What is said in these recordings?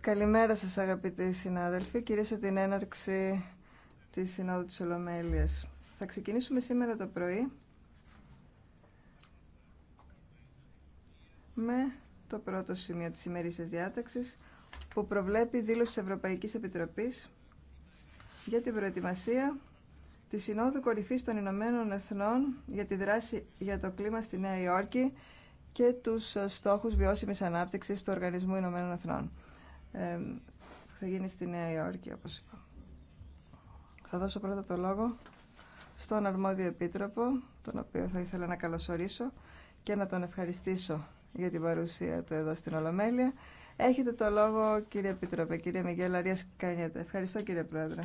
Καλημέρα σας αγαπητοί συνάδελφοι. για την έναρξη της Συνόδου της Ολομέλειας. Θα ξεκινήσουμε σήμερα το πρωί με το πρώτο σημείο της ημερήσιας διάταξης που προβλέπει δήλωση της Ευρωπαϊκής Επιτροπής για την προετοιμασία της Συνόδου Κορυφής των Ηνωμένων Εθνών για τη δράση για το κλίμα στη Νέα Υόρκη και τους στόχους βιώσιμης ανάπτυξης του Οργανισμού Ηνωμένων Εθνών. Ε, θα γίνει στη Νέα Υόρκη, όπως είπα. Θα δώσω πρώτα το λόγο στον αρμόδιο επίτροπο, τον οποίο θα ήθελα να καλωσορίσω και να τον ευχαριστήσω για την παρουσία του εδώ στην Ολομέλεια. Έχετε το λόγο, κύριε Επιτροπέ, κύριε Μιγέλα Ρίας Κανιέτα. Ευχαριστώ, κύριε Πρόεδρε.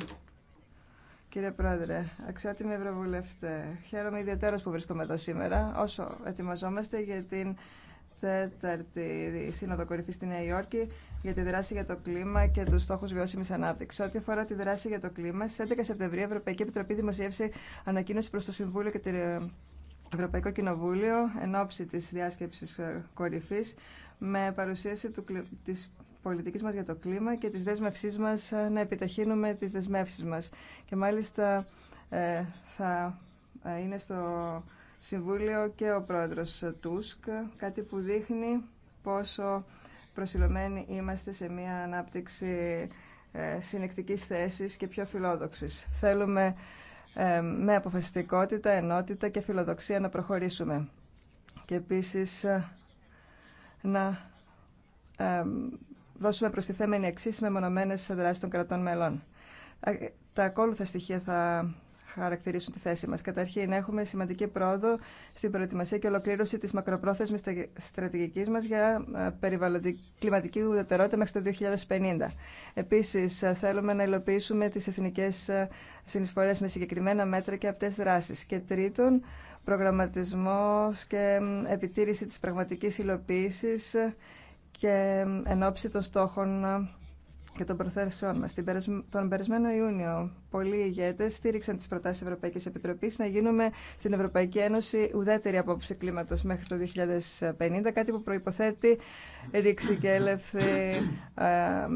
Κύριε Πρόεδρε, αξιότιμοι Ευρωβουλευτέ, χαίρομαι ιδιαίτερα που βρίσκομαι εδώ σήμερα όσο ετοιμαζόμαστε για την τέταρτη Σύνοδο Κορυφή στη Νέα Υόρκη για τη δράση για το κλίμα και του στόχου βιώσιμη ανάπτυξη. Ό,τι αφορά τη δράση για το κλίμα, στι 11 Σεπτεμβρίου η Ευρωπαϊκή Επιτροπή δημοσίευσε ανακοίνωση προ το Συμβούλιο και το Ευρωπαϊκό Κοινοβούλιο εν ώψη τη διάσκεψη ε, κορυφή με παρουσίαση του, της πολιτικής μας για το κλίμα και τη δέσμευσή μας ε, να επιταχύνουμε τις δεσμεύσει μας. Και μάλιστα ε, θα ε, είναι στο Συμβούλιο και ο πρόεδρος Τούσκ, κάτι που δείχνει πόσο προσιλωμένοι είμαστε σε μια ανάπτυξη συνεκτικής θέσης και πιο φιλόδοξης. Θέλουμε με αποφασιστικότητα, ενότητα και φιλοδοξία να προχωρήσουμε. Και επίσης να δώσουμε προστιθέμενη αξία με μονομένε δράσει των κρατών μελών. Τα ακόλουθα στοιχεία θα χαρακτηρίσουν τη θέση μα. Καταρχήν, έχουμε σημαντική πρόοδο στην προετοιμασία και ολοκλήρωση τη μακροπρόθεσμη στρατηγική μα για ε, περιβαλλοντική κλιματική ουδετερότητα μέχρι το 2050. Επίση, ε, θέλουμε να υλοποιήσουμε τι εθνικέ ε, συνεισφορέ με συγκεκριμένα μέτρα και αυτέ δράσει. Και τρίτον, προγραμματισμό και επιτήρηση τη πραγματική υλοποίηση και εν ώψη των στόχων ε, και των προθέσεών μα. Τον περασμένο Ιούνιο, πολλοί ηγέτε στήριξαν τι προτάσει τη Ευρωπαϊκής Επιτροπής να γίνουμε στην Ευρωπαϊκή Ένωση ουδέτερη απόψη κλίματο μέχρι το 2050, κάτι που προποθέτει ρήξη και έλευθη ε,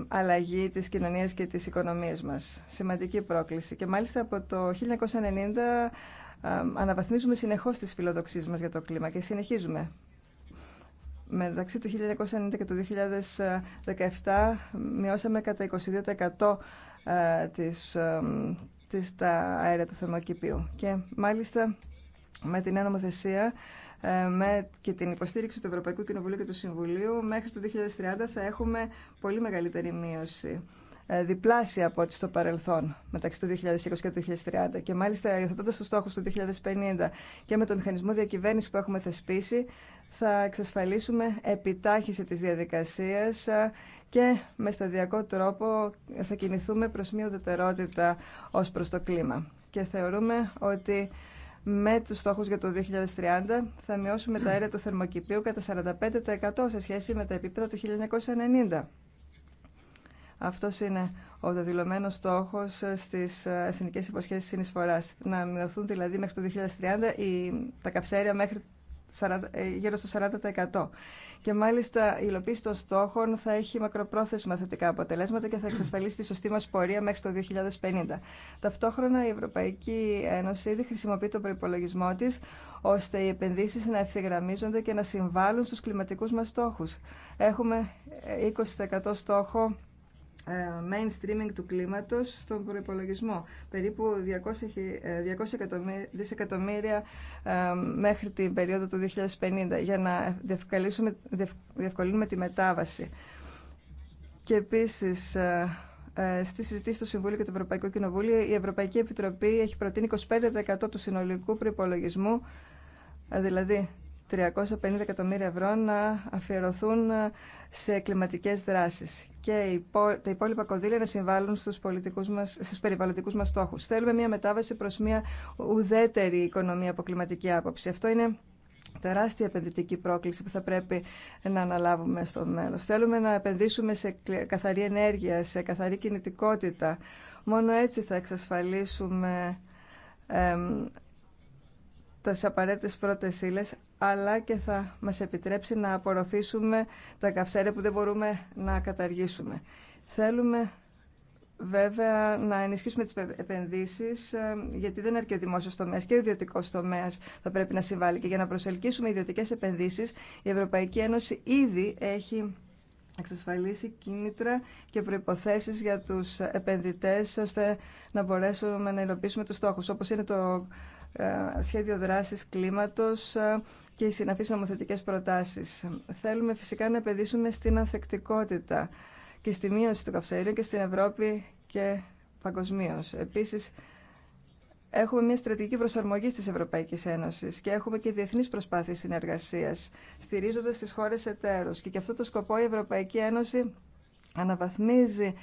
αλλαγή τη κοινωνία και τη οικονομία μα. Σημαντική πρόκληση. Και μάλιστα από το 1990 ε, αναβαθμίζουμε συνεχώς τις φιλοδοξίες μας για το κλίμα και συνεχίζουμε μεταξύ του 1990 και του 2017 μειώσαμε κατά 22% της, της, τα αέρια του θερμοκηπίου. Και μάλιστα με την νομοθεσία ε, με και την υποστήριξη του Ευρωπαϊκού Κοινοβουλίου και του Συμβουλίου μέχρι το 2030 θα έχουμε πολύ μεγαλύτερη μείωση ε, διπλάσια από ό,τι στο παρελθόν μεταξύ του 2020 και του 2030 και μάλιστα υιοθετώντα του στόχο του 2050 και με τον μηχανισμό διακυβέρνηση που έχουμε θεσπίσει θα εξασφαλίσουμε επιτάχυση της διαδικασίας και με σταδιακό τρόπο θα κινηθούμε προς μια ουδετερότητα ως προς το κλίμα. Και θεωρούμε ότι με τους στόχους για το 2030 θα μειώσουμε τα αέρια του θερμοκηπίου κατά 45% σε σχέση με τα επίπεδα του 1990. Αυτός είναι ο δεδηλωμένος στόχος στις εθνικές υποσχέσεις συνεισφοράς. Να μειωθούν δηλαδή μέχρι το 2030 τα καψέρια μέχρι ε, γύρω στο 40%. Και μάλιστα η υλοποίηση των στόχων θα έχει μακροπρόθεσμα θετικά αποτελέσματα και θα εξασφαλίσει τη σωστή μας πορεία μέχρι το 2050. Ταυτόχρονα η Ευρωπαϊκή Ένωση ήδη χρησιμοποιεί τον προπολογισμό της ώστε οι επενδύσεις να ευθυγραμμίζονται και να συμβάλλουν στους κλιματικού μα στόχου. Έχουμε 20% ε, στόχο ε, mainstreaming του κλίματος στον προϋπολογισμό. Περίπου 200 ε, δισεκατομμύρια ε, μέχρι την περίοδο του 2050 για να διευκολύνουμε τη μετάβαση. Και επίσης στη συζήτηση στο Συμβούλιο και το Ευρωπαϊκό Κοινοβούλιο η Ευρωπαϊκή Επιτροπή έχει προτείνει 25% του συνολικού προϋπολογισμού, δηλαδή 350 εκατομμύρια ευρώ να αφιερωθούν ε, σε κλιματικές δράσεις και τα υπόλοιπα κονδύλια να συμβάλλουν στους, πολιτικούς μας, στους περιβαλλοντικούς μας στόχους. Θέλουμε μια μετάβαση προς μια ουδέτερη οικονομία από κλιματική άποψη. Αυτό είναι τεράστια επενδυτική πρόκληση που θα πρέπει να αναλάβουμε στο μέλλον. Θέλουμε να επενδύσουμε σε καθαρή ενέργεια, σε καθαρή κινητικότητα. Μόνο έτσι θα εξασφαλίσουμε τις απαραίτητες πρώτες ύλε, αλλά και θα μας επιτρέψει να απορροφήσουμε τα καυσέρια που δεν μπορούμε να καταργήσουμε. Θέλουμε βέβαια να ενισχύσουμε τις επενδύσεις, ε, γιατί δεν αρκεί ο δημόσιος τομέας και ο ιδιωτικός τομέας θα πρέπει να συμβάλλει. Και για να προσελκύσουμε ιδιωτικές επενδύσεις, η Ευρωπαϊκή Ένωση ήδη έχει εξασφαλίσει κίνητρα και προϋποθέσεις για τους επενδυτές ώστε να μπορέσουμε να υλοποιήσουμε τους στόχους όπως είναι το ε, σχέδιο δράσης κλίματος ε, και οι συναφείς νομοθετικές προτάσεις. Θέλουμε φυσικά να επενδύσουμε στην ανθεκτικότητα και στη μείωση του καυσαερίου και στην Ευρώπη και παγκοσμίω. Επίσης, έχουμε μια στρατηγική προσαρμογή της Ευρωπαϊκής Ένωσης και έχουμε και διεθνείς προσπάθειες συνεργασίας, στηρίζοντας τις χώρες εταίρους. Και γι' αυτό το σκοπό η Ευρωπαϊκή Ένωση αναβαθμίζει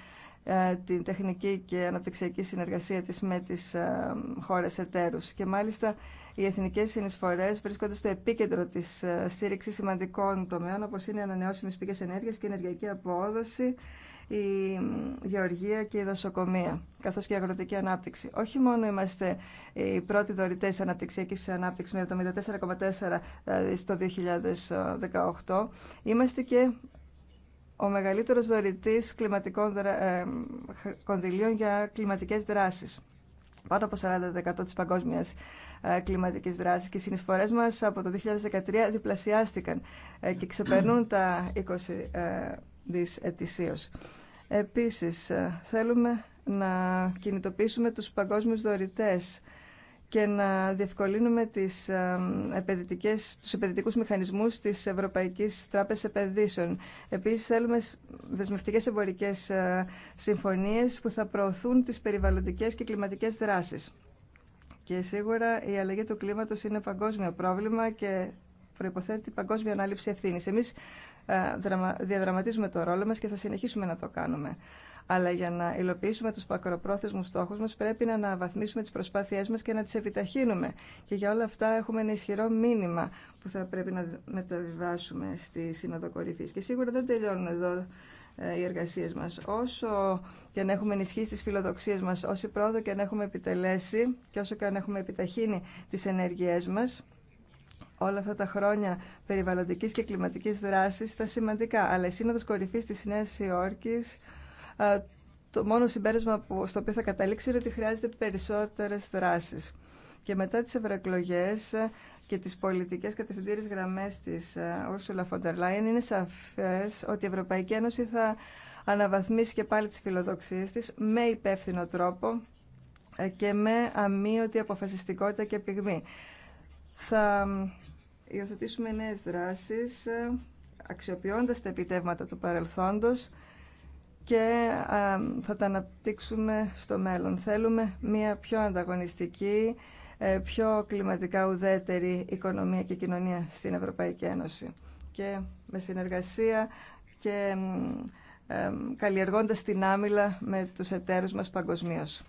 ε, την τεχνική και αναπτυξιακή συνεργασία της με τις ε, χώρες εταίρους. Και μάλιστα οι εθνικές συνεισφορές βρίσκονται στο επίκεντρο της ε, στήριξης σημαντικών τομέων όπως είναι οι ανανεώσιμες πηγές ενέργειας και η ενεργειακή απόδοση, η γεωργία και η δασοκομεία, καθώς και η αγροτική ανάπτυξη. Όχι μόνο είμαστε οι πρώτοι δωρητές αναπτυξιακής ανάπτυξης με 74,4 στο 2018, είμαστε και ο μεγαλύτερος δωρητής κλιματικών ε, κονδυλίων για κλιματικές δράσεις. Πάνω από 40% της παγκόσμιας ε, κλιματικής δράσης και οι συνεισφορές μας από το 2013 διπλασιάστηκαν ε, και ξεπερνούν τα 20 δις ετησίως. Επίσης, θέλουμε να κινητοποιήσουμε τους παγκόσμιους δωρητές και να διευκολύνουμε τις επενδυτικές, τους επενδυτικούς μηχανισμούς της Ευρωπαϊκής Τράπεζας Επενδύσεων. Επίσης θέλουμε δεσμευτικές εμπορικές ε, συμφωνίες που θα προωθούν τις περιβαλλοντικές και κλιματικές δράσεις. Και σίγουρα η αλλαγή του κλίματος είναι παγκόσμιο πρόβλημα και προϋποθέτει παγκόσμια ανάληψη ευθύνη. Εμείς ε, διαδραματίζουμε το ρόλο μας και θα συνεχίσουμε να το κάνουμε. Αλλά για να υλοποιήσουμε τους πακροπρόθεσμους στόχους μας πρέπει να αναβαθμίσουμε τις προσπάθειές μας και να τις επιταχύνουμε. Και για όλα αυτά έχουμε ένα ισχυρό μήνυμα που θα πρέπει να μεταβιβάσουμε στη Σύνοδο Κορυφής. Και σίγουρα δεν τελειώνουν εδώ ε, οι εργασίες μας. Όσο και αν έχουμε ενισχύσει τις φιλοδοξίες μας, όση πρόοδο και αν έχουμε επιτελέσει και όσο και αν έχουμε επιταχύνει τις ενέργειές μας, όλα αυτά τα χρόνια περιβαλλοντική και κλιματική δράση ήταν σημαντικά. Αλλά η σύνοδο κορυφή τη Νέα Υόρκη, το μόνο συμπέρασμα στο οποίο θα καταλήξει είναι ότι χρειάζεται περισσότερε δράσει. Και μετά τι ευρωεκλογέ και τι πολιτικέ κατευθυντήρες γραμμέ τη Ursula von der Leyen είναι σαφέ ότι η Ευρωπαϊκή Ένωση θα αναβαθμίσει και πάλι τις φιλοδοξίε τη με υπεύθυνο τρόπο ε, και με αμύωτη αποφασιστικότητα και πυγμή. Θα υιοθετήσουμε νέες δράσεις ε, αξιοποιώντας τα επιτεύγματα του παρελθόντος και ε, θα τα αναπτύξουμε στο μέλλον. Θέλουμε μια πιο ανταγωνιστική, ε, πιο κλιματικά ουδέτερη οικονομία και κοινωνία στην Ευρωπαϊκή Ένωση. Και με συνεργασία και καλλιεργώντας την άμυλα με τους εταίρους μας παγκοσμίως.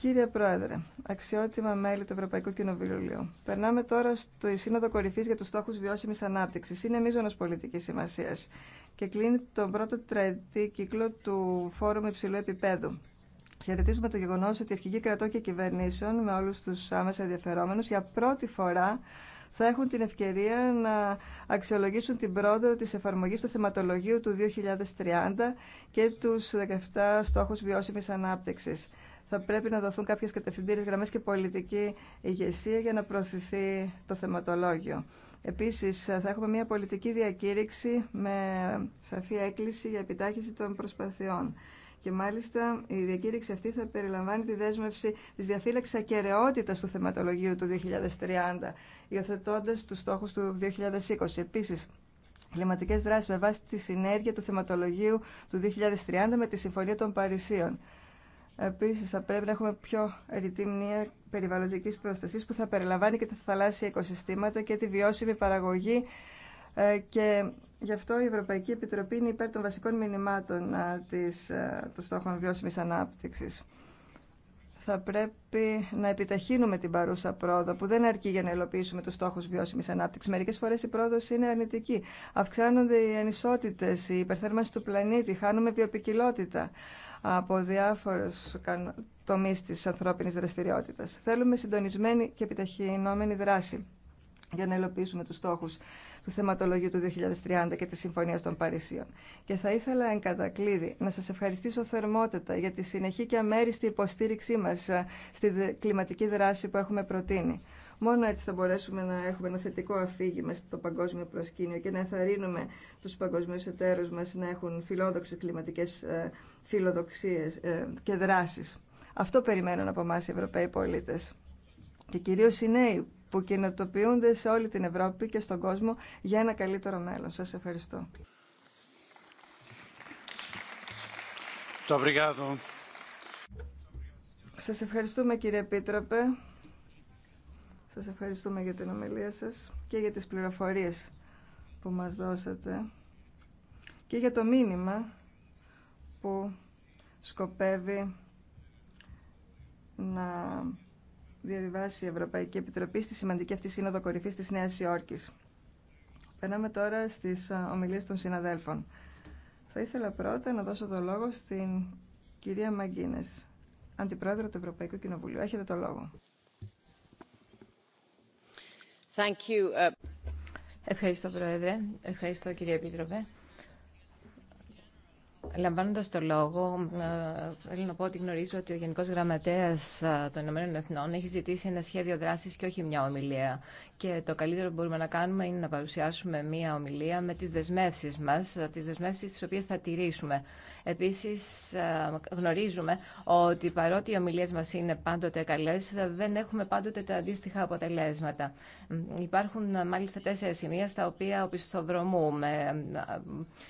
Κύριε Πρόεδρε, αξιότιμα μέλη του Ευρωπαϊκού Κοινοβουλίου, περνάμε τώρα στο Σύνοδο Κορυφή για του Στόχου Βιώσιμη Ανάπτυξη. Είναι μείζονο πολιτική σημασία και κλείνει τον πρώτο τετραετή κύκλο του Φόρουμ Υψηλού Επιπέδου. Χαιρετίζουμε το γεγονό ότι η αρχική κρατών και κυβερνήσεων με όλου του άμεσα ενδιαφερόμενου για πρώτη φορά θα έχουν την ευκαιρία να αξιολογήσουν την πρόοδο τη εφαρμογής του θεματολογίου του 2030 και τους 17 στόχους βιώσιμης ανάπτυξης θα πρέπει να δοθούν κάποιες κατευθυντήριες γραμμές και πολιτική ηγεσία για να προωθηθεί το θεματολόγιο. Επίσης, θα έχουμε μια πολιτική διακήρυξη με σαφή έκκληση για επιτάχυση των προσπαθειών. Και μάλιστα η διακήρυξη αυτή θα περιλαμβάνει τη δέσμευση της διαφύλαξης ακεραιότητας του θεματολογίου του 2030, υιοθετώντα τους στόχους του 2020. Επίσης, κλιματικές δράσεις με βάση τη συνέργεια του θεματολογίου του 2030 με τη Συμφωνία των Παρισίων. Επίση θα πρέπει να έχουμε πιο ρητή μνήμα περιβαλλοντική προστασία που θα περιλαμβάνει και τα θαλάσσια οικοσυστήματα και τη βιώσιμη παραγωγή ε, και γι' αυτό η Ευρωπαϊκή Επιτροπή είναι υπέρ των βασικών μηνυμάτων ε, της, ε, των στόχων βιώσιμη ανάπτυξη. Θα πρέπει να επιταχύνουμε την παρούσα πρόοδο που δεν αρκεί για να υλοποιήσουμε τους στόχους βιώσιμη ανάπτυξη. Μερικέ φορέ η πρόοδο είναι αρνητική. Αυξάνονται οι ανισότητε, η υπερθέρμανση του πλανήτη, χάνουμε βιοπικιλότητα από διάφορους τομείς της ανθρώπινης δραστηριότητας. Θέλουμε συντονισμένη και επιταχυνόμενη δράση για να ελοπίσουμε τους στόχους του θεματολογίου του 2030 και της Συμφωνίας των Παρισίων. Και θα ήθελα εν κατακλείδη να σας ευχαριστήσω θερμότατα για τη συνεχή και αμέριστη υποστήριξή μας ε, στη κλιματική δράση που έχουμε προτείνει. Μόνο έτσι θα μπορέσουμε να έχουμε ένα θετικό αφήγημα στο παγκόσμιο προσκήνιο και να εθαρρύνουμε τους παγκοσμίους εταίρους μας να έχουν φιλόδοξες κλιματικές ε, φιλοδοξίες ε, και δράσεις. Αυτό περιμένουν από εμάς οι Ευρωπαίοι πολίτες. Και κυρίως οι νέοι που κοινοτοποιούνται σε όλη την Ευρώπη και στον κόσμο για ένα καλύτερο μέλλον. Σας ευχαριστώ. Σας ευχαριστούμε κύριε Επίτροπε. Σας ευχαριστούμε για την ομιλία σας και για τις πληροφορίες που μας δώσατε και για το μήνυμα που σκοπεύει να διαβιβάσει η Ευρωπαϊκή Επιτροπή στη σημαντική αυτή σύνοδο κορυφής της Νέας Υόρκης. Περνάμε τώρα στις ε, ομιλίες των συναδέλφων. Θα ήθελα πρώτα να δώσω το λόγο στην κυρία Μαγκίνες, Αντιπρόεδρο του Ευρωπαϊκού Κοινοβουλίου. Έχετε το λόγο. Uh, Ευχαριστώ, Πρόεδρε. Ευχαριστώ, κύριε Επίτροπε. Λαμβάνοντα το λόγο, ε, θέλω να πω ότι γνωρίζω ότι ο Γενικό Γραμματέα ε, των Ηνωμένων Εθνών έχει ζητήσει ένα σχέδιο δράση και όχι μια ομιλία. Και το καλύτερο που μπορούμε να κάνουμε είναι να παρουσιάσουμε μία ομιλία με τις δεσμεύσεις μας, τις δεσμεύσεις τις οποίες θα τηρήσουμε. Επίσης, γνωρίζουμε ότι παρότι οι ομιλίες μας είναι πάντοτε καλές, δεν έχουμε πάντοτε τα αντίστοιχα αποτελέσματα. Υπάρχουν μάλιστα τέσσερα σημεία στα οποία οπισθοδρομούμε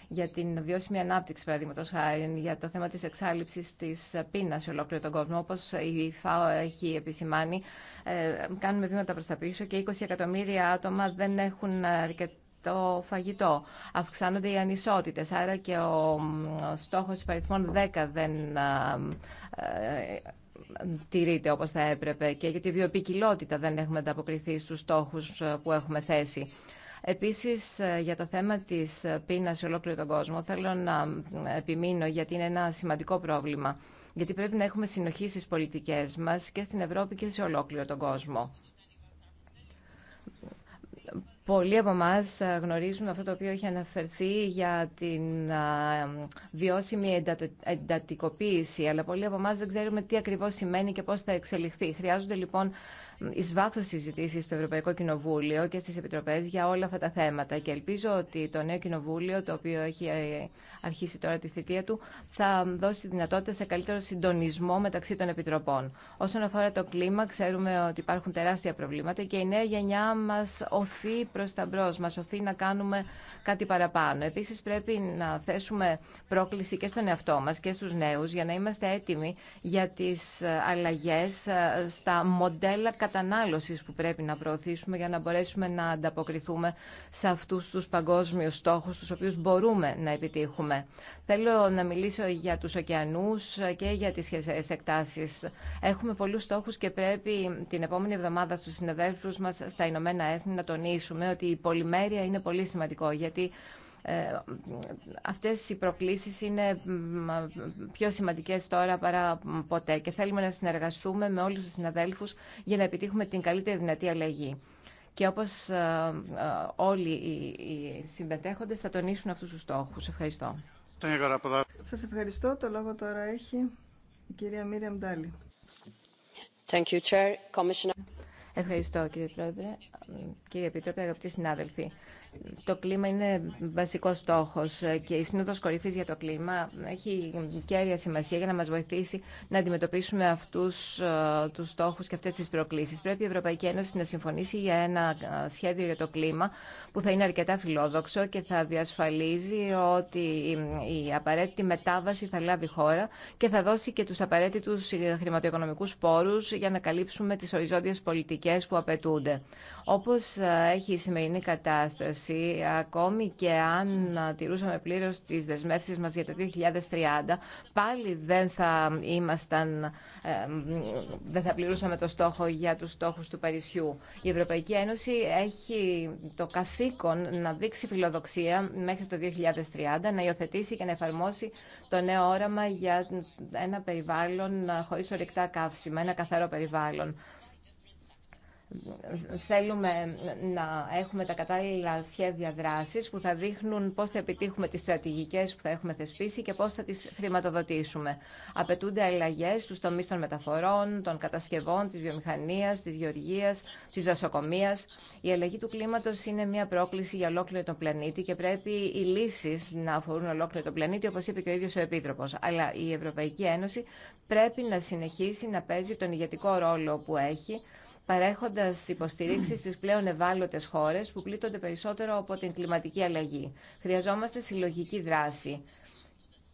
για την βιώσιμη ανάπτυξη, παραδείγματο χάρη, για το θέμα της εξάλληψης της πείνας σε ολόκληρο τον κόσμο, όπως η ΦΑΟ έχει επισημάνει ε, κάνουμε βήματα προς τα πίσω και 20 εκατομμύρια άτομα δεν έχουν αρκετό το φαγητό. Αυξάνονται οι ανισότητες, άρα και ο στόχος υπαριθμών 10 δεν ε, τηρείται όπως θα έπρεπε και για τη βιοπικιλότητα δεν έχουμε ανταποκριθεί στους στόχους ε, που έχουμε θέσει. Επίσης, για το θέμα της πείνας σε ολόκληρο τον κόσμο, θέλω να επιμείνω γιατί είναι ένα σημαντικό πρόβλημα γιατί πρέπει να έχουμε συνοχή στις πολιτικές μας και στην Ευρώπη και σε ολόκληρο τον κόσμο. Πολλοί από εμά γνωρίζουμε αυτό το οποίο έχει αναφερθεί για την βιώσιμη εντατικοποίηση, αλλά πολλοί από εμά δεν ξέρουμε τι ακριβώ σημαίνει και πώ θα εξελιχθεί. Χρειάζονται λοιπόν ει βάθο συζητήσει στο Ευρωπαϊκό Κοινοβούλιο και στι Επιτροπέ για όλα αυτά τα θέματα. Και ελπίζω ότι το νέο Κοινοβούλιο, το οποίο έχει ε, αρχίσει τώρα τη θητεία του, θα δώσει δυνατότητα σε καλύτερο συντονισμό μεταξύ των επιτροπών. Όσον αφορά το κλίμα, ξέρουμε ότι υπάρχουν τεράστια προβλήματα και η νέα γενιά μας οθεί προς τα μπρο, μα οθεί να κάνουμε κάτι παραπάνω. Επίση, πρέπει να θέσουμε πρόκληση και στον εαυτό μα και στου νέου, για να είμαστε έτοιμοι για τι αλλαγέ στα μοντέλα κατανάλωση που πρέπει να προωθήσουμε για να μπορέσουμε να ανταποκριθούμε σε αυτού του παγκόσμιου στόχου, του οποίου μπορούμε να επιτύχουμε. Θέλω να μιλήσω για τους ωκεανούς και για τις εκτάσεις. Έχουμε πολλούς στόχους και πρέπει την επόμενη εβδομάδα στους συναδέλφους μας στα Ηνωμένα Έθνη να τονίσουμε ότι η πολυμέρεια είναι πολύ σημαντικό γιατί ε, αυτές οι προκλήσεις είναι πιο σημαντικές τώρα παρά ποτέ και θέλουμε να συνεργαστούμε με όλους τους συναδέλφους για να επιτύχουμε την καλύτερη δυνατή αλλαγή και όπως ε, ε, όλοι οι συμμετέχοντες θα τονίσουν αυτούς τους στόχους. Ευχαριστώ. Σας ευχαριστώ. Το λόγο τώρα έχει η κυρία Μίρια Μντάλη. Thank you, Chair. Commissioner. Ευχαριστώ κύριε Πρόεδρε, κύριε επίτροπε, αγαπητοί συνάδελφοι. Το κλίμα είναι βασικό στόχο και η Σύνοδο Κορυφή για το Κλίμα έχει κέρια σημασία για να μα βοηθήσει να αντιμετωπίσουμε αυτού ε, του στόχου και αυτέ τι προκλήσει. Πρέπει η Ευρωπαϊκή Ένωση να συμφωνήσει για ένα ε, σχέδιο για το κλίμα που θα είναι αρκετά φιλόδοξο και θα διασφαλίζει ότι η απαραίτητη μετάβαση θα λάβει χώρα και θα δώσει και του απαραίτητου χρηματοοικονομικού πόρου για να καλύψουμε τι οριζόντιε πολιτικέ που απαιτούνται. Όπω ε, έχει η σημερινή κατάσταση, ακόμη και αν τηρούσαμε πλήρως τις δεσμεύσεις μας για το 2030, πάλι δεν θα ήμασταν, ε, θα πληρούσαμε το στόχο για τους στόχους του Παρισιού. Η Ευρωπαϊκή Ένωση έχει το καθήκον να δείξει φιλοδοξία μέχρι το 2030, να υιοθετήσει και να εφαρμόσει το νέο όραμα για ένα περιβάλλον χωρίς ορυκτά καύσιμα, ένα καθαρό περιβάλλον. Θέλουμε να έχουμε τα κατάλληλα σχέδια δράσης που θα δείχνουν πώς θα επιτύχουμε τις στρατηγικές που θα έχουμε θεσπίσει και πώς θα τις χρηματοδοτήσουμε. Απαιτούνται αλλαγές στους τομείς των μεταφορών, των κατασκευών, της βιομηχανίας, της γεωργίας, της δασοκομείας. Η αλλαγή του κλίματος είναι μια πρόκληση για ολόκληρο τον πλανήτη και πρέπει οι λύσεις να αφορούν ολόκληρο τον πλανήτη, όπως είπε και ο ίδιος ο Επίτροπος. Αλλά η Ευρωπαϊκή Ένωση πρέπει να συνεχίσει να παίζει τον ηγετικό ρόλο που έχει Παρέχοντα υποστήριξη στις πλέον ευάλωτε χώρες που πλήττονται περισσότερο από την κλιματική αλλαγή. Χρειαζόμαστε συλλογική δράση.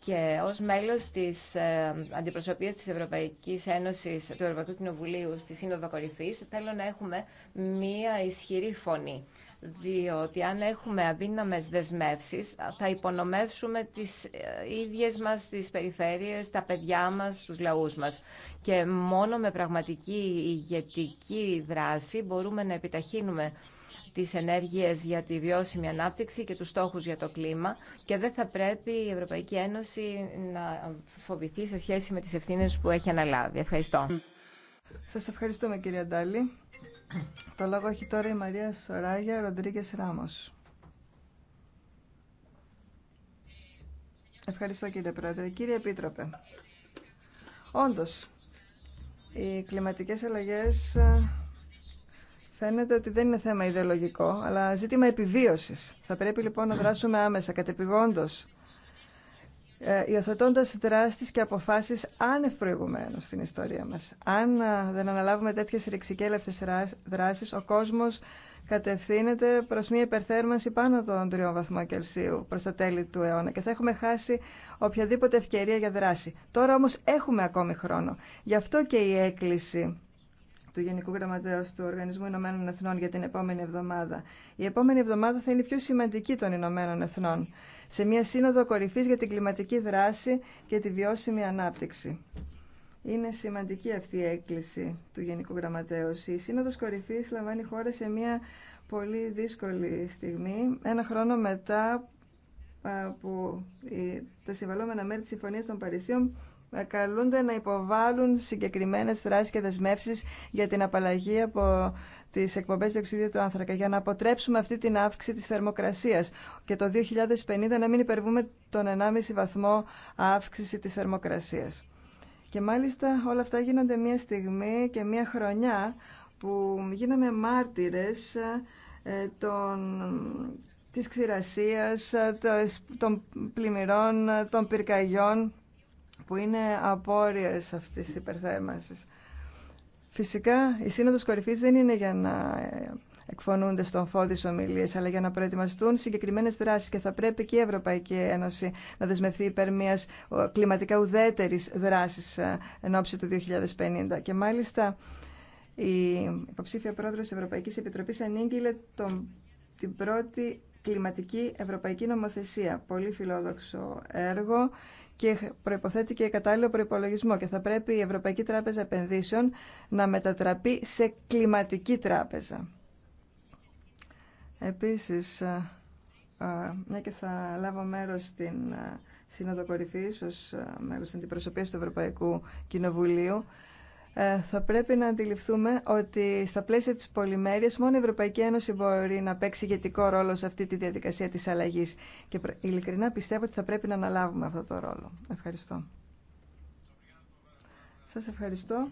Και ως μέλος της ε, αντιπροσωπείας της Ευρωπαϊκής Ένωσης του Ευρωπαϊκού Κοινοβουλίου στη Σύνοδο Κορυφή, θέλω να έχουμε μία ισχυρή φωνή διότι αν έχουμε αδύναμες δεσμεύσεις θα υπονομεύσουμε τις ε, ίδιες μας τις περιφέρειες, τα παιδιά μας, τους λαούς μας. Και μόνο με πραγματική ηγετική δράση μπορούμε να επιταχύνουμε τις ενέργειες για τη βιώσιμη ανάπτυξη και τους στόχους για το κλίμα και δεν θα πρέπει η Ευρωπαϊκή Ένωση να φοβηθεί σε σχέση με τις ευθύνες που έχει αναλάβει. Ευχαριστώ. Σας ευχαριστούμε κυρία Ντάλη. Το λόγο έχει τώρα η Μαρία Σοράγια Ροντρίγκε Ράμο. Ευχαριστώ κύριε Πρόεδρε. Κύριε Επίτροπε, όντως οι κλιματικές αλλαγές ε, φαίνεται ότι δεν είναι θέμα ιδεολογικό, αλλά ζήτημα επιβίωσης. Θα πρέπει λοιπόν να δράσουμε άμεσα, κατεπηγόντως, ε, υιοθετώντα δράσει και αποφάσει άνευ προηγουμένω στην ιστορία μα. Αν ε, δεν αναλάβουμε τέτοιε ρηξικέλευτε δράσει, ο κόσμο κατευθύνεται προ μια υπερθέρμανση πάνω των τριών βαθμών Κελσίου προ τα τέλη του αιώνα και θα έχουμε χάσει οποιαδήποτε ευκαιρία για δράση. Τώρα όμω έχουμε ακόμη χρόνο. Γι' αυτό και η έκκληση του Γενικού Γραμματέως του Οργανισμού Ηνωμένων Εθνών για την επόμενη εβδομάδα. Η επόμενη εβδομάδα θα είναι η πιο σημαντική των Ηνωμένων Εθνών, σε μια σύνοδο κορυφή για την κλιματική δράση και τη βιώσιμη ανάπτυξη. Είναι σημαντική αυτή η έκκληση του Γενικού Γραμματέα. Η Σύνοδος κορυφή λαμβάνει χώρα σε μια πολύ δύσκολη στιγμή, ένα χρόνο μετά που τα συμβαλόμενα μέρη της Συμφωνίας των Παρισίων καλούνται να υποβάλουν συγκεκριμένες δράσεις και δεσμεύσεις για την απαλλαγή από τις εκπομπές διοξιδίου του άνθρακα για να αποτρέψουμε αυτή την αύξηση της θερμοκρασίας και το 2050 να μην υπερβούμε τον 1,5 βαθμό αύξηση της θερμοκρασίας. Και μάλιστα όλα αυτά γίνονται μια στιγμή και μια χρονιά που γίναμε μάρτυρες ε, των, της ξηρασίας, ε, των πλημμυρών, ε, των πυρκαγιών που είναι απόρριες αυτής της υπερθέμασης. Φυσικά, η Σύνοδος Κορυφής δεν είναι για να ε, εκφωνούνται στον φόδι ομιλίε, αλλά για να προετοιμαστούν συγκεκριμένε δράσει και θα πρέπει και η Ευρωπαϊκή Ένωση να δεσμευθεί υπέρ μια κλιματικά ουδέτερη δράση ε, εν ώψη του 2050. Και μάλιστα η υποψήφια πρόεδρο τη Ευρωπαϊκή Επιτροπή ανήγγειλε την πρώτη κλιματική ευρωπαϊκή νομοθεσία. Πολύ φιλόδοξο έργο και προϋποθέτει και κατάλληλο προπολογισμό και θα πρέπει η Ευρωπαϊκή Τράπεζα Επενδύσεων να μετατραπεί σε κλιματική τράπεζα. Επίσης, ε, ε, μια και θα λάβω μέρος στην ε, Σύνοδο Κορυφή, ω μέλο στην του Ευρωπαϊκού Κοινοβουλίου, ε, θα πρέπει να αντιληφθούμε ότι στα πλαίσια της πολυμέρειας μόνο η Ευρωπαϊκή Ένωση μπορεί να παίξει ηγετικό ρόλο σε αυτή τη διαδικασία της αλλαγής και ειλικρινά πιστεύω ότι θα πρέπει να αναλάβουμε αυτό το ρόλο. Ευχαριστώ. Σας ευχαριστώ.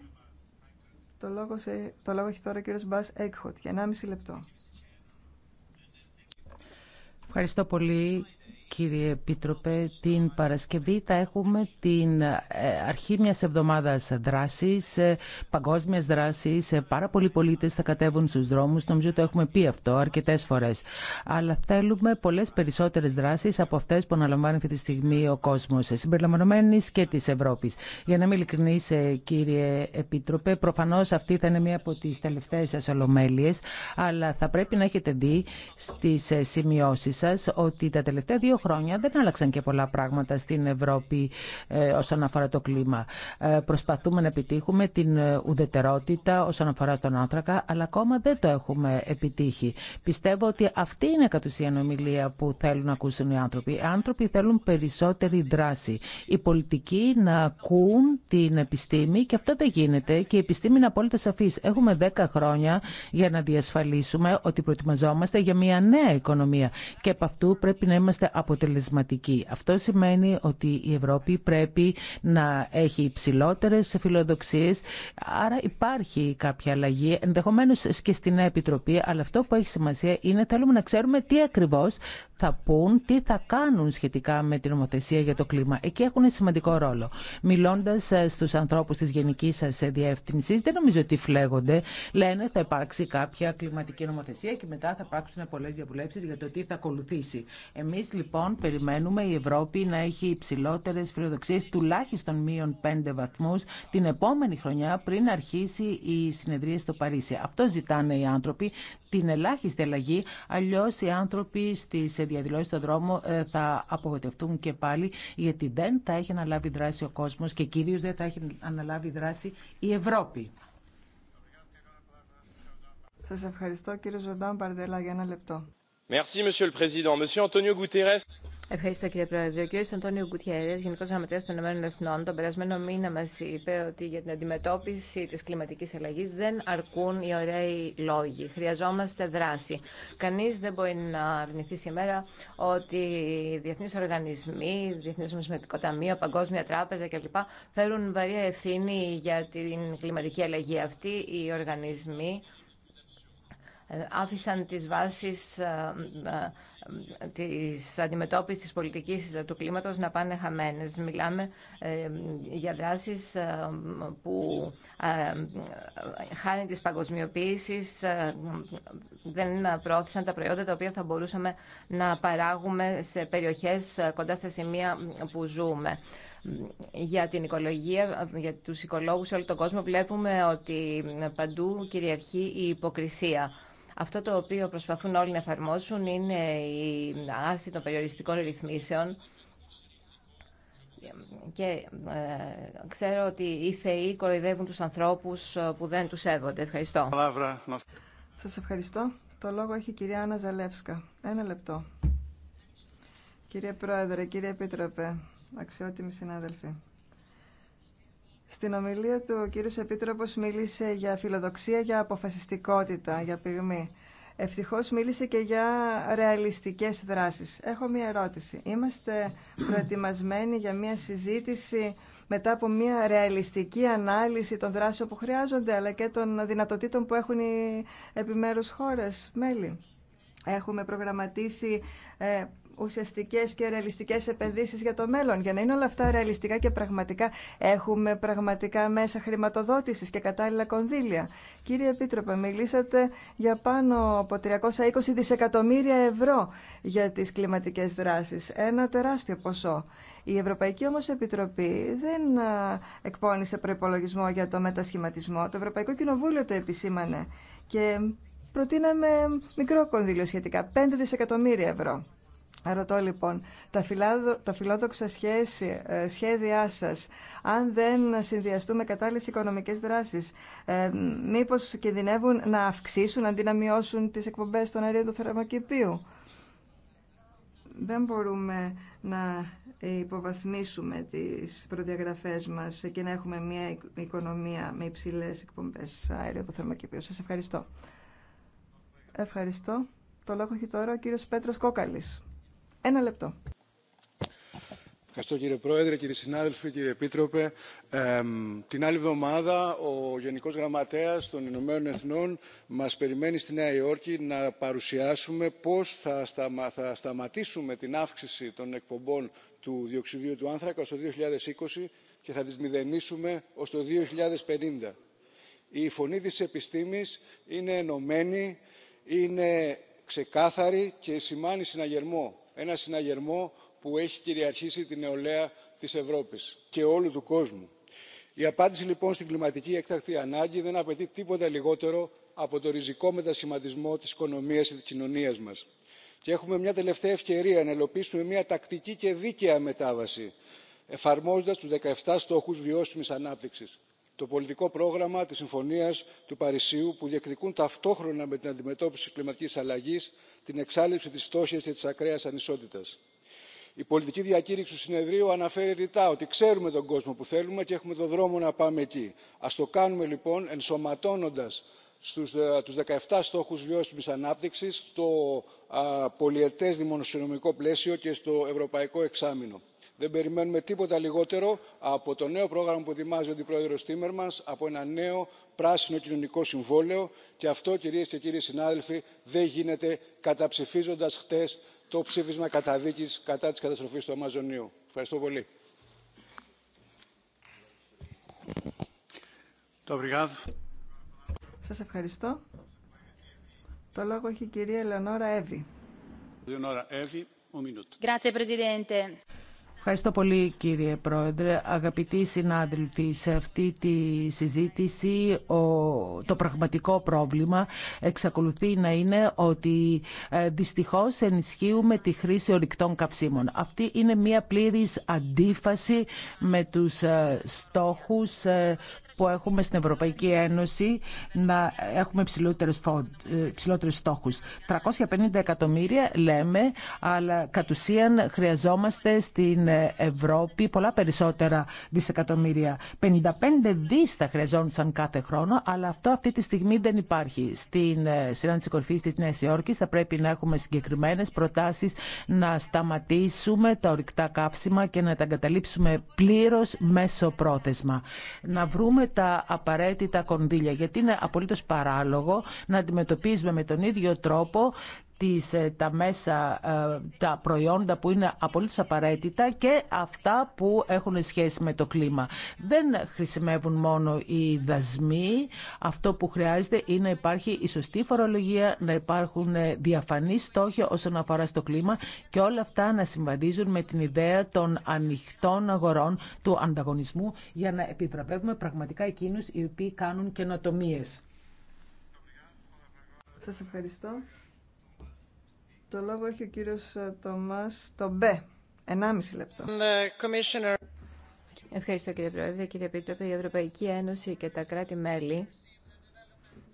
Το λόγο, σε, το λόγο έχει τώρα ο κύριος Μπάς Έκχοτ για 1,5 λεπτό. Ευχαριστώ πολύ Κύριε Επίτροπε, την Παρασκευή θα έχουμε την ε, αρχή μιας εβδομάδας δράσης, ε, παγκόσμιας δράσης. Ε, πάρα πολλοί πολίτες θα κατέβουν στους δρόμους. Νομίζω το έχουμε πει αυτό αρκετές φορές. Αλλά θέλουμε πολλές περισσότερες δράσεις από αυτές που αναλαμβάνει αυτή τη στιγμή ο κόσμος, συμπεριλαμβανομένης και της Ευρώπης. Για να είμαι ειλικρινής, κύριε Επίτροπε, προφανώς αυτή θα είναι μία από τις τελευταίες σας αλλά θα πρέπει να έχετε δει στις σημειώσεις σας ότι τα τελευταία δύο χρόνια δεν άλλαξαν και πολλά πράγματα στην Ευρώπη ε, όσον αφορά το κλίμα. Ε, προσπαθούμε να επιτύχουμε την ε, ουδετερότητα όσον αφορά στον άνθρακα, αλλά ακόμα δεν το έχουμε επιτύχει. Πιστεύω ότι αυτή είναι κατ' ουσίαν ομιλία που θέλουν να ακούσουν οι άνθρωποι. Οι άνθρωποι θέλουν περισσότερη δράση. Οι πολιτικοί να ακούν την επιστήμη και αυτό δεν γίνεται και η επιστήμη είναι απόλυτα σαφή. Έχουμε 10 χρόνια για να διασφαλίσουμε ότι προετοιμαζόμαστε για μια νέα οικονομία και από αυτού πρέπει να είμαστε από αποτελεσματική. Αυτό σημαίνει ότι η Ευρώπη πρέπει να έχει υψηλότερε φιλοδοξίε, άρα υπάρχει κάποια αλλαγή, ενδεχομένω και στην Επιτροπή, αλλά αυτό που έχει σημασία είναι θέλουμε να ξέρουμε τι ακριβώ θα πούν, τι θα κάνουν σχετικά με την νομοθεσία για το κλίμα. Εκεί έχουν σημαντικό ρόλο. Μιλώντα ε, στου ανθρώπου τη γενική σα διεύθυνση, δεν νομίζω ότι φλέγονται. Λένε θα υπάρξει κάποια κλιματική νομοθεσία και μετά θα υπάρξουν πολλέ διαβουλεύσει για το τι θα ακολουθήσει. Εμεί λοιπόν, λοιπόν περιμένουμε η Ευρώπη να έχει υψηλότερες φιλοδοξίες, τουλάχιστον μείον 5 βαθμούς, την επόμενη χρονιά πριν αρχίσει η συνεδρία στο Παρίσι. Αυτό ζητάνε οι άνθρωποι, την ελάχιστη αλλαγή, αλλιώς οι άνθρωποι στις διαδηλώσεις στον δρόμο ε, θα απογοητευτούν και πάλι, γιατί δεν θα έχει αναλάβει δράση ο κόσμος και κυρίως δεν θα έχει αναλάβει δράση η Ευρώπη. Σας ευχαριστώ κύριε Ζωντάν Παρδελά για ένα λεπτό. Ευχαριστώ κύριε Πρόεδρε. Ο κύριος Αντώνιο Γκουτιέρε, Γενικό Γραμματέα των Ηνωμένων Εθνών, τον περασμένο μήνα μα είπε ότι για την αντιμετώπιση τη κλιματική αλλαγή δεν αρκούν οι ωραίοι λόγοι. Χρειαζόμαστε δράση. Κανεί δεν μπορεί να αρνηθεί σήμερα ότι οι διεθνεί οργανισμοί, Διεθνέ Νομισματικό Ταμείο, Παγκόσμια Τράπεζα κλπ. φέρουν βαρύ ευθύνη για την κλιματική αλλαγή. Αυτοί οι οργανισμοί ε, άφησαν τις βάσεις ε, ε, της αντιμετώπισης της πολιτικής του κλίματος να πάνε χαμένες. Μιλάμε για δράσεις που χάνει της παγκοσμιοποίησης δεν προώθησαν τα προϊόντα τα οποία θα μπορούσαμε να παράγουμε σε περιοχές κοντά στα σημεία που ζούμε για την οικολογία, για τους οικολόγους σε όλο τον κόσμο βλέπουμε ότι παντού κυριαρχεί η υποκρισία. Αυτό το οποίο προσπαθούν όλοι να εφαρμόσουν είναι η άρση των περιοριστικών ρυθμίσεων και ε, ξέρω ότι οι θεοί κοροϊδεύουν τους ανθρώπους ε, που δεν τους σέβονται. Ευχαριστώ. Σας ευχαριστώ. Το λόγο έχει η κυρία Άννα Ζαλεύσκα. Ένα λεπτό. Κύριε Πρόεδρε, κύριε Επίτροπε, αξιότιμοι συνάδελφοι. Στην ομιλία του ο κύριος Επίτροπος μίλησε για φιλοδοξία, για αποφασιστικότητα, για πυγμή. Ευτυχώς μίλησε και για ρεαλιστικές δράσεις. Έχω μία ερώτηση. Είμαστε προετοιμασμένοι για μία συζήτηση μετά από μία ρεαλιστική ανάλυση των δράσεων που χρειάζονται, αλλά και των δυνατοτήτων που έχουν οι επιμέρους χώρες, μέλη. Έχουμε προγραμματίσει ε, Ουσιαστικέ και ρεαλιστικέ επενδύσει για το μέλλον. Για να είναι όλα αυτά ρεαλιστικά και πραγματικά έχουμε πραγματικά μέσα χρηματοδότηση και κατάλληλα κονδύλια. Κύριε Επίτροπε, μιλήσατε για πάνω από 320 δισεκατομμύρια ευρώ για τι κλιματικέ δράσει. Ένα τεράστιο ποσό. Η Ευρωπαϊκή όμως Επιτροπή δεν εκπώνησε προπολογισμό για το μετασχηματισμό. Το Ευρωπαϊκό Κοινοβούλιο το επισήμανε και προτείναμε μικρό κονδύλιο σχετικά, 5 δισεκατομμύρια ευρώ. Ρωτώ λοιπόν, τα, φιλόδοξα ε, σχέδιά σας, αν δεν συνδυαστούν με κατάλληλες οικονομικές δράσεις, ε, μήπως κινδυνεύουν να αυξήσουν αντί να μειώσουν τις εκπομπές των αερίων του θερμοκηπίου. Δεν μπορούμε να υποβαθμίσουμε τις προδιαγραφές μας και να έχουμε μια οικονομία με υψηλές εκπομπές αέριων του θερμοκηπίου. Σας ευχαριστώ. Ευχαριστώ. Το λόγο έχει τώρα ο κύριος Πέτρος Κόκαλης. Ένα λεπτό. Ευχαριστώ κύριε Πρόεδρε, κύριοι συνάδελφοι, κύριε Επίτροπε. Ε, την άλλη εβδομάδα ο Γενικός Γραμματέας των Ηνωμένων Εθνών μας περιμένει στη Νέα Υόρκη να παρουσιάσουμε πώς θα, θα σταματήσουμε την αύξηση των εκπομπών του διοξιδίου του άνθρακα στο 2020 και θα τις μηδενίσουμε ως το 2050. Η φωνή της επιστήμης είναι ενωμένη, είναι ξεκάθαρη και σημάνει συναγερμό ένα συναγερμό που έχει κυριαρχήσει την νεολαία της Ευρώπης και όλου του κόσμου. Η απάντηση λοιπόν στην κλιματική έκτακτη ανάγκη δεν απαιτεί τίποτα λιγότερο από το ριζικό μετασχηματισμό της οικονομίας και της κοινωνίας μας. Και έχουμε μια τελευταία ευκαιρία να ελοπίσουμε μια τακτική και δίκαια μετάβαση εφαρμόζοντας τους 17 στόχους βιώσιμης ανάπτυξης το πολιτικό πρόγραμμα της συμφωνίας του παρισιού που διεκδικούν ταυτόχρονα με την αντιμετώπιση κλιματικής αλλαγής την εξάλληψη της φτώχειας και της ακραίας ανισότητας. η πολιτική διακήρυξη του συνεδρίου αναφέρει ρητά ότι ξέρουμε τον κόσμο που θέλουμε και έχουμε τον δρόμο να πάμε εκεί. ας το κάνουμε λοιπόν ενσωματώνοντας στους 17 ε, στόχους βιώσιμης ανάπτυξης στο πολιετές δημοσιονομικό πλαίσιο και στο ευρωπαϊκό εξάμεινο δεν περιμένουμε τίποτα λιγότερο από το νέο πρόγραμμα που ετοιμάζει ο αντιπρόεδρος τίμερμανς από ένα νέο πράσινο κοινωνικό συμβόλαιο και αυτό κυρίες και κύριοι συνάδελφοι δεν γίνεται καταψηφίζοντας χτες το ψήφισμα καταδίκης κατά της καταστροφής του αμαζονίου. ευχαριστώ πολύ. ευχαριστώ. Το λόγο έχει η κυρία Ελεονόρα Εύη. Ευχαριστώ πολύ κύριε Πρόεδρε. Αγαπητοί συνάδελφοι, σε αυτή τη συζήτηση το πραγματικό πρόβλημα εξακολουθεί να είναι ότι ε, δυστυχώς ενισχύουμε τη χρήση ορυκτών καυσίμων. Αυτή είναι μια πλήρης αντίφαση με τους ε, στόχους ε, που έχουμε στην Ευρωπαϊκή Ένωση να έχουμε ψηλότερους, στόχου. ψηλότερους στόχους. 350 εκατομμύρια λέμε, αλλά κατ' ουσίαν χρειαζόμαστε στην Ευρώπη πολλά περισσότερα δισεκατομμύρια. 55 δις θα χρειαζόντουσαν κάθε χρόνο, αλλά αυτό αυτή τη στιγμή δεν υπάρχει. Στην ε, συνάντηση κορυφή της Νέας Υόρκης θα πρέπει να έχουμε συγκεκριμένες προτάσεις να σταματήσουμε τα ορυκτά κάψιμα και να τα εγκαταλείψουμε πλήρω μέσω πρόθεσμα. Να βρούμε έχουμε τα απαραίτητα κονδύλια, γιατί είναι απολύτως παράλογο να αντιμετωπίζουμε με τον ίδιο τρόπο τις, ε, τα μέσα, ε, τα προϊόντα που είναι απολύτως απαραίτητα και αυτά που έχουν σχέση με το κλίμα. Δεν χρησιμεύουν μόνο οι δασμοί. Αυτό που χρειάζεται είναι να υπάρχει η σωστή φορολογία, να υπάρχουν ε, διαφανείς στόχοι όσον αφορά στο κλίμα και όλα αυτά να συμβαδίζουν με την ιδέα των ανοιχτών αγορών του ανταγωνισμού για να επιβραβεύουμε πραγματικά εκείνους οι οποίοι κάνουν καινοτομίες. Σας ευχαριστώ. Το λόγο έχει ο κύριος ε, Τομάς Μπε. Ενάμιση λεπτό. Ευχαριστώ κύριε Πρόεδρε, κύριε Επίτροπε. Η Ευρωπαϊκή Ένωση και τα κράτη-μέλη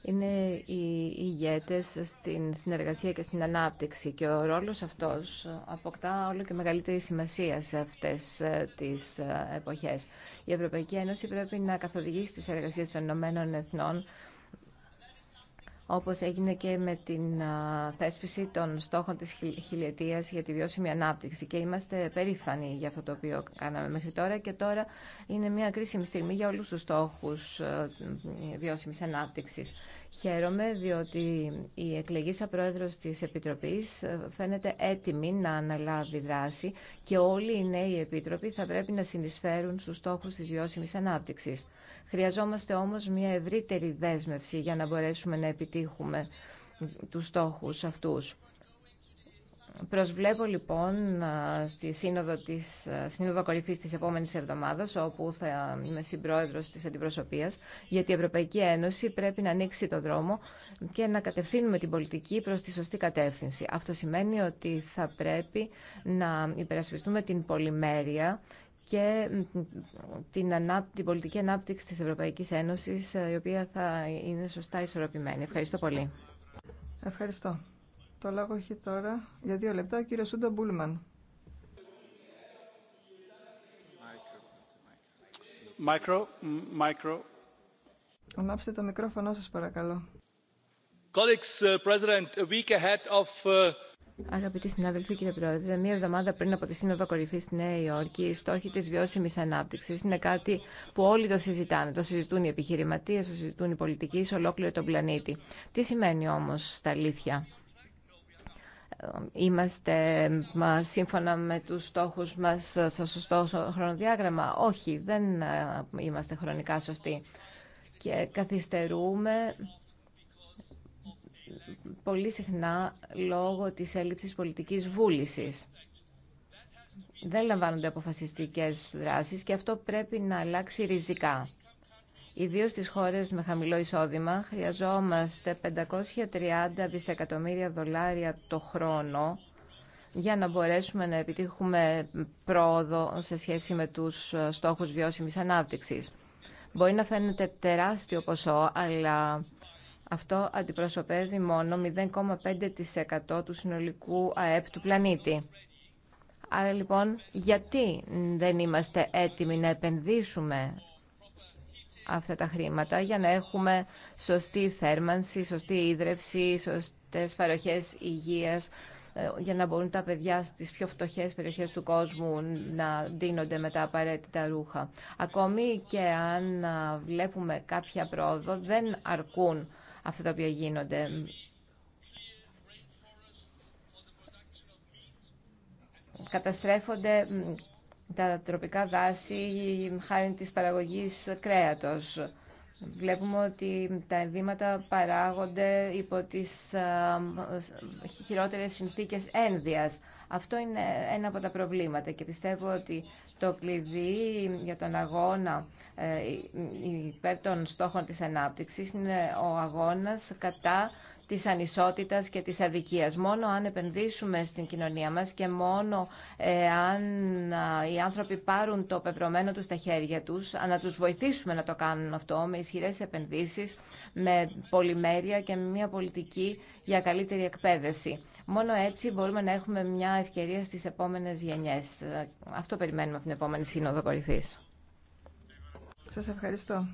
είναι οι ηγέτες στην συνεργασία και στην ανάπτυξη και ο ρόλος αυτός αποκτά όλο και μεγαλύτερη σημασία σε αυτές ε, τις ε, εποχές. Η Ευρωπαϊκή Ένωση πρέπει να καθοδηγήσει τις εργασίες των Ηνωμένων Εθνών όπως έγινε και με την θέσπιση των στόχων της χιλιετίας για τη βιώσιμη ανάπτυξη. Και είμαστε περήφανοι για αυτό το οποίο κάναμε μέχρι τώρα και τώρα είναι μια κρίσιμη στιγμή για όλους τους στόχους βιώσιμης ανάπτυξης. Χαίρομαι διότι η εκλεγήσα πρόεδρος της Επιτροπής φαίνεται έτοιμη να αναλάβει δράση και όλοι οι νέοι επίτροποι θα πρέπει να συνεισφέρουν στους στόχους της βιώσιμης ανάπτυξης. Χρειαζόμαστε όμως μια ευρύτερη δέσμευση για να μπορέσουμε να επιτύχουμε τους στόχους αυτούς. Προσβλέπω λοιπόν στη σύνοδο, της, σύνοδο κορυφής της επόμενης εβδομάδας, όπου θα είμαι συμπρόεδρος της αντιπροσωπείας, γιατί η Ευρωπαϊκή Ένωση πρέπει να ανοίξει το δρόμο και να κατευθύνουμε την πολιτική προς τη σωστή κατεύθυνση. Αυτό σημαίνει ότι θα πρέπει να υπερασπιστούμε την πολυμέρεια και την, την πολιτική ανάπτυξη της Ευρωπαϊκής Ένωσης, ε, η οποία θα είναι σωστά ισορροπημένη. Ευχαριστώ πολύ. Ευχαριστώ. Το λόγο έχει τώρα για δύο λεπτά ο κύριος Σούντο Μπούλμαν. Micro, μάικρο. Ανάψτε το μικρόφωνο σας παρακαλώ. Colleagues, uh, President, a week ahead of uh, Αγαπητοί συνάδελφοι, κύριε Πρόεδρε, μία εβδομάδα πριν από τη Σύνοδο Κορυφή στη Νέα Υόρκη, οι στόχοι τη βιώσιμη ανάπτυξη είναι κάτι που όλοι το συζητάνε. Το συζητούν οι επιχειρηματίε, το συζητούν οι πολιτικοί σε ολόκληρο τον πλανήτη. Τι σημαίνει όμω στα αλήθεια. Είμαστε σύμφωνα με τους στόχους μας στο σωστό χρονοδιάγραμμα. Όχι, δεν είμαστε χρονικά σωστοί. Και καθυστερούμε πολύ συχνά λόγω της έλλειψης πολιτικής βούλησης. Δεν λαμβάνονται αποφασιστικές δράσεις και αυτό πρέπει να αλλάξει ριζικά. Ιδίω στις χώρες με χαμηλό εισόδημα χρειαζόμαστε 530 δισεκατομμύρια δολάρια το χρόνο για να μπορέσουμε να επιτύχουμε πρόοδο σε σχέση με τους στόχους βιώσιμης ανάπτυξης. Μπορεί να φαίνεται τεράστιο ποσό, αλλά αυτό αντιπροσωπεύει μόνο 0,5% του συνολικού ΑΕΠ του πλανήτη. Άρα λοιπόν, γιατί δεν είμαστε έτοιμοι να επενδύσουμε αυτά τα χρήματα για να έχουμε σωστή θέρμανση, σωστή ίδρευση, σωστές παροχές υγείας, ε, για να μπορούν τα παιδιά στις πιο φτωχές περιοχές του κόσμου να δίνονται με τα απαραίτητα ρούχα. Ακόμη και αν βλέπουμε κάποια πρόοδο, δεν αρκούν αυτά τα οποία γίνονται. Καταστρέφονται τα τροπικά δάση χάρη της παραγωγής κρέατος. Βλέπουμε ότι τα ενδύματα παράγονται υπό τις χειρότερες συνθήκες ένδυας. Αυτό είναι ένα από τα προβλήματα και πιστεύω ότι το κλειδί για τον αγώνα ε, υπέρ των στόχων της ανάπτυξης είναι ο αγώνας κατά της ανισότητας και της αδικίας. Μόνο αν επενδύσουμε στην κοινωνία μας και μόνο ε, αν οι άνθρωποι πάρουν το πεπρωμένο τους στα χέρια τους, να τους βοηθήσουμε να το κάνουν αυτό με ισχυρές επενδύσεις, με πολυμέρεια και με μια πολιτική για καλύτερη εκπαίδευση. Μόνο έτσι μπορούμε να έχουμε μια ευκαιρία στις επόμενες γενιές. Αυτό περιμένουμε από την επόμενη Σύνοδο Κορυφής. Σας ευχαριστώ.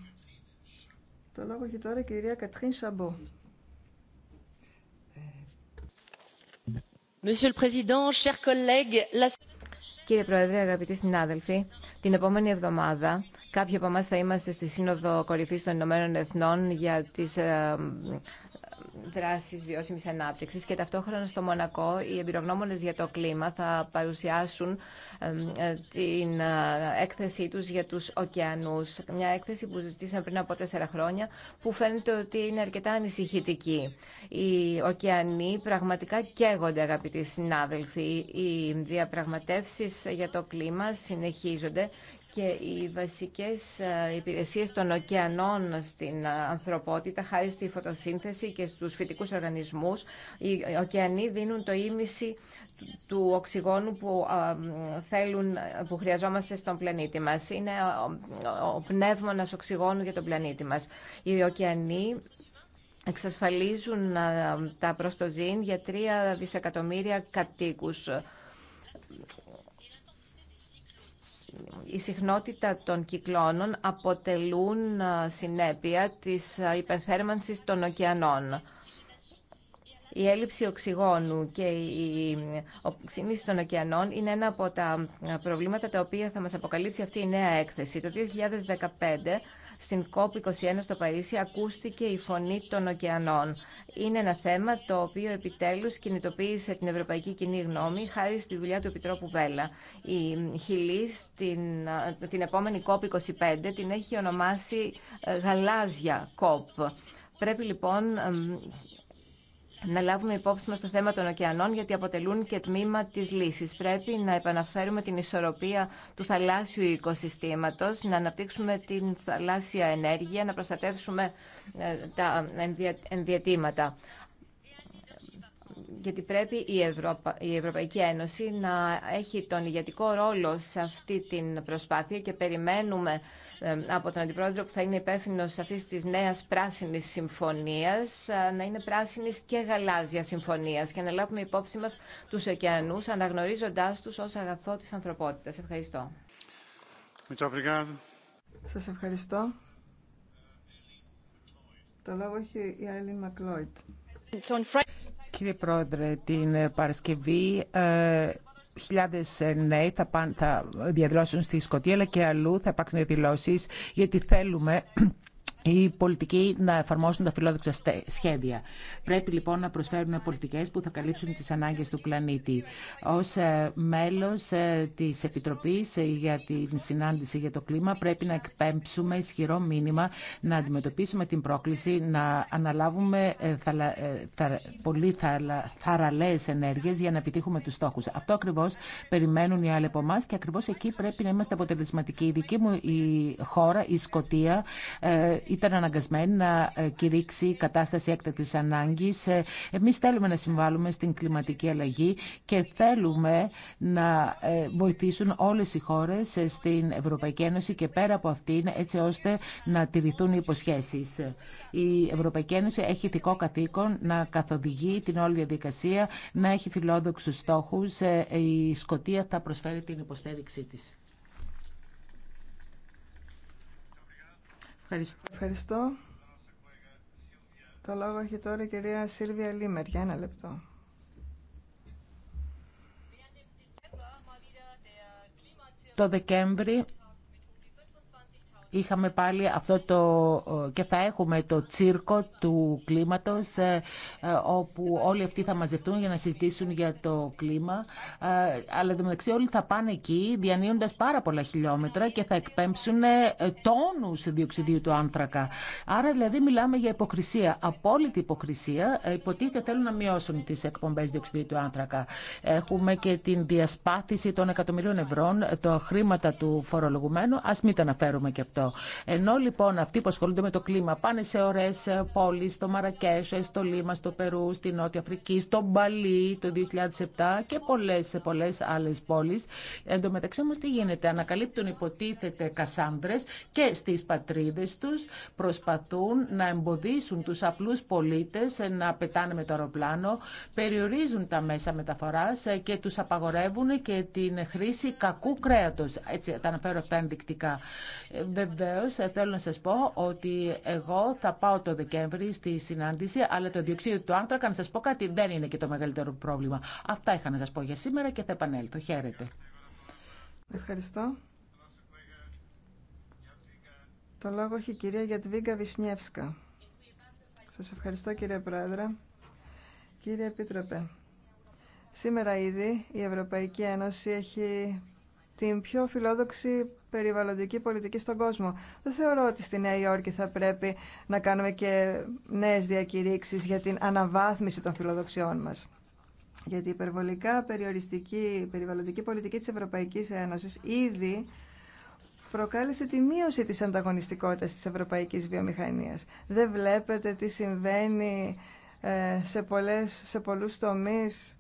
Το λόγο έχει τώρα η κυρία Κατρίν Σαμπό. Κύριε Πρόεδρε, αγαπητοί συνάδελφοι, την επόμενη εβδομάδα κάποιοι από εμά θα είμαστε στη Σύνοδο Κορυφή των Ηνωμένων Εθνών για τι ε, δράσεις βιώσιμης ανάπτυξης και ταυτόχρονα στο Μονακό οι εμπειρογνώμονες για το κλίμα θα παρουσιάσουν ε, την ε, έκθεσή τους για τους ωκεανούς. Μια έκθεση που ζητήσαμε πριν από τέσσερα χρόνια που φαίνεται ότι είναι αρκετά ανησυχητική. Οι ωκεανοί πραγματικά καίγονται αγαπητοί συνάδελφοι. Οι διαπραγματεύσεις για το κλίμα συνεχίζονται και οι βασικές ε, υπηρεσίες των ωκεανών στην ε, ανθρωπότητα, χάρη στη φωτοσύνθεση και στους φυτικούς οργανισμούς, οι ωκεανοί δίνουν το ίμιση του οξυγόνου που, ε, θέλουν, που χρειαζόμαστε στον πλανήτη μας. Είναι ο πνεύμονας οξυγόνου για τον πλανήτη μας. Οι ωκεανοί εξασφαλίζουν τα προστοζήν για 3 δισεκατομμύρια κατοίκους η συχνότητα των κυκλώνων αποτελούν συνέπεια της υπερθέρμανσης των ωκεανών. Η έλλειψη οξυγόνου και η οξύνηση των ωκεανών είναι ένα από τα προβλήματα τα οποία θα μας αποκαλύψει αυτή η νέα έκθεση. Το 2015 στην COP21 στο Παρίσι ακούστηκε η φωνή των ωκεανών. Είναι ένα θέμα το οποίο επιτέλους κινητοποίησε την ευρωπαϊκή κοινή γνώμη χάρη στη δουλειά του Επιτρόπου Βέλλα. Η Χιλή στην, την επόμενη COP25 την έχει ονομάσει ε, γαλάζια COP. Πρέπει λοιπόν να λάβουμε υπόψη μας το θέμα των ωκεανών γιατί αποτελούν και τμήμα της λύσης. Πρέπει να επαναφέρουμε την ισορροπία του θαλάσσιου οικοσυστήματος, να αναπτύξουμε την θαλάσσια ενέργεια, να προστατεύσουμε ε, τα ενδιατήματα. Γιατί πρέπει η, η Ευρωπαϊκή Ένωση να έχει τον ηγετικό ρόλο σε αυτή την προσπάθεια και περιμένουμε από τον Αντιπρόεδρο που θα είναι υπεύθυνο αυτή τη νέα πράσινη συμφωνία, να είναι πράσινη και γαλάζια συμφωνία και να λάβουμε υπόψη μα του ωκεανού, αναγνωρίζοντά του ω αγαθό τη ανθρωπότητα. Ευχαριστώ. Σα ευχαριστώ. Το λόγο έχει η Άιλιν Μακλόιτ. Κύριε Πρόεδρε, την Παρασκευή ε, χιλιάδε νέοι θα, πάνε, θα στη Σκοτία αλλά και αλλού θα υπάρξουν διαδηλώσει γιατί θέλουμε οι πολιτικοί να εφαρμόσουν τα φιλόδοξα σχέδια. Πρέπει λοιπόν να προσφέρουμε πολιτικές που θα καλύψουν τις ανάγκες του πλανήτη. Ως ε, μέλος ε, της Επιτροπής ε, για την συνάντηση για το κλίμα πρέπει να εκπέμψουμε ισχυρό μήνυμα, να αντιμετωπίσουμε την πρόκληση, να αναλάβουμε θαλα... θα... πολύ θαλα... θαραλές ενέργειες για να επιτύχουμε τους στόχους. Αυτό ακριβώς περιμένουν οι άλλοι από εμά και ακριβώς εκεί πρέπει να είμαστε αποτελεσματικοί. Η δική μου η χώρα, η Σκοτία, ήταν αναγκασμένη να ε, κηρύξει κατάσταση έκτακτης ανάγκης. Ε, εμείς θέλουμε να συμβάλλουμε στην κλιματική αλλαγή και θέλουμε να ε, βοηθήσουν όλες οι χώρες στην Ευρωπαϊκή Ένωση και πέρα από αυτήν έτσι ώστε να τηρηθούν οι υποσχέσεις. Η Ευρωπαϊκή Ένωση έχει ηθικό καθήκον να καθοδηγεί την όλη διαδικασία, να έχει φιλόδοξους στόχους. Η Σκοτία θα προσφέρει την υποστήριξή της. Ευχαριστώ. Ευχαριστώ. Το λόγο έχει τώρα η κυρία Σίλβια Λίμερ για ένα λεπτό. Το Δεκέμβρη είχαμε πάλι αυτό το και θα έχουμε το τσίρκο του κλίματος ε, ε, όπου όλοι αυτοί θα μαζευτούν για να συζητήσουν για το κλίμα ε, αλλά εντωμεταξύ όλοι θα πάνε εκεί διανύοντας πάρα πολλά χιλιόμετρα και θα εκπέμψουν τόνους διοξιδίου του άνθρακα. Άρα δηλαδή μιλάμε για υποκρισία, απόλυτη υποκρισία. Υποτίθεται θέλουν να μειώσουν τις εκπομπές διοξιδίου του άνθρακα. Έχουμε και την διασπάθηση των εκατομμυρίων ευρώ, τα χρήματα του φορολογουμένου. Ας μην τα αναφέρουμε και αυτό. Ενώ λοιπόν αυτοί που ασχολούνται με το κλίμα πάνε σε ωραίε πόλει, στο Μαρακέ, ε, στο Λίμα, στο Περού, στη Νότια Αφρική, στο Μπαλί το 2007 και πολλέ σε πολλέ άλλε πόλει. Εν τω μεταξύ όμω τι γίνεται, ανακαλύπτουν υποτίθεται κασάνδρε και στι πατρίδε του προσπαθούν να εμποδίσουν του απλού πολίτε ε, να πετάνε με το αεροπλάνο, περιορίζουν τα μέσα μεταφορά ε, και του απαγορεύουν και την χρήση κακού κρέατος. Έτσι τα αναφέρω αυτά ενδεικτικά. Βεβαίω, ε, θέλω να σα πω ότι εγώ θα πάω το Δεκέμβρη στη συνάντηση, αλλά το διοξείδιο του άνθρακα, να σα πω κάτι, δεν είναι και το μεγαλύτερο πρόβλημα. Αυτά είχα να σα πω για σήμερα και θα επανέλθω. Χαίρετε. Ευχαριστώ. Το λόγο έχει η κυρία Γιατβίγκα Βυσνιεύσκα. Σα ευχαριστώ κύριε Πρόεδρε. Κύριε Επίτροπε, σήμερα ήδη η Ευρωπαϊκή Ένωση έχει την πιο φιλόδοξη περιβαλλοντική πολιτική στον κόσμο. Δεν θεωρώ ότι στη Νέα Υόρκη θα πρέπει να κάνουμε και νέες διακηρύξεις για την αναβάθμιση των φιλοδοξιών μας. Γιατί η υπερβολικά περιοριστική περιβαλλοντική πολιτική της Ευρωπαϊκής Ένωσης ήδη προκάλεσε τη μείωση της ανταγωνιστικότητας της ευρωπαϊκής βιομηχανίας. Δεν βλέπετε τι συμβαίνει ε, σε, σε πολλούς τομείς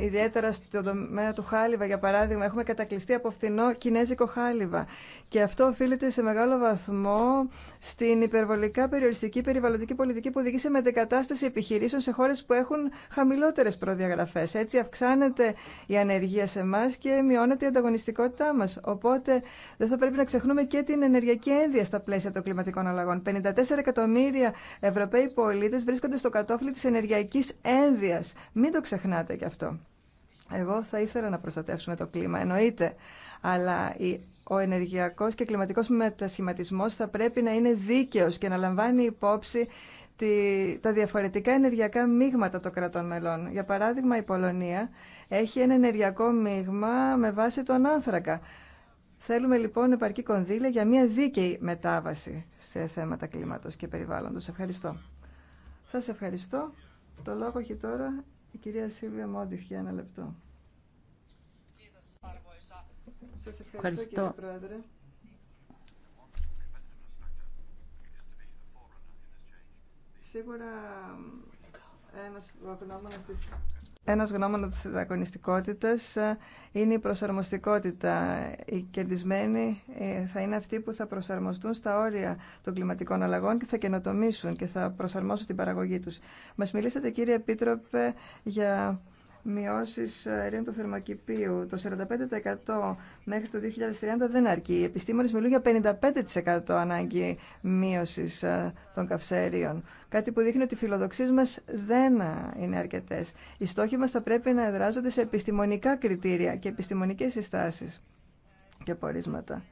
ιδιαίτερα στο τομέα του χάλιβα, για παράδειγμα, έχουμε κατακλειστεί από φθηνό κινέζικο χάλιβα. Και αυτό οφείλεται σε μεγάλο βαθμό στην υπερβολικά περιοριστική περιβαλλοντική πολιτική που οδηγεί σε μετεκατάσταση επιχειρήσεων σε χώρε που έχουν χαμηλότερε προδιαγραφέ. Έτσι αυξάνεται η ανεργία σε εμά και μειώνεται η ανταγωνιστικότητά μα. Οπότε δεν θα πρέπει να ξεχνούμε και την ενεργειακή ένδυα στα πλαίσια των κλιματικών αλλαγών. 54 εκατομμύρια Ευρωπαίοι πολίτε βρίσκονται στο κατόφλι τη ενεργειακή ένδυα. Μην το ξεχνάτε αυτό. Εγώ θα ήθελα να προστατεύσουμε το κλίμα, εννοείται, αλλά ο ενεργειακός και κλιματικός μετασχηματισμός θα πρέπει να είναι δίκαιος και να λαμβάνει υπόψη τη, τα διαφορετικά ενεργειακά μείγματα των κρατών μελών. Για παράδειγμα, η Πολωνία έχει ένα ενεργειακό μείγμα με βάση τον άνθρακα. Θέλουμε λοιπόν επαρκή κονδύλια για μια δίκαιη μετάβαση σε θέματα κλίματος και περιβάλλοντος. Ευχαριστώ. Σας ευχαριστώ. Το λόγο έχει τώρα η κυρία Σίλβια Μόντιχ για ένα λεπτό. Σα ευχαριστώ, κύριε Πρόεδρε. Σίγουρα ένα προγνώμονας της ένας γνώμονα της ανταγωνιστικότητας ε, είναι η προσαρμοστικότητα. Οι κερδισμένοι ε, θα είναι αυτοί που θα προσαρμοστούν στα όρια των κλιματικών αλλαγών και θα καινοτομήσουν και θα προσαρμόσουν την παραγωγή τους. Μας μιλήσατε κύριε Επίτροπε για μειώσεις ε, αερίων του θερμοκηπίου το 45% μέχρι το 2030 δεν αρκεί. Οι επιστήμονες μιλούν για 55% ανάγκη μείωσης ε, των καυσαερίων. Κάτι που δείχνει ότι οι φιλοδοξίες μας δεν ε, είναι αρκετές. Οι στόχοι μας θα πρέπει να εδράζονται σε επιστημονικά κριτήρια και επιστημονικές συστάσεις και πορίσματα.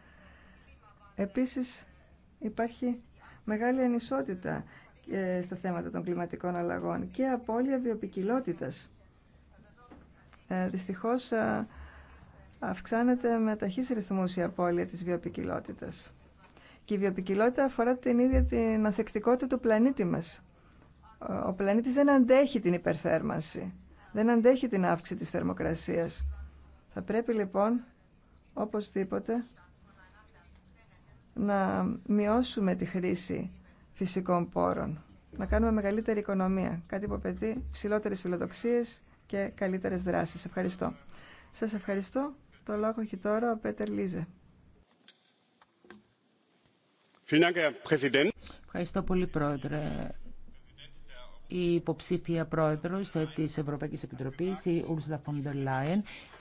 Επίσης υπάρχει μεγάλη ανισότητα στα θέματα των κλιματικών αλλαγών και απώλεια βιοπικιλότητας. Ε, δυστυχώς ε, αυξάνεται με ταχύς ρυθμούς η απώλεια της βιοπικιλότητας. Και η βιοπικιλότητα αφορά την ίδια την ανθεκτικότητα του πλανήτη μας. Ε, ο πλανήτης δεν αντέχει την υπερθέρμανση, δεν αντέχει την αύξηση της θερμοκρασίας. Θα πρέπει λοιπόν, όπως τίποτε, να μειώσουμε τη χρήση φυσικών πόρων, να κάνουμε μεγαλύτερη οικονομία, κάτι που απαιτεί ψηλότερες φιλοδοξίες και καλύτερες δράσεις. Ευχαριστώ. Σας ευχαριστώ. Το λόγο έχει τώρα ο Πέτερ Λίζε. Ευχαριστώ πολύ, Πρόεδρε. Η υποψήφια πρόεδρος ε, της Ευρωπαϊκής Επιτροπής, η Ursula von der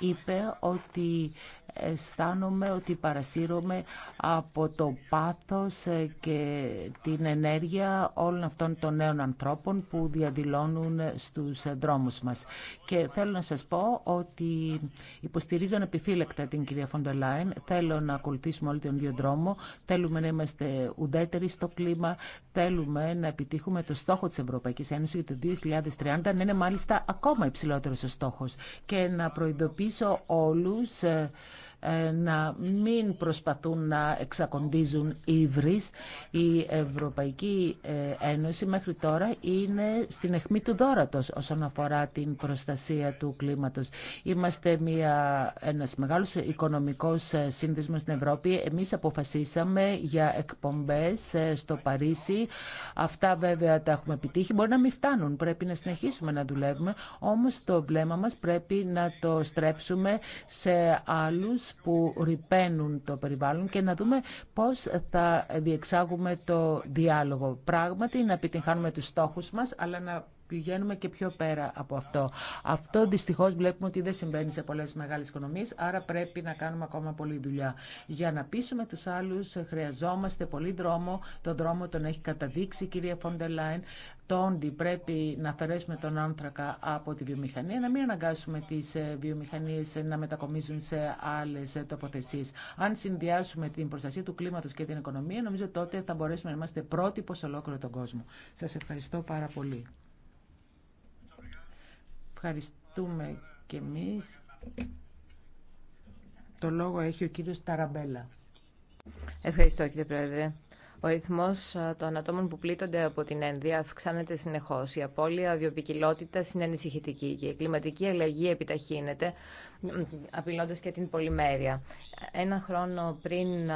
είπε ότι αισθάνομαι ότι παρασύρομαι από το πάθος και την ενέργεια όλων αυτών των νέων ανθρώπων που διαδηλώνουν στους δρόμους μας. Και θέλω να σας πω ότι υποστηρίζω επιφύλακτα την κυρία Φοντελάιν. Θέλω να ακολουθήσουμε όλοι τον ίδιο δρόμο. Θέλουμε να είμαστε ουδέτεροι στο κλίμα. Θέλουμε να επιτύχουμε το στόχο της Ευρωπαϊκής Ένωσης για το 2030 να είναι μάλιστα ακόμα υψηλότερος ο στόχος και να προειδοποιήσουμε ευχαριστήσω όλους ε, ε, να μην προσπαθούν να εξακοντίζουν ύβρις. Η Ευρωπαϊκή ε, Ένωση μέχρι τώρα είναι στην αιχμή του δόρατος όσον αφορά την προστασία του κλίματος. Είμαστε μια, ένας μεγάλος οικονομικός ε, σύνδεσμος στην Ευρώπη. Εμείς αποφασίσαμε για εκπομπές στο Παρίσι. Αυτά βέβαια τα έχουμε επιτύχει. Μπορεί να μην φτάνουν. Πρέπει να συνεχίσουμε να δουλεύουμε. Όμως το βλέμμα μας πρέπει να το στρέψουμε σε άλλους που ρηπαίνουν το περιβάλλον και να δούμε πώς θα διεξάγουμε το διάλογο. Πράγματι, να επιτυγχάνουμε τους στόχους μας, αλλά να πηγαίνουμε και πιο πέρα από αυτό. Αυτό δυστυχώ βλέπουμε ότι δεν συμβαίνει σε πολλέ μεγάλε οικονομίε, άρα πρέπει να κάνουμε ακόμα πολλή δουλειά. Για να πείσουμε του άλλου, χρειαζόμαστε πολύ δρόμο. Το δρόμο τον έχει καταδείξει η κυρία Φόντερ Λάιν. Τόντι πρέπει να αφαιρέσουμε τον άνθρακα από τη βιομηχανία, να μην αναγκάσουμε τι ε, βιομηχανίε να μετακομίζουν σε άλλε τοποθεσίε. Αν συνδυάσουμε την προστασία του κλίματο και την οικονομία, νομίζω τότε θα μπορέσουμε να είμαστε πρότυπο ολόκληρο τον κόσμο. Σα ευχαριστώ πάρα πολύ. Ευχαριστούμε και εμείς. Το λόγο έχει ο κύριος Ταραμπέλα. Ευχαριστώ κύριε Πρόεδρε. Ο ρυθμό των ατόμων που πλήττονται από την ένδυα αυξάνεται συνεχώ. Η απώλεια βιοπικιλότητα είναι ανησυχητική και η κλιματική αλλαγή επιταχύνεται, απειλώντα και την πολυμέρεια. Ένα χρόνο πριν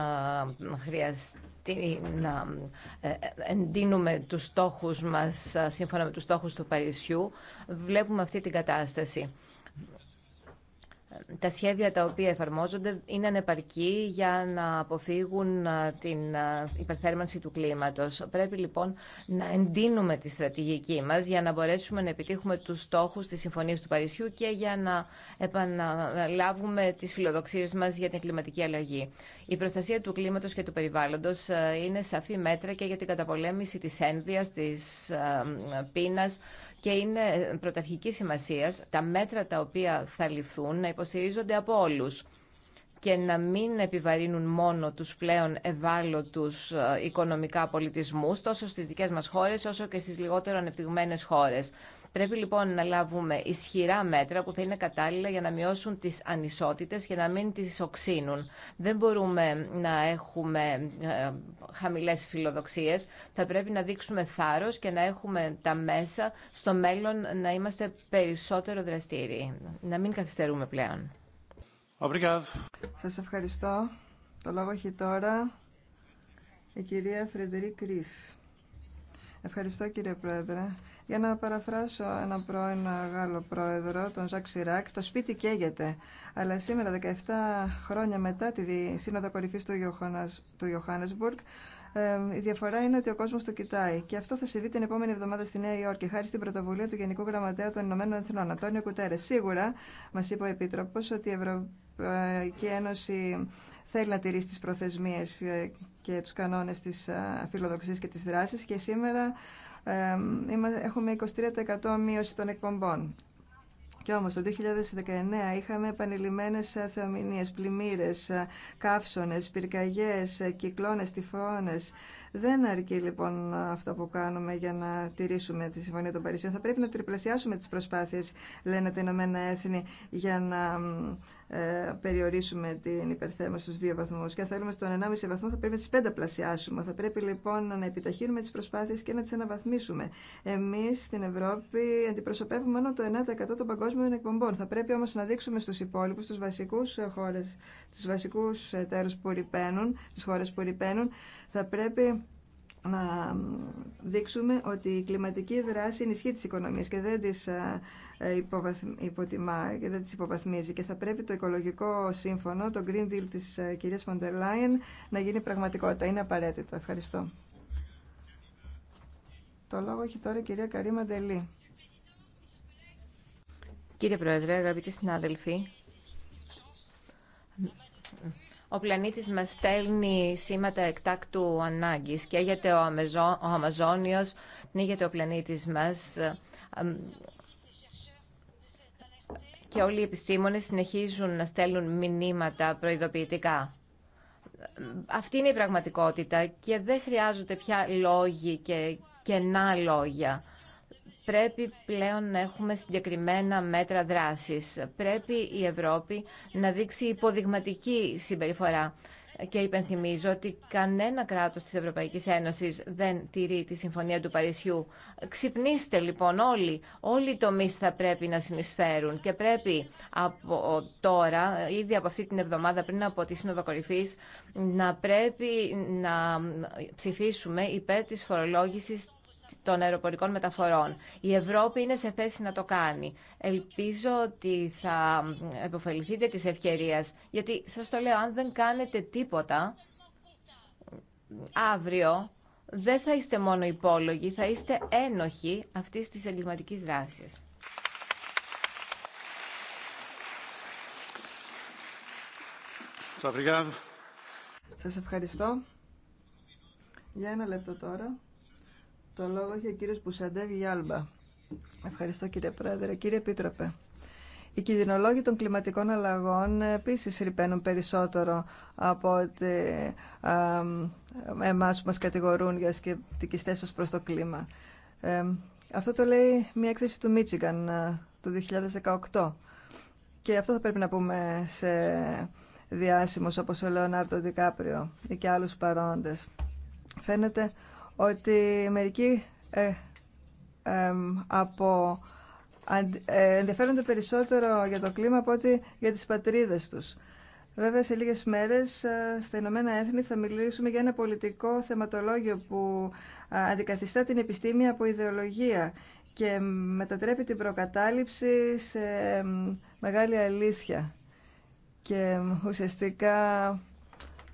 χρειαστεί να ε, ε, εντείνουμε τους στόχους μας σύμφωνα με τους στόχους του Παρισιού, βλέπουμε αυτή την κατάσταση. Τα σχέδια τα οποία εφαρμόζονται είναι ανεπαρκή για να αποφύγουν την υπερθέρμανση του κλίματος. Πρέπει λοιπόν να εντείνουμε τη στρατηγική μας για να μπορέσουμε να επιτύχουμε τους στόχους της Συμφωνίας του Παρισιού και για να επαναλάβουμε τις φιλοδοξίες μας για την κλιματική αλλαγή. Η προστασία του κλίματος και του περιβάλλοντος ε, είναι σαφή μέτρα και για την καταπολέμηση της ένδυας, της ε, πείνας και είναι πρωταρχική σημασίας τα μέτρα τα οποία θα ληφθούν να υποστηρίζονται από όλους και να μην επιβαρύνουν μόνο τους πλέον ευάλωτους ε, οικονομικά πολιτισμούς, τόσο στις δικές μας χώρες όσο και στις λιγότερο ανεπτυγμένες χώρες. Πρέπει λοιπόν να λάβουμε ισχυρά μέτρα που θα είναι κατάλληλα για να μειώσουν τις ανισότητες και να μην τις οξύνουν. Δεν μπορούμε να έχουμε ε, χαμηλές φιλοδοξίες. Θα πρέπει να δείξουμε θάρρος και να έχουμε τα μέσα στο μέλλον να είμαστε περισσότερο δραστήριοι. Να μην καθυστερούμε πλέον. Σας ευχαριστώ. Το λόγο έχει τώρα η κυρία Φρεντερή Κρίς. Ευχαριστώ κύριε Πρόεδρε. Για να παραφράσω έναν πρώην Γάλλο πρόεδρο, τον Ζακ Σιράκ, το σπίτι καίγεται. Αλλά σήμερα, 17 χρόνια μετά τη Σύνοδο Κορυφή του Ιωάννεσμπουργκ, η διαφορά είναι ότι ο κόσμο το κοιτάει. Και αυτό θα συμβεί την επόμενη εβδομάδα στη Νέα Υόρκη, χάρη στην πρωτοβουλία του Γενικού Γραμματέα των Ηνωμένων Εθνών, Αντώνιο Κουτέρε. Σίγουρα, μα είπε ο Επίτροπο, ότι η Ευρωπαϊκή Ένωση θέλει να τηρήσει τι προθεσμίε ε, και του κανόνε τη ε, φιλοδοξία και τη δράση. Και σήμερα έχουμε 23% μείωση των εκπομπών. Κι όμως το 2019 είχαμε επανειλημμένες ε, θεομηνίες, πλημμύρες, ε, καύσονες, πυρκαγιές, ε, κυκλώνες, τυφώνες, δεν αρκεί λοιπόν αυτό που κάνουμε για να τηρήσουμε τη Συμφωνία των Παρισιών. Θα πρέπει να τριπλασιάσουμε τις προσπάθειες, λένε τα Ηνωμένα Έθνη, για να ε, περιορίσουμε την υπερθέρμανση στους δύο βαθμούς και αν θέλουμε στον 1,5 βαθμό θα πρέπει να τις πενταπλασιάσουμε. Θα πρέπει λοιπόν να επιταχύνουμε τις προσπάθειες και να τις αναβαθμίσουμε. Εμείς στην Ευρώπη αντιπροσωπεύουμε μόνο το 9% των παγκόσμιων εκπομπών. Θα πρέπει όμως να δείξουμε στους υπόλοιπους, στους βασικούς ε, χώρες, στους βασικούς εταίρους που ρηπαίνουν, στις χώρες που ρηπαίνουν, θα πρέπει να δείξουμε ότι η κλιματική δράση ενισχύει τις οικονομίες και δεν τις ε, ε, και δεν τις υποβαθμίζει και θα πρέπει το οικολογικό σύμφωνο, το Green Deal της ε, κυρίας Φοντερ να γίνει πραγματικότητα. Είναι απαραίτητο. Ευχαριστώ. Το λόγο έχει τώρα η κυρία Καρίμα Ντελή. Κύριε Πρόεδρε, αγαπητοί συνάδελφοι, ο πλανήτης μας στέλνει σήματα εκτάκτου ανάγκης. Καίγεται ο, ο Αμαζόνιος, πνίγεται ο πλανήτης μας. Και όλοι οι επιστήμονες συνεχίζουν να στέλνουν μηνύματα προειδοποιητικά. Αυτή είναι η πραγματικότητα και δεν χρειάζονται πια λόγοι και κενά λόγια. Πρέπει πλέον να έχουμε συγκεκριμένα μέτρα δράσης. Πρέπει η Ευρώπη να δείξει υποδειγματική συμπεριφορά. Και υπενθυμίζω ότι κανένα κράτος της Ευρωπαϊκής Ένωσης δεν τηρεί τη Συμφωνία του Παρισιού. Ξυπνήστε λοιπόν όλοι. Όλοι οι τομείς θα πρέπει να συνεισφέρουν και πρέπει από τώρα, ήδη από αυτή την εβδομάδα πριν από τη Σύνοδο Κορυφής, να πρέπει να ψηφίσουμε υπέρ της φορολόγησης των αεροπορικών μεταφορών. Η Ευρώπη είναι σε θέση να το κάνει. Ελπίζω ότι θα επωφεληθείτε της ευκαιρίας, γιατί σας το λέω, αν δεν κάνετε τίποτα, αύριο δεν θα είστε μόνο υπόλογοι, θα είστε ένοχοι αυτής της εγκληματικής δράσης. Σας ευχαριστώ. Για ένα λεπτό τώρα. Το λόγο έχει ο κύριος Πουσαντεύ Γιάλμπα. Ευχαριστώ κύριε Πρόεδρε. Κύριε Επίτροπε, οι κινδυνολόγοι των κλιματικών αλλαγών επίση ρηπαίνουν περισσότερο από ότι εμά που μας κατηγορούν για σκεπτικιστέ ω προς το κλίμα. αυτό το λέει μια έκθεση του Μίτσιγκαν ε, του 2018. Και αυτό θα πρέπει να πούμε σε διάσημους όπως ο Λεωνάρτο Δικάπριο ή και άλλους παρόντες. Φαίνεται ότι μερικοί ε, από ε, ενδιαφέρονται περισσότερο για το κλίμα από ότι για τις πατρίδες τους. Βέβαια, σε λίγες μέρες ε, στα Ηνωμένα Έθνη θα μιλήσουμε για ένα πολιτικό θεματολόγιο που ε, αντικαθιστά την επιστήμη από ιδεολογία και μετατρέπει την προκατάληψη σε μεγάλη αλήθεια και ουσιαστικά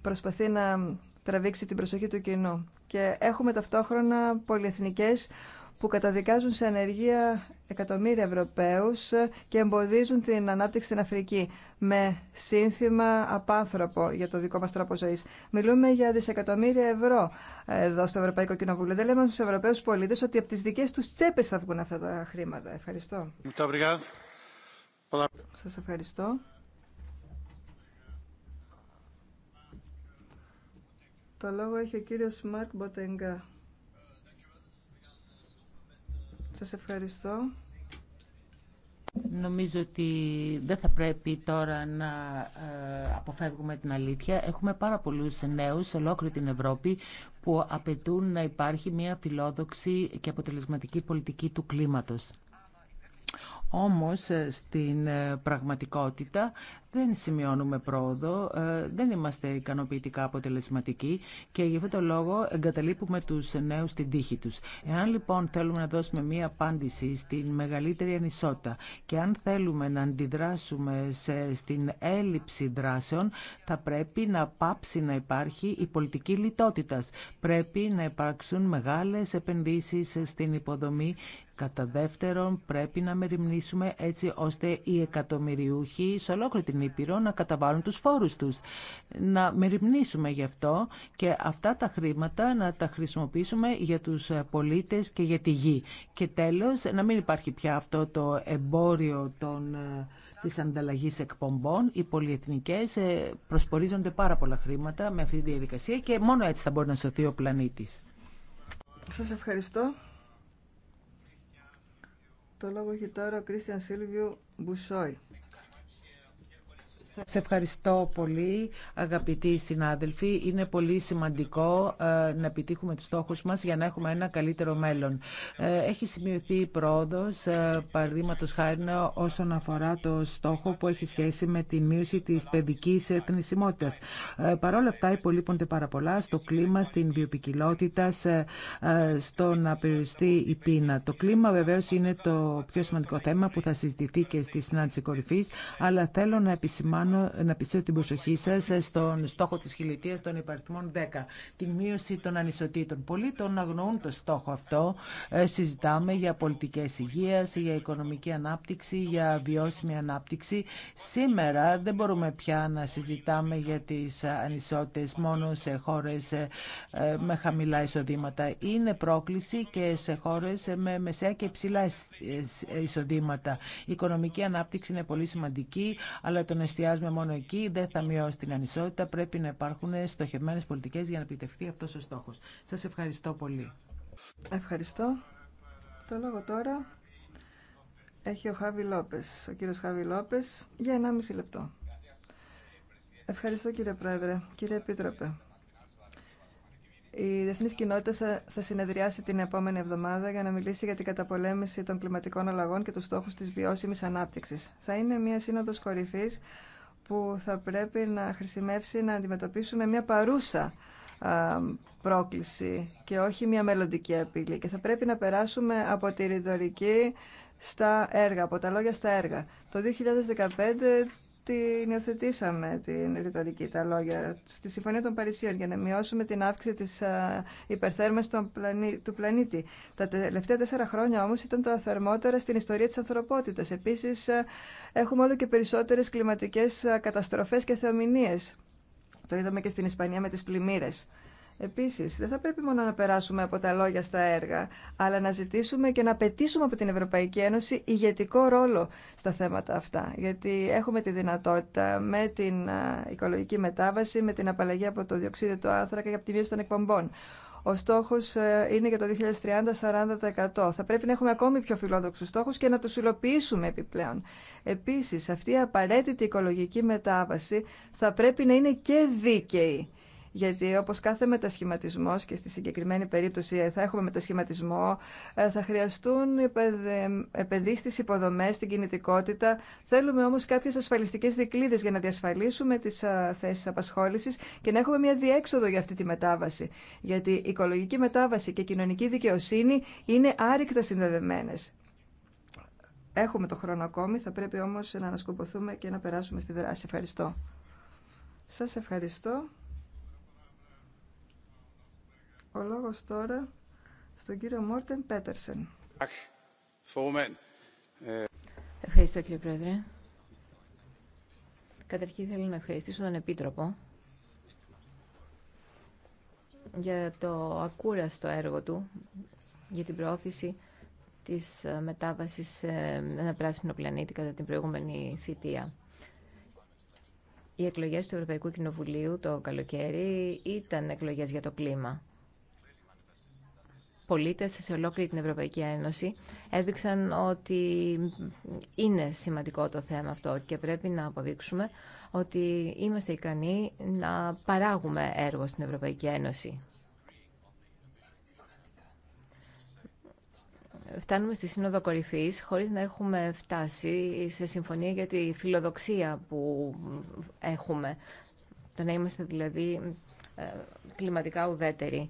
προσπαθεί να τραβήξει την προσοχή του κοινού και έχουμε ταυτόχρονα πολυεθνικές που καταδικάζουν σε ανεργία εκατομμύρια Ευρωπαίους και εμποδίζουν την ανάπτυξη στην Αφρική με σύνθημα απάνθρωπο για το δικό μας τρόπο ζωής. Μιλούμε για δισεκατομμύρια ευρώ εδώ στο Ευρωπαϊκό Κοινοβούλιο. Δεν λέμε στους Ευρωπαίους πολίτες ότι από τις δικές τους τσέπες θα βγουν αυτά τα χρήματα. Ευχαριστώ. Σας ευχαριστώ. Το λόγο έχει ο κύριος Μαρκ Μποτεγκά. Σας ευχαριστώ. Νομίζω ότι δεν θα πρέπει τώρα να ε, αποφεύγουμε την αλήθεια. Έχουμε πάρα πολλούς νέους σε ολόκληρη την Ευρώπη που απαιτούν να υπάρχει μια φιλόδοξη και αποτελεσματική πολιτική του κλίματος. Όμως ε, στην ε, πραγματικότητα δεν σημειώνουμε πρόοδο, ε, δεν είμαστε ικανοποιητικά αποτελεσματικοί και γι' αυτό το λόγο εγκαταλείπουμε τους νέους στην τύχη τους. Εάν λοιπόν θέλουμε να δώσουμε μία απάντηση στην μεγαλύτερη ανισότητα και αν θέλουμε να αντιδράσουμε σε, στην έλλειψη δράσεων, θα πρέπει να πάψει να υπάρχει η πολιτική λιτότητα. Πρέπει να υπάρξουν μεγάλες επενδύσεις στην υποδομή Κατά δεύτερον, πρέπει να μεριμνήσουμε έτσι ώστε οι εκατομμυριούχοι σε ολόκληρη την Ήπειρο να καταβάλουν τους φόρους τους. Να μεριμνήσουμε γι' αυτό και αυτά τα χρήματα να τα χρησιμοποιήσουμε για τους πολίτες και για τη γη. Και τέλος, να μην υπάρχει πια αυτό το εμπόριο των ε, της ανταλλαγής εκπομπών. Οι πολυεθνικές ε, προσπορίζονται πάρα πολλά χρήματα με αυτή τη διαδικασία και μόνο έτσι θα μπορεί να σωθεί ο πλανήτης. Σας ευχαριστώ. Το λόγο έχει τώρα ο Κρίστιαν Σίλβιου Μπουσόη. Σε ευχαριστώ πολύ αγαπητοί συνάδελφοι. Είναι πολύ σημαντικό ε, να επιτύχουμε τους στόχους μας για να έχουμε ένα καλύτερο μέλλον. Ε, έχει σημειωθεί η πρόοδος, ε, παραδείγματος χάρη όσον αφορά το στόχο που έχει σχέση με τη μείωση της παιδικής θνησιμότητας. Παρ' όλα αυτά υπολείπονται πάρα πολλά στο κλίμα, στην βιοπικιλότητα, στο να περιοριστεί η πείνα. Το κλίμα βεβαίως είναι το πιο σημαντικό θέμα που θα συζητηθεί και στη συνάντηση κορυφής, αλλά θέλω να επισημάνω να πιστεύω την προσοχή σα στον στόχο της χιλιτίας των υπαριθμών 10, Την μείωση των ανισοτήτων. Πολλοί τον αγνοούν το στόχο αυτό. Ε, συζητάμε για πολιτικέ υγεία, για οικονομική ανάπτυξη, για βιώσιμη ανάπτυξη. Σήμερα δεν μπορούμε πια να συζητάμε για τι ανισότητες μόνο σε χώρες ε, ε, με χαμηλά εισοδήματα. Είναι πρόκληση και σε χώρε με μεσαία και υψηλά εισοδήματα. Η οικονομική ανάπτυξη είναι πολύ σημαντική, αλλά το εστιάζουμε μόνο εκεί δεν θα μειώσει την ανισότητα. Πρέπει να υπάρχουν στοχευμένες πολιτικές για να επιτευχθεί αυτό ο στόχο. Σας ευχαριστώ πολύ. Ευχαριστώ. Το λόγο τώρα έχει ο Χάβι Λόπε. ο κύριος Χάβι Λόπε για 1,5 λεπτό. Ευχαριστώ κύριε Πρόεδρε, κύριε Επίτροπε. Η διεθνή κοινότητα θα συνεδριάσει την επόμενη εβδομάδα για να μιλήσει για την καταπολέμηση των κλιματικών αλλαγών και του στόχου τη βιώσιμη ανάπτυξη. Θα είναι μια σύνοδο κορυφή που θα πρέπει να χρησιμεύσει να αντιμετωπίσουμε μια παρούσα πρόκληση και όχι μια μελλοντική απειλή. Και θα πρέπει να περάσουμε από τη ρητορική στα έργα, από τα λόγια στα έργα. Το 2015 την υιοθετήσαμε την ρητορική, τα λόγια, στη Συμφωνία των Παρισίων για να μειώσουμε την αύξηση της υπερθέρμανσης του πλανήτη. Τα τελευταία τέσσερα χρόνια όμως ήταν τα θερμότερα στην ιστορία της ανθρωπότητας. Επίσης έχουμε όλο και περισσότερες κλιματικές καταστροφές και θεομηνίες. Το είδαμε και στην Ισπανία με τις πλημμύρες. Επίση, δεν θα πρέπει μόνο να περάσουμε από τα λόγια στα έργα, αλλά να ζητήσουμε και να πετήσουμε από την Ευρωπαϊκή Ένωση ηγετικό ρόλο στα θέματα αυτά. Γιατί έχουμε τη δυνατότητα με την οικολογική μετάβαση, με την απαλλαγή από το διοξείδιο του άνθρακα και από τη μείωση των εκπομπών. Ο στόχο ε, είναι για το 2030 40%. Θα πρέπει να έχουμε ακόμη πιο φιλόδοξου στόχου και να του υλοποιήσουμε επιπλέον. Επίση, αυτή η απαραίτητη οικολογική μετάβαση θα πρέπει να είναι και δίκαιη γιατί όπως κάθε μετασχηματισμός και στη συγκεκριμένη περίπτωση ε, θα έχουμε μετασχηματισμό, ε, θα χρειαστούν επενδύσει στις υποδομές, στην κινητικότητα. Θέλουμε όμως κάποιες ασφαλιστικές δικλείδες για να διασφαλίσουμε τις ε, θέσεις απασχόλησης και να έχουμε μια διέξοδο για αυτή τη μετάβαση. Γιατί η οικολογική μετάβαση και η κοινωνική δικαιοσύνη είναι άρρηκτα συνδεδεμένες. Έχουμε το χρόνο ακόμη, θα πρέπει όμως να ανασκοποθούμε και να περάσουμε στη δράση. Ευχαριστώ. Σας ευχαριστώ. Ο λόγος τώρα στον κύριο Μόρτεν Πέτερσεν. Ευχαριστώ κύριε Πρόεδρε. Καταρχήν θέλω να ευχαριστήσω τον Επίτροπο για το ακούραστο έργο του για την προώθηση της μετάβασης σε ένα πράσινο πλανήτη κατά την προηγούμενη θητεία. Οι εκλογές του Ευρωπαϊκού Κοινοβουλίου το καλοκαίρι ήταν εκλογές για το κλίμα πολίτες σε ολόκληρη την Ευρωπαϊκή Ένωση έδειξαν ότι είναι σημαντικό το θέμα αυτό και πρέπει να αποδείξουμε ότι είμαστε ικανοί να παράγουμε έργο στην Ευρωπαϊκή Ένωση. φτάνουμε στη Σύνοδο Κορυφής χωρίς να έχουμε φτάσει σε συμφωνία για τη φιλοδοξία που έχουμε. Το να είμαστε δηλαδή ε, κλιματικά ουδέτεροι.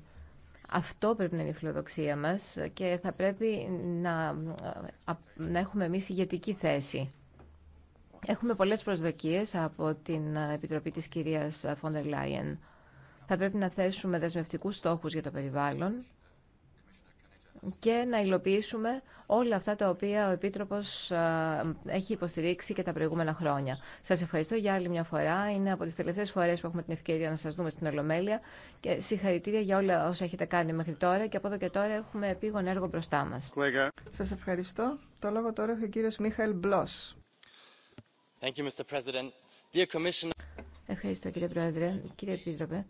Αυτό πρέπει να είναι η φιλοδοξία μας και θα πρέπει να, έχουμε εμείς ηγετική θέση. Έχουμε πολλές προσδοκίες από την Επιτροπή της κυρίας Φόντερ Λάιεν. Θα πρέπει να θέσουμε δεσμευτικούς στόχους για το περιβάλλον, και να υλοποιήσουμε όλα αυτά τα οποία ο Επίτροπος έχει υποστηρίξει και τα προηγούμενα χρόνια. Σας ευχαριστώ για άλλη μια φορά. Είναι από τις τελευταίες φορές που έχουμε την ευκαιρία να σας δούμε στην Ολομέλεια και συγχαρητήρια για όλα όσα έχετε κάνει μέχρι τώρα και από εδώ και τώρα έχουμε επίγον έργο μπροστά μας. Σας ευχαριστώ. Το λόγο τώρα έχει ο κύριος Μίχαελ Μπλος. Ευχαριστώ κύριε Πρόεδρε, κύριε Επίτροπε.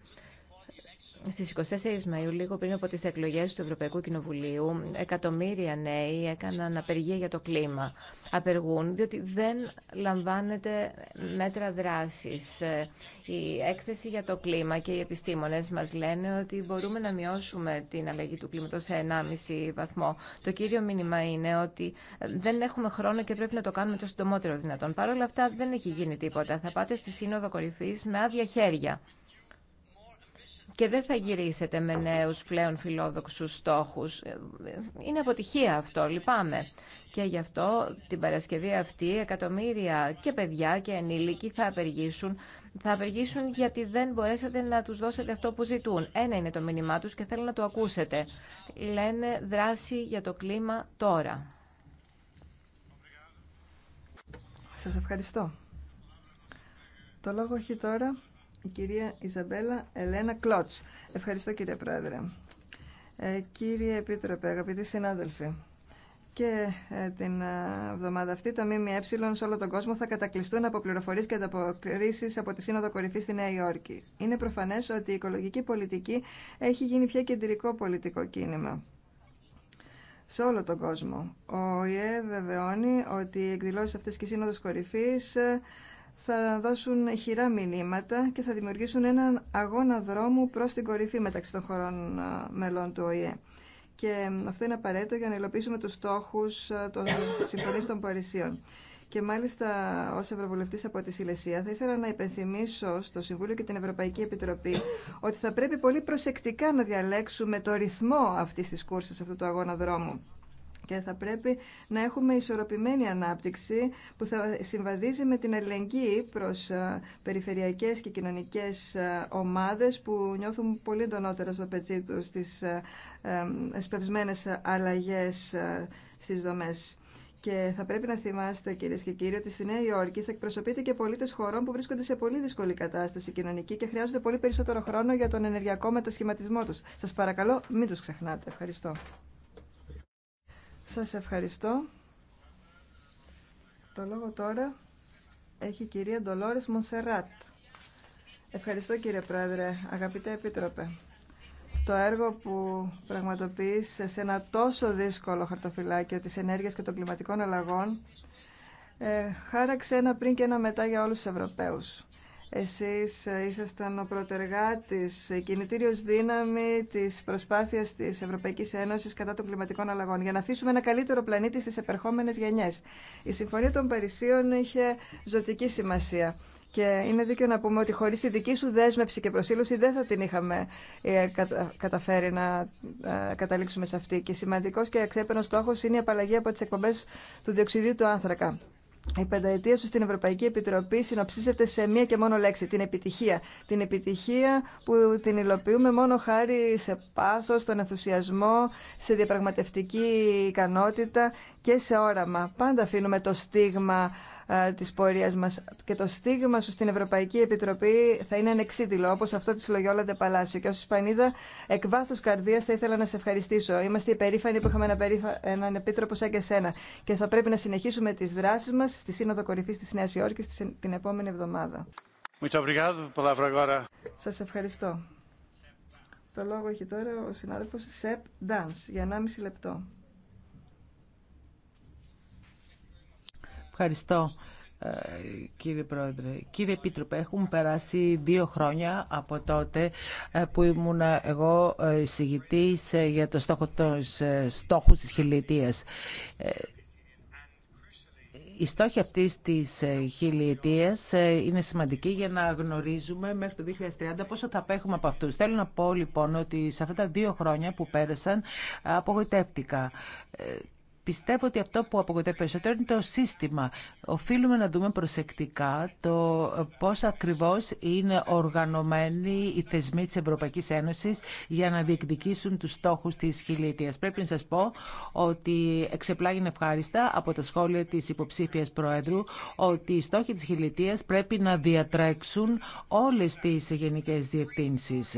Στι 24 Μαΐου, λίγο πριν από τι εκλογέ του Ευρωπαϊκού Κοινοβουλίου, εκατομμύρια νέοι έκαναν απεργία για το κλίμα. Απεργούν διότι δεν λαμβάνεται μέτρα δράση. Η έκθεση για το κλίμα και οι επιστήμονε μα λένε ότι μπορούμε να μειώσουμε την αλλαγή του κλίματο σε 1,5 βαθμό. Το κύριο μήνυμα είναι ότι δεν έχουμε χρόνο και πρέπει να το κάνουμε το συντομότερο δυνατόν. Παρ' όλα αυτά δεν έχει γίνει τίποτα. Θα πάτε στη Σύνοδο κορυφή με άδεια χέρια και δεν θα γυρίσετε με νέους πλέον φιλόδοξους στόχους. Είναι αποτυχία αυτό, λυπάμαι. Και γι' αυτό την Παρασκευή αυτή εκατομμύρια και παιδιά και ενήλικοι θα απεργήσουν. Θα απεργήσουν γιατί δεν μπορέσατε να τους δώσετε αυτό που ζητούν. Ένα είναι το μήνυμά τους και θέλω να το ακούσετε. Λένε δράση για το κλίμα τώρα. Σας ευχαριστώ. Το λόγο έχει τώρα η κυρία Ιζαμπέλα Ελένα Κλότς. Ευχαριστώ κύριε Πρόεδρε. Ε, κύριε Επίτροπε, αγαπητοί συνάδελφοι, και ε, την ε, εβδομάδα αυτή τα ΜΜΕ σε όλο τον κόσμο θα κατακλειστούν από πληροφορίε και ανταποκρίσει από τη Σύνοδο Κορυφή στη Νέα Υόρκη. Είναι προφανέ ότι η οικολογική πολιτική έχει γίνει πια κεντρικό πολιτικό κίνημα σε όλο τον κόσμο. Ο ΙΕ βεβαιώνει ότι οι εκδηλώσει αυτέ και η Σύνοδο Κορυφή θα δώσουν χειρά μηνύματα και θα δημιουργήσουν έναν αγώνα δρόμου προς την κορυφή μεταξύ των χωρών ε, μελών του ΟΗΕ. Και αυτό είναι απαραίτητο για να υλοποιήσουμε τους στόχους ε, των συμφωνίων των Παρισίων. Και μάλιστα ως ευρωβουλευτή από τη Σιλεσία θα ήθελα να υπενθυμίσω στο Συμβούλιο και την Ευρωπαϊκή Επιτροπή ότι θα πρέπει πολύ προσεκτικά να διαλέξουμε το ρυθμό αυτής της κούρση αυτού του αγώνα δρόμου και θα πρέπει να έχουμε ισορροπημένη ανάπτυξη που θα συμβαδίζει με την ελεγγύη προς ε, περιφερειακές και κοινωνικές ε, ομάδες που νιώθουν πολύ εντονότερα στο πετσί τους τις ε, σπευσμένες αλλαγές στις δομές. Και θα πρέπει να θυμάστε, κυρίε και κύριοι, ότι στη Νέα Υόρκη θα εκπροσωπείτε και πολίτε χωρών που βρίσκονται σε πολύ δύσκολη κατάσταση κοινωνική και χρειάζονται πολύ περισσότερο χρόνο για τον ενεργειακό μετασχηματισμό του. Σα παρακαλώ, μην του ξεχνάτε. Ευχαριστώ. Σας ευχαριστώ. Το λόγο τώρα έχει η κυρία Ντολόρης Μονσεράτ. Ευχαριστώ κύριε Πρόεδρε, αγαπητέ Επίτροπε. Το έργο που πραγματοποιείς σε ένα τόσο δύσκολο χαρτοφυλάκιο της ενέργειας και των κλιματικών αλλαγών ε, χάραξε ένα πριν και ένα μετά για όλους τους Ευρωπαίους. Εσείς ε, ήσασταν ο πρωτεργάτης κινητήριος δύναμη της προσπάθειας της Ευρωπαϊκής Ένωσης κατά των κλιματικών αλλαγών για να αφήσουμε ένα καλύτερο πλανήτη στις επερχόμενες γενιές. Η Συμφωνία των Παρισίων είχε ζωτική σημασία. Και είναι δίκαιο να πούμε ότι χωρίς τη δική σου δέσμευση και προσήλωση δεν θα την είχαμε ε, καταφέρει να ε, καταλήξουμε σε αυτή. Και σημαντικός και αξέπαινος στόχος είναι η απαλλαγή από τις εκπομπές του διοξιδίου του άνθρακα η πενταετία σου στην Ευρωπαϊκή Επιτροπή συνοψίζεται σε μία και μόνο λέξη, την επιτυχία. Την επιτυχία που την υλοποιούμε μόνο χάρη σε πάθος, στον ενθουσιασμό, σε διαπραγματευτική ικανότητα και σε όραμα. Πάντα αφήνουμε το στίγμα ε, της πορείας μας και το στίγμα σου στην Ευρωπαϊκή Επιτροπή θα είναι ανεξίτηλο όπως αυτό της Λογιόλαντε Παλάσιο και ως Ισπανίδα εκ βάθους καρδίας θα ήθελα να σε ευχαριστήσω. Είμαστε υπερήφανοι που είχαμε ένα περίφα... έναν επίτροπο σαν και σένα και θα πρέπει να συνεχίσουμε τις δράσεις μας στη Σύνοδο Κορυφής της Νέας Υόρκης την επόμενη εβδομάδα. Σας ευχαριστώ. Το λόγο έχει τώρα ο συνάδελφος Σεπ Ντάνς για 1,5 λεπτό. Ευχαριστώ ε, κύριε Πρόεδρε. Κύριε Επίτροπε, έχουν περάσει δύο χρόνια από τότε ε, που ήμουν εγώ ε, εισηγητής για το στόχο των στόχους της χιλιετίας. Οι στόχοι αυτή τη χιλιετία είναι σημαντική για να γνωρίζουμε μέχρι το 2030 πόσο θα απέχουμε από αυτού. Θέλω να πω λοιπόν ότι σε αυτά τα δύο χρόνια που πέρασαν απογοητεύτηκα. Πιστεύω ότι αυτό που απογοητεύει περισσότερο είναι το σύστημα οφείλουμε να δούμε προσεκτικά το πώς ακριβώς είναι οργανωμένοι οι θεσμοί της Ευρωπαϊκής Ένωσης για να διεκδικήσουν τους στόχους της χιλιετίας. Πρέπει να σας πω ότι εξεπλάγει ευχάριστα από τα σχόλια της υποψήφιας Προέδρου ότι οι στόχοι της χιλιετίας πρέπει να διατρέξουν όλες τις γενικές διευθύνσεις.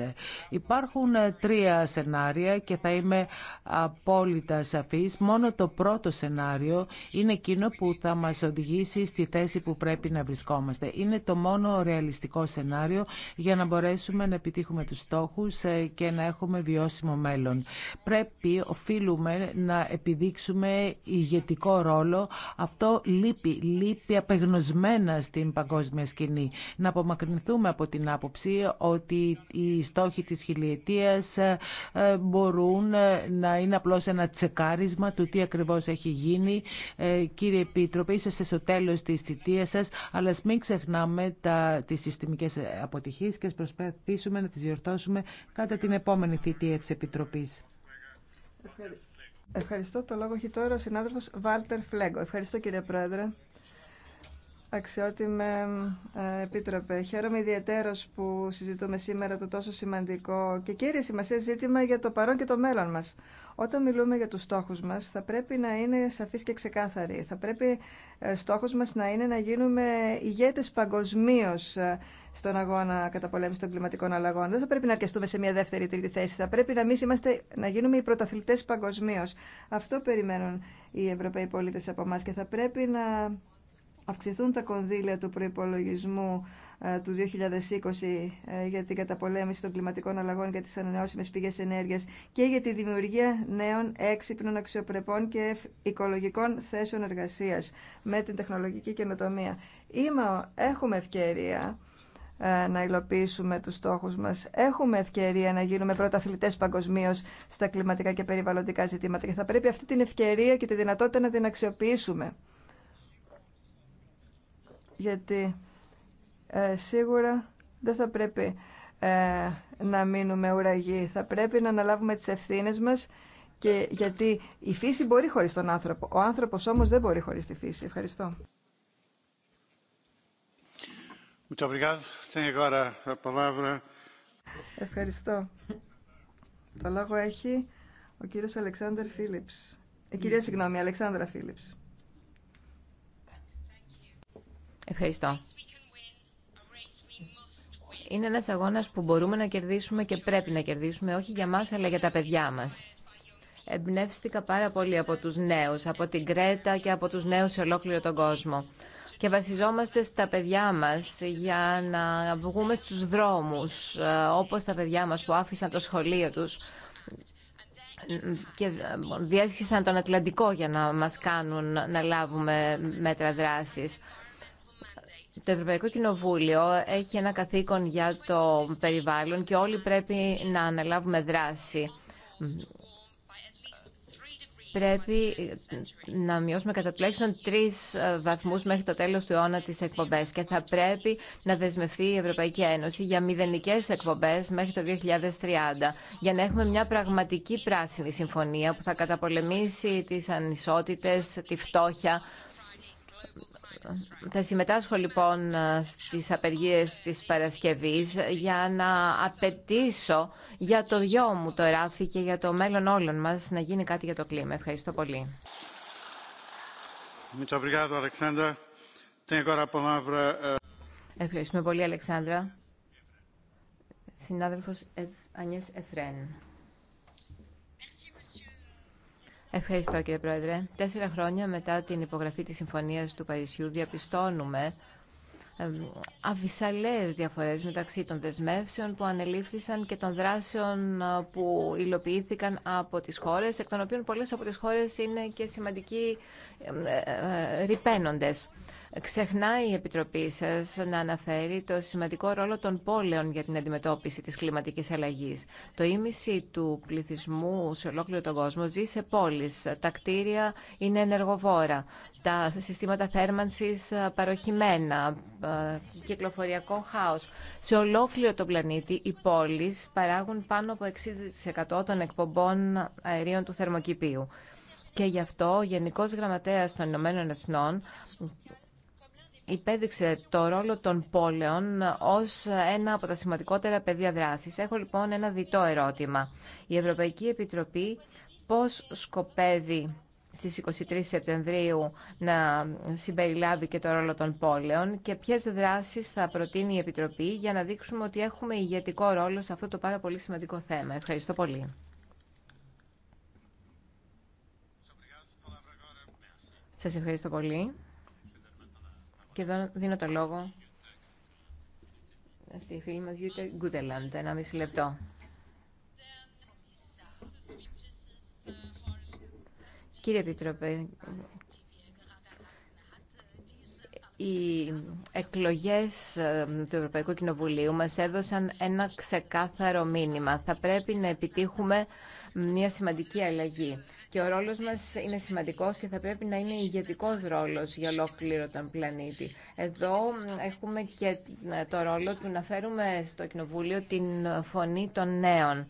Υπάρχουν τρία σενάρια και θα είμαι απόλυτα σαφής. Μόνο το πρώτο σενάριο είναι εκείνο που θα μας οδηγεί στη θέση που πρέπει να βρισκόμαστε. Είναι το μόνο ρεαλιστικό σενάριο για να μπορέσουμε να επιτύχουμε τους στόχους ε, και να έχουμε βιώσιμο μέλλον. Πρέπει, οφείλουμε να επιδείξουμε ηγετικό ρόλο. Αυτό λείπει, λείπει απεγνωσμένα στην παγκόσμια σκηνή. Να απομακρυνθούμε από την άποψη ότι οι στόχοι της χιλιετίας ε, ε, μπορούν να είναι απλώς ένα τσεκάρισμα του τι ακριβώς έχει γίνει. Κύριε Επίτροπε, είσαστε στο τέλος της θητείας σας, αλλά μην ξεχνάμε τα, τις συστημικές αποτυχίες και προσπαθήσουμε να τις διορθώσουμε κατά την επόμενη θητεία της Επιτροπής. Ευχαριστώ. Το λόγο έχει τώρα ο συνάδελφος Βάλτερ Φλέγκο. Ευχαριστώ κύριε Πρόεδρε. Αξιότιμε ε, Επίτροπε, χαίρομαι ιδιαίτερος που συζητούμε σήμερα το τόσο σημαντικό και κύριε σημασία ζήτημα για το παρόν και το μέλλον μας. Όταν μιλούμε για τους στόχους μας θα πρέπει να είναι σαφείς και ξεκάθαροι. Θα πρέπει ε, στόχος μας να είναι να γίνουμε ηγέτες παγκοσμίω ε, στον αγώνα κατά πολέμηση των κλιματικών αλλαγών. Δεν θα πρέπει να αρκεστούμε σε μια δεύτερη ή τρίτη θέση. Θα πρέπει να εμεί είμαστε να γίνουμε οι πρωταθλητές παγκοσμίω. Αυτό περιμένουν οι Ευρωπαίοι πολίτες από εμά και θα πρέπει να αυξηθούν τα κονδύλια του προϋπολογισμού ε, του 2020 ε, για την καταπολέμηση των κλιματικών αλλαγών και τις ανανεώσιμες πηγές ενέργειας και για τη δημιουργία νέων έξυπνων αξιοπρεπών και οικολογικών θέσεων εργασίας με την τεχνολογική καινοτομία. Είμα, έχουμε ευκαιρία ε, να υλοποιήσουμε τους στόχους μας. Έχουμε ευκαιρία να γίνουμε πρωταθλητές παγκοσμίω στα κλιματικά και περιβαλλοντικά ζητήματα και θα πρέπει αυτή την ευκαιρία και τη δυνατότητα να την αξιοποιήσουμε γιατί ε, σίγουρα δεν θα πρέπει ε, να μείνουμε ουραγοί. Θα πρέπει να αναλάβουμε τις ευθύνες μας και γιατί η φύση μπορεί χωρίς τον άνθρωπο. Ο άνθρωπος όμως δεν μπορεί χωρίς τη φύση. Ευχαριστώ. Ευχαριστώ. Το λόγο έχει ο κύριος Αλεξάνδρ Φίλιπς. Ε, κυρία, συγγνώμη, Αλεξάνδρα Φίλιπς. Ευχαριστώ. Είναι ένας αγώνας που μπορούμε να κερδίσουμε και πρέπει να κερδίσουμε, όχι για μας, αλλά για τα παιδιά μας. Εμπνεύστηκα πάρα πολύ από τους νέους, από την Κρέτα και από τους νέους σε ολόκληρο τον κόσμο. Και βασιζόμαστε στα παιδιά μας για να βγούμε στους δρόμους, ε, όπως τα παιδιά μας που άφησαν το σχολείο τους και ε, διέσχισαν τον Ατλαντικό για να μας κάνουν να λάβουμε μέτρα δράσης. Το Ευρωπαϊκό Κοινοβούλιο έχει ένα καθήκον για το περιβάλλον και όλοι πρέπει να αναλάβουμε δράση. Πρέπει να μειώσουμε κατά τουλάχιστον τρει βαθμού μέχρι το τέλο του αιώνα τι εκπομπέ και θα πρέπει να δεσμευτεί η Ευρωπαϊκή Ένωση για μηδενικέ εκπομπέ μέχρι το 2030, για να έχουμε μια πραγματική πράσινη συμφωνία που θα καταπολεμήσει τι ανισότητε, τη φτώχεια θα συμμετάσχω λοιπόν στις απεργίες της Παρασκευής για να απαιτήσω για το γιο μου το ράφι και για το μέλλον όλων μας να γίνει κάτι για το κλίμα. Ευχαριστώ πολύ. Eh, Ευχαριστούμε πολύ, Αλεξάνδρα. Συνάδελφος Ανιές Εφρέν. Ευχαριστώ κύριε Πρόεδρε. Τέσσερα χρόνια μετά την υπογραφή της Συμφωνίας του Παρισιού διαπιστώνουμε αβυσαλές διαφορές μεταξύ των δεσμεύσεων που ανελήφθησαν και των δράσεων ε, που υλοποιήθηκαν από τις χώρες, εκ των οποίων πολλές από τις χώρες είναι και σημαντικοί ε, ε, ρηπαίνοντες. Ξεχνάει η Επιτροπή σα να αναφέρει το σημαντικό ρόλο των πόλεων για την αντιμετώπιση τη κλιματική αλλαγή. Το ίμιση του πληθυσμού σε ολόκληρο τον κόσμο ζει σε πόλεις. Τα κτίρια είναι ενεργοβόρα. Τα συστήματα θέρμανσης παροχημένα. Κυκλοφοριακό χάο. Σε ολόκληρο τον πλανήτη οι πόλει παράγουν πάνω από 60% των εκπομπών αερίων του θερμοκηπίου. Και γι' αυτό ο Γενικός Γραμματέας των Ηνωμένων Εθνών υπέδειξε το ρόλο των πόλεων ως ένα από τα σημαντικότερα πεδία δράσης. Έχω λοιπόν ένα διτό ερώτημα. Η Ευρωπαϊκή Επιτροπή πώς σκοπεύει στις 23 Σεπτεμβρίου να συμπεριλάβει και το ρόλο των πόλεων και ποιες δράσεις θα προτείνει η Επιτροπή για να δείξουμε ότι έχουμε ηγετικό ρόλο σε αυτό το πάρα πολύ σημαντικό θέμα. Ευχαριστώ πολύ. Σας ευχαριστώ πολύ. Και εδώ δίνω το λόγο στη φίλη μας Γιούτε Γκούτελαντ, ένα μισή λεπτό. Κύριε Επίτροπε, οι εκλογές ε, του Ευρωπαϊκού Κοινοβουλίου μας έδωσαν ένα ξεκάθαρο μήνυμα. Θα πρέπει να επιτύχουμε μια σημαντική αλλαγή. Και ο ρόλος μας είναι σημαντικός και θα πρέπει να είναι ηγετικό ρόλος για ολόκληρο τον πλανήτη. Εδώ έχουμε και ε, το ρόλο του να φέρουμε στο Κοινοβούλιο την φωνή των νέων.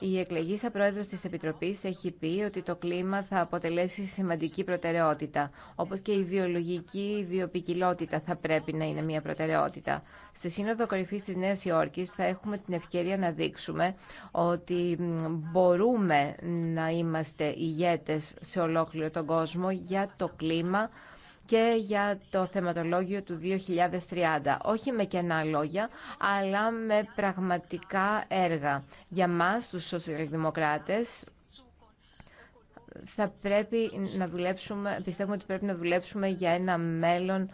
Η εκλεγήσα πρόεδρος της Επιτροπής έχει πει ότι το κλίμα θα αποτελέσει σημαντική προτεραιότητα, όπως και η βιολογική βιοπικιλότητα θα πρέπει να είναι μια προτεραιότητα. Στη Σύνοδο κορυφή της Νέα Υόρκη θα έχουμε την ευκαιρία να δείξουμε ότι μπορούμε να είμαστε ηγέτες σε ολόκληρο τον κόσμο για το κλίμα, και για το θεματολόγιο του 2030. Όχι με κενά λόγια, αλλά με πραγματικά έργα. Για μας, τους σοσιαλδημοκράτες, θα πρέπει να δουλέψουμε, πιστεύουμε ότι πρέπει να δουλέψουμε για ένα μέλλον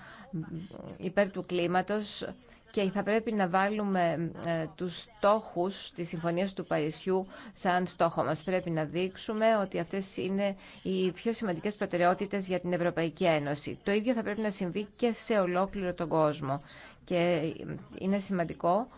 υπέρ του κλίματος και θα πρέπει να βάλουμε ε, τους στόχους της Συμφωνίας του Παρισιού σαν στόχο μας. Πρέπει να δείξουμε ότι αυτές είναι οι πιο σημαντικές προτεραιότητες για την Ευρωπαϊκή Ένωση. Το ίδιο θα πρέπει να συμβεί και σε ολόκληρο τον κόσμο. Και ε, είναι σημαντικό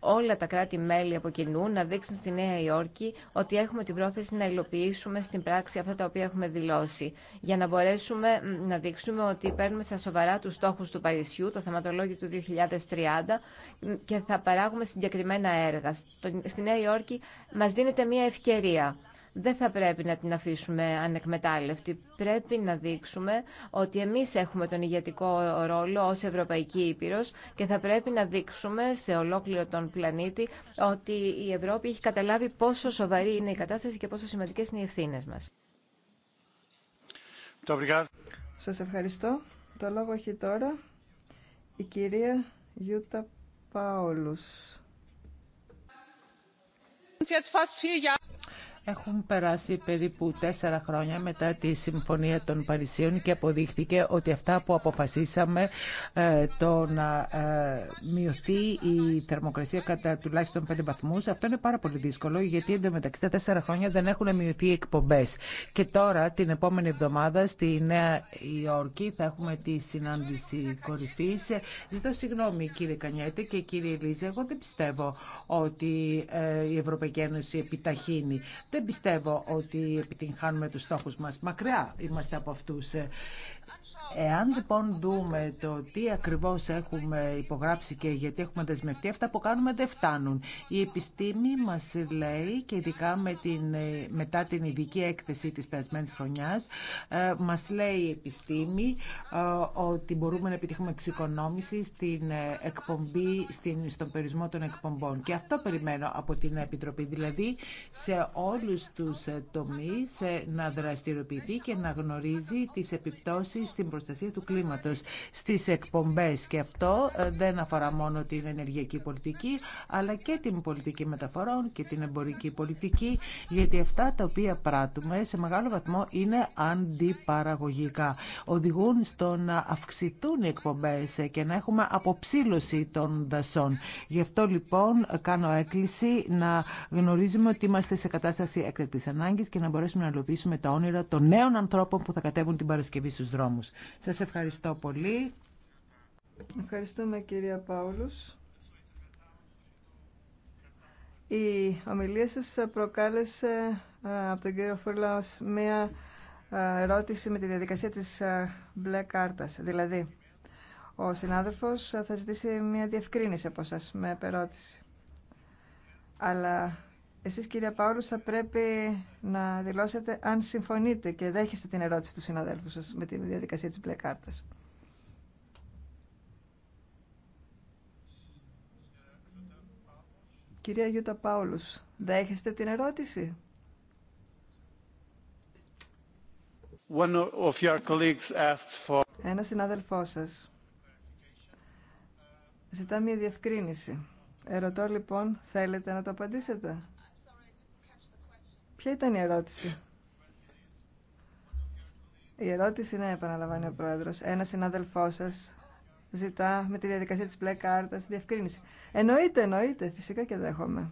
όλα τα κράτη-μέλη από κοινού να δείξουν στη Νέα Υόρκη ότι έχουμε την πρόθεση να υλοποιήσουμε στην πράξη αυτά τα οποία έχουμε δηλώσει. Για να μπορέσουμε να δείξουμε ότι παίρνουμε στα σοβαρά τους στόχου του Παρισιού, το θεματολόγιο του 2030 και θα παράγουμε συγκεκριμένα έργα. Στη Νέα Υόρκη μας δίνεται μια ευκαιρία δεν θα πρέπει να την αφήσουμε ανεκμετάλλευτη. Πρέπει να δείξουμε ότι εμείς έχουμε τον ηγετικό ρόλο ως Ευρωπαϊκή Ήπειρος και θα πρέπει να δείξουμε σε ολόκληρο τον πλανήτη ότι η Ευρώπη έχει καταλάβει πόσο σοβαρή είναι η κατάσταση και πόσο σημαντικές είναι οι ευθύνες μας. Σας ευχαριστώ. Το λόγο έχει τώρα η κυρία Γιούτα Πάολους. Έχουν περάσει περίπου τέσσερα χρόνια μετά τη Συμφωνία των Παρισίων και αποδείχθηκε ότι αυτά που αποφασίσαμε ε, το να ε, μειωθεί η θερμοκρασία κατά τουλάχιστον πέντε βαθμούς αυτό είναι πάρα πολύ δύσκολο γιατί εντωμεταξύ τα τέσσερα χρόνια δεν έχουν μειωθεί οι εκπομπές. Και τώρα την επόμενη εβδομάδα στη Νέα Υόρκη θα έχουμε τη συνάντηση κορυφής. Ζητώ συγγνώμη κύριε Κανιέτη και κύριε Ελίζα, εγώ δεν πιστεύω ότι ε, η Ευρωπαϊκή Ένωση επιταχύνει δεν πιστεύω ότι επιτυγχάνουμε τους στόχους μας. Μακριά είμαστε από αυτούς. Εάν λοιπόν δούμε το τι ακριβώς έχουμε υπογράψει και γιατί έχουμε δεσμευτεί, αυτά που κάνουμε δεν φτάνουν. Η επιστήμη μας λέει και ειδικά με την, μετά την ειδική έκθεση της περασμένης χρονιάς, ε, μας λέει η επιστήμη ε, ότι μπορούμε να επιτύχουμε εξοικονόμηση στην ε, εκπομπή, στην, στον περιορισμό των εκπομπών. Και αυτό περιμένω από την Επιτροπή, δηλαδή σε όλους τους τομείς να δραστηριοποιηθεί και να γνωρίζει τις επιπτώσεις στην προστασία του κλίματο στι εκπομπέ. και αυτό ε, δεν αφορά μόνο την ενεργειακή πολιτική αλλά και την πολιτική μεταφορών και την εμπορική πολιτική γιατί αυτά τα οποία πράττουμε σε μεγάλο βαθμό είναι αντιπαραγωγικά. Οδηγούν στο να αυξηθούν οι εκπομπέ και να έχουμε αποψήλωση των δασών. Γι' αυτό λοιπόν κάνω έκκληση να γνωρίζουμε ότι είμαστε σε κατάσταση έκτακτη ανάγκη και να μπορέσουμε να υλοποιήσουμε τα όνειρα των νέων ανθρώπων που θα κατέβουν την Παρασκευή στου δρόμου. Σας ευχαριστώ πολύ. Ευχαριστούμε κυρία Πάουλους. Η ομιλία σας προκάλεσε ε, από τον κύριο Φούρλα μία ε, ερώτηση με τη διαδικασία της ε, μπλε κάρτας. Δηλαδή, ο συνάδελφος θα ζητήσει μία διευκρίνηση από σας με επερώτηση. Αλλά εσείς κύριε Παύλου θα πρέπει να δηλώσετε αν συμφωνείτε και δέχεστε την ερώτηση του συναδέλφου σας με τη διαδικασία της μπλε κάρτας. Κυρία Γιούτα Παόλους, δέχεστε την ερώτηση. One of Ένα συνάδελφό σας ζητά μια διευκρίνηση. Ερωτώ λοιπόν, θέλετε να το απαντήσετε. Ποια ήταν η ερώτηση. Η ερώτηση είναι, επαναλαμβάνει ο πρόεδρο. ένα συνάδελφό σα. ζητά με τη διαδικασία της μπλε κάρτας διευκρίνηση. Εννοείται, εννοείται, φυσικά και δέχομαι.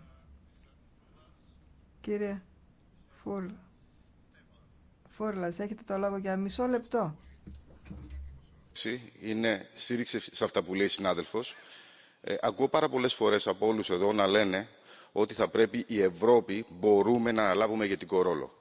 Κύριε Φούρλα, Φούρλας, έχετε το λόγο για μισό λεπτό. Είναι στήριξη σε αυτά που λέει η συνάδελφος. Ε, ακούω πάρα πολλές φορές από όλους εδώ να λένε ότι θα πρέπει η Ευρώπη μπορούμε να αναλάβουμε ηγετικό ρόλο.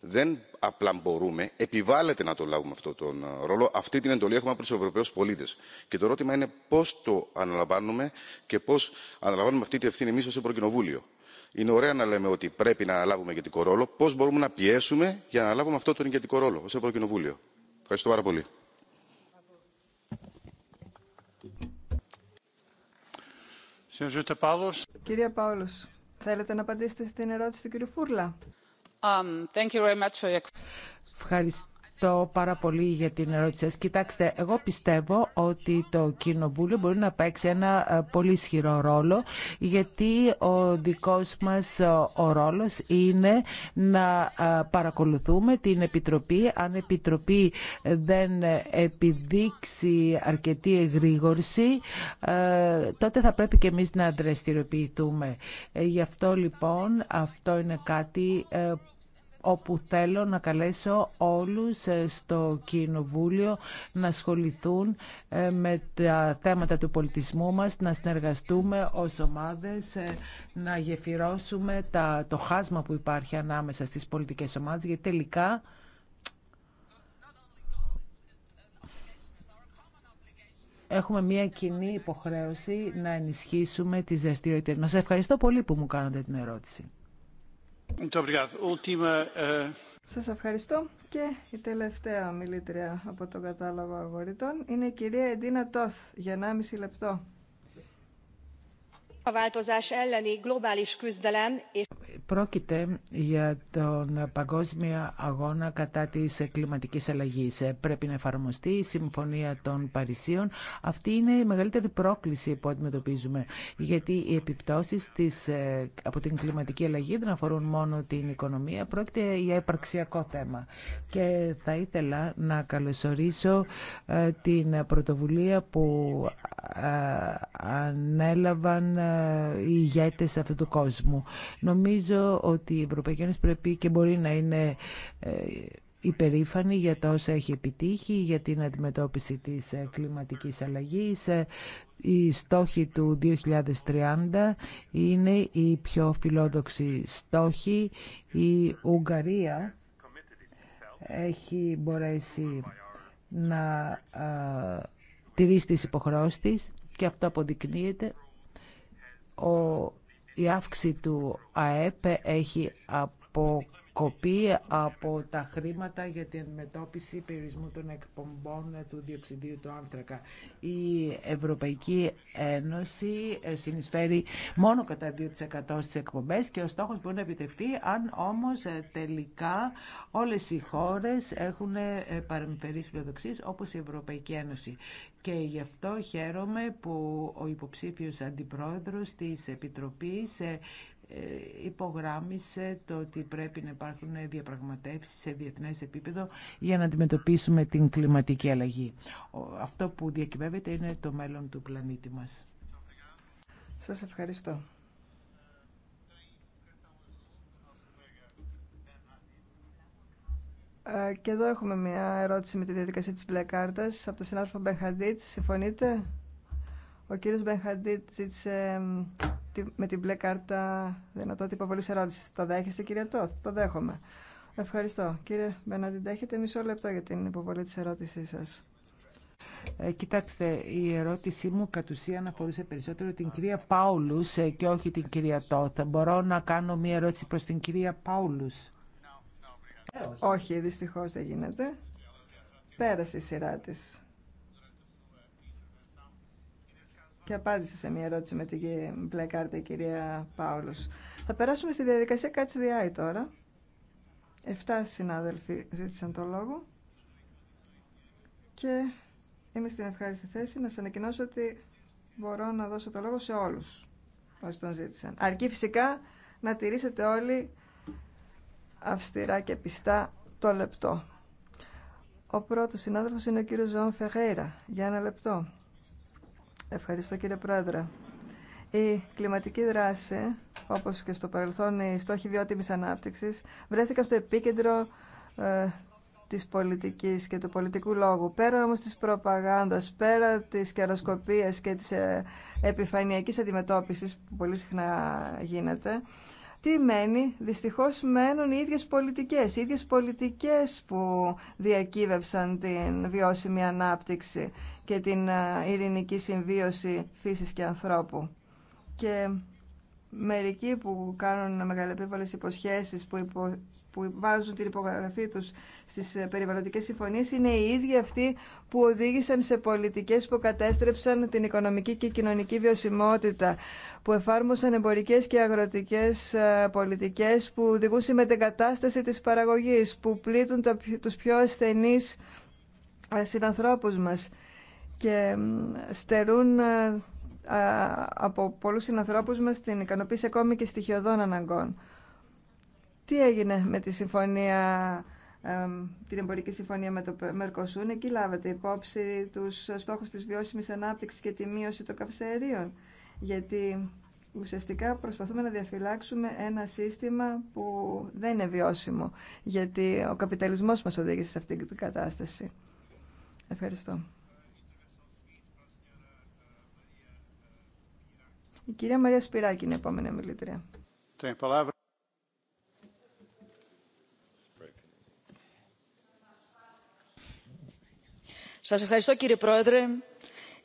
Δεν απλά μπορούμε, επιβάλλεται να το λάβουμε αυτό τον ε, ρόλο. Αυτή την εντολή έχουμε από του Ευρωπαίου πολίτε. Και το ερώτημα είναι πώ το αναλαμβάνουμε και πώ αναλαμβάνουμε αυτή τη ευθύνη εμεί ω Ευρωκοινοβούλιο. Είναι ωραία να λέμε ότι πρέπει να αναλάβουμε ηγετικό ρόλο. Πώ μπορούμε να πιέσουμε για να αναλάβουμε αυτό τον ηγετικό ρόλο ω Ευρωκοινοβούλιο. Ευχαριστώ πάρα πολύ. Κυρία Παύλος. Θέλετε να απαντήσετε στην ερώτηση του κύριου Φούρλα. Um, thank you very much for your... Ευχαριστώ ευχαριστώ πάρα πολύ για την ερώτηση σας. Κοιτάξτε, εγώ πιστεύω ότι το Κοινοβούλιο μπορεί να παίξει ένα ε, πολύ ισχυρό ρόλο, γιατί ο δικός μας ε, ο ρόλος είναι να ε, παρακολουθούμε την Επιτροπή. Αν η Επιτροπή δεν επιδείξει αρκετή εγρήγορση, τότε θα πρέπει και εμείς να δραστηριοποιηθούμε. Γι' αυτό λοιπόν αυτό είναι κάτι όπου θέλω να καλέσω όλους ε, στο Κοινοβούλιο να ασχοληθούν ε, με τα θέματα του πολιτισμού μας, να συνεργαστούμε ως ομάδες, ε, να γεφυρώσουμε το χάσμα που υπάρχει ανάμεσα στις πολιτικές ομάδες, γιατί τελικά έχουμε μια κοινή υποχρέωση να ενισχύσουμε τις δραστηριότητες μας. ευχαριστώ πολύ που μου κάνατε την ερώτηση. Eh, Σας ευχαριστώ και η τελευταία μιλήτρια από τον κατάλογο αγορητών είναι η κυρία Εντίνα Τόθ για 1,5 λεπτό. Πρόκειται για τον παγκόσμιο αγώνα κατά της κλιματικής αλλαγής. Ε, πρέπει να εφαρμοστεί η Συμφωνία των Παρισίων. Αυτή είναι η μεγαλύτερη πρόκληση που αντιμετωπίζουμε, γιατί οι επιπτώσεις της, ε, από την κλιματική αλλαγή δεν αφορούν μόνο την οικονομία, πρόκειται για υπαρξιακό θέμα. Και θα ήθελα να καλωσορίσω ε, την πρωτοβουλία που ανέλαβαν οι ηγέτες αυτού του κόσμου. Νομίζω Νομίζω ότι η Ευρωπαϊκή Ένωση πρέπει και μπορεί να είναι ε, υπερήφανη για τα όσα έχει επιτύχει, για την αντιμετώπιση της ε, κλιματικής αλλαγής. η ε, στόχη του 2030 είναι η πιο φιλόδοξή στόχοι. Η Ουγγαρία έχει μπορέσει να τηρήσει τις υποχρεώσεις της και αυτό αποδεικνύεται. Ο η αύξηση του ΑΕΠ έχει αποκοπεί από τα χρήματα για την αντιμετώπιση περιορισμού των εκπομπών του διοξιδίου του άνθρακα. Η Ευρωπαϊκή Ένωση συνεισφέρει μόνο κατά 2% στις εκπομπές και ο στόχος μπορεί να επιτευχθεί αν όμως ε, τελικά όλες οι χώρες έχουν ε, παρεμφερείς φιλοδοξίες όπως η Ευρωπαϊκή Ένωση. Και γι' αυτό χαίρομαι που ο υποψήφιος αντιπρόεδρος της Επιτροπής ε, ε, υπογράμμισε το ότι πρέπει να υπάρχουν διαπραγματεύσεις σε διεθνές επίπεδο για να αντιμετωπίσουμε την κλιματική αλλαγή. Αυτό που διακυβεύεται είναι το μέλλον του πλανήτη μας. Σας ευχαριστώ. Ε, και εδώ έχουμε μια ερώτηση με τη διαδικασία της μπλε κάρτας από τον συνάδελφο Μπενχαντίτ. Συμφωνείτε? Ο κύριος Μπενχαντίτ ζήτησε με την μπλε κάρτα δυνατότητα υποβολή ερώτηση. Το δέχεστε, κύριε Τόθ? Το δέχομαι. Ευχαριστώ. Κύριε Μπενχαντήτ, έχετε μισό λεπτό για την υποβολή τη ερώτησή σα. Ε, κοιτάξτε, η ερώτησή μου κατ' ουσίαν αφορούσε περισσότερο την κυρία Πάουλου ε, και όχι την κυρία Τόθ. Μπορώ να κάνω μια ερώτηση προ την κυρία Πάουλου. Ε, όχι, δυστυχώ δεν γίνεται. Πέρασε η σειρά τη. Και απάντησε σε μια ερώτηση με την μπλε κάρτα η κυρία Πάολο. Θα περάσουμε στη διαδικασία Catch the τώρα. Εφτά συνάδελφοι ζήτησαν το λόγο. Και είμαι στην ευχάριστη θέση να σας ανακοινώσω ότι μπορώ να δώσω το λόγο σε όλους όσοι τον ζήτησαν. Αρκεί φυσικά να τηρήσετε όλοι αυστηρά και πιστά το λεπτό. Ο πρώτος συνάδελφος είναι ο κύριος Ζωάν Φεγέιρα. Για ένα λεπτό. Ευχαριστώ κύριε Πρόεδρε. Η κλιματική δράση, όπως και στο παρελθόν οι στόχοι βιώτιμης ανάπτυξης, βρέθηκα στο επίκεντρο ε, της πολιτικής και του πολιτικού λόγου. Πέρα όμως της προπαγάνδας, πέρα της καιροσκοπίας και της ε, επιφανειακής αντιμετώπισης που πολύ συχνά γίνεται, τι μένει, δυστυχώς μένουν οι ίδιες πολιτικές, οι ίδιες πολιτικές που διακύβευσαν την βιώσιμη ανάπτυξη και την ε, ειρηνική συμβίωση φύσης και ανθρώπου. Και μερικοί που κάνουν μεγαλεπίβολες υποσχέσεις που, υπο, που βάζουν την υπογραφή τους στις ε, περιβαλλοντικές συμφωνίες είναι οι ίδιοι αυτοί που οδήγησαν σε πολιτικές που κατέστρεψαν την οικονομική και κοινωνική βιωσιμότητα, που εφάρμοσαν εμπορικές και αγροτικές ε, πολιτικές που οδηγούν σε μετεγκατάσταση της παραγωγής, που πλήττουν τους πιο ασθενείς ε, συνανθρώπους μας και στερούν από πολλούς συνανθρώπους μας την ικανοποίηση ακόμη και στοιχειωδών αναγκών. Τι έγινε με τη συμφωνία, την εμπορική συμφωνία με το Μερκοσούν, εκεί λάβατε υπόψη τους στόχους της βιώσιμης ανάπτυξης και τη μείωση των καυσαερίων. Γιατί ουσιαστικά προσπαθούμε να διαφυλάξουμε ένα σύστημα που δεν είναι βιώσιμο, γιατί ο καπιταλισμός μας οδήγησε σε αυτή την κατάσταση. Ευχαριστώ. Η κυρία Μαρία Σπυράκη είναι η επόμενη μιλήτρια. Σας ευχαριστώ κύριε Πρόεδρε.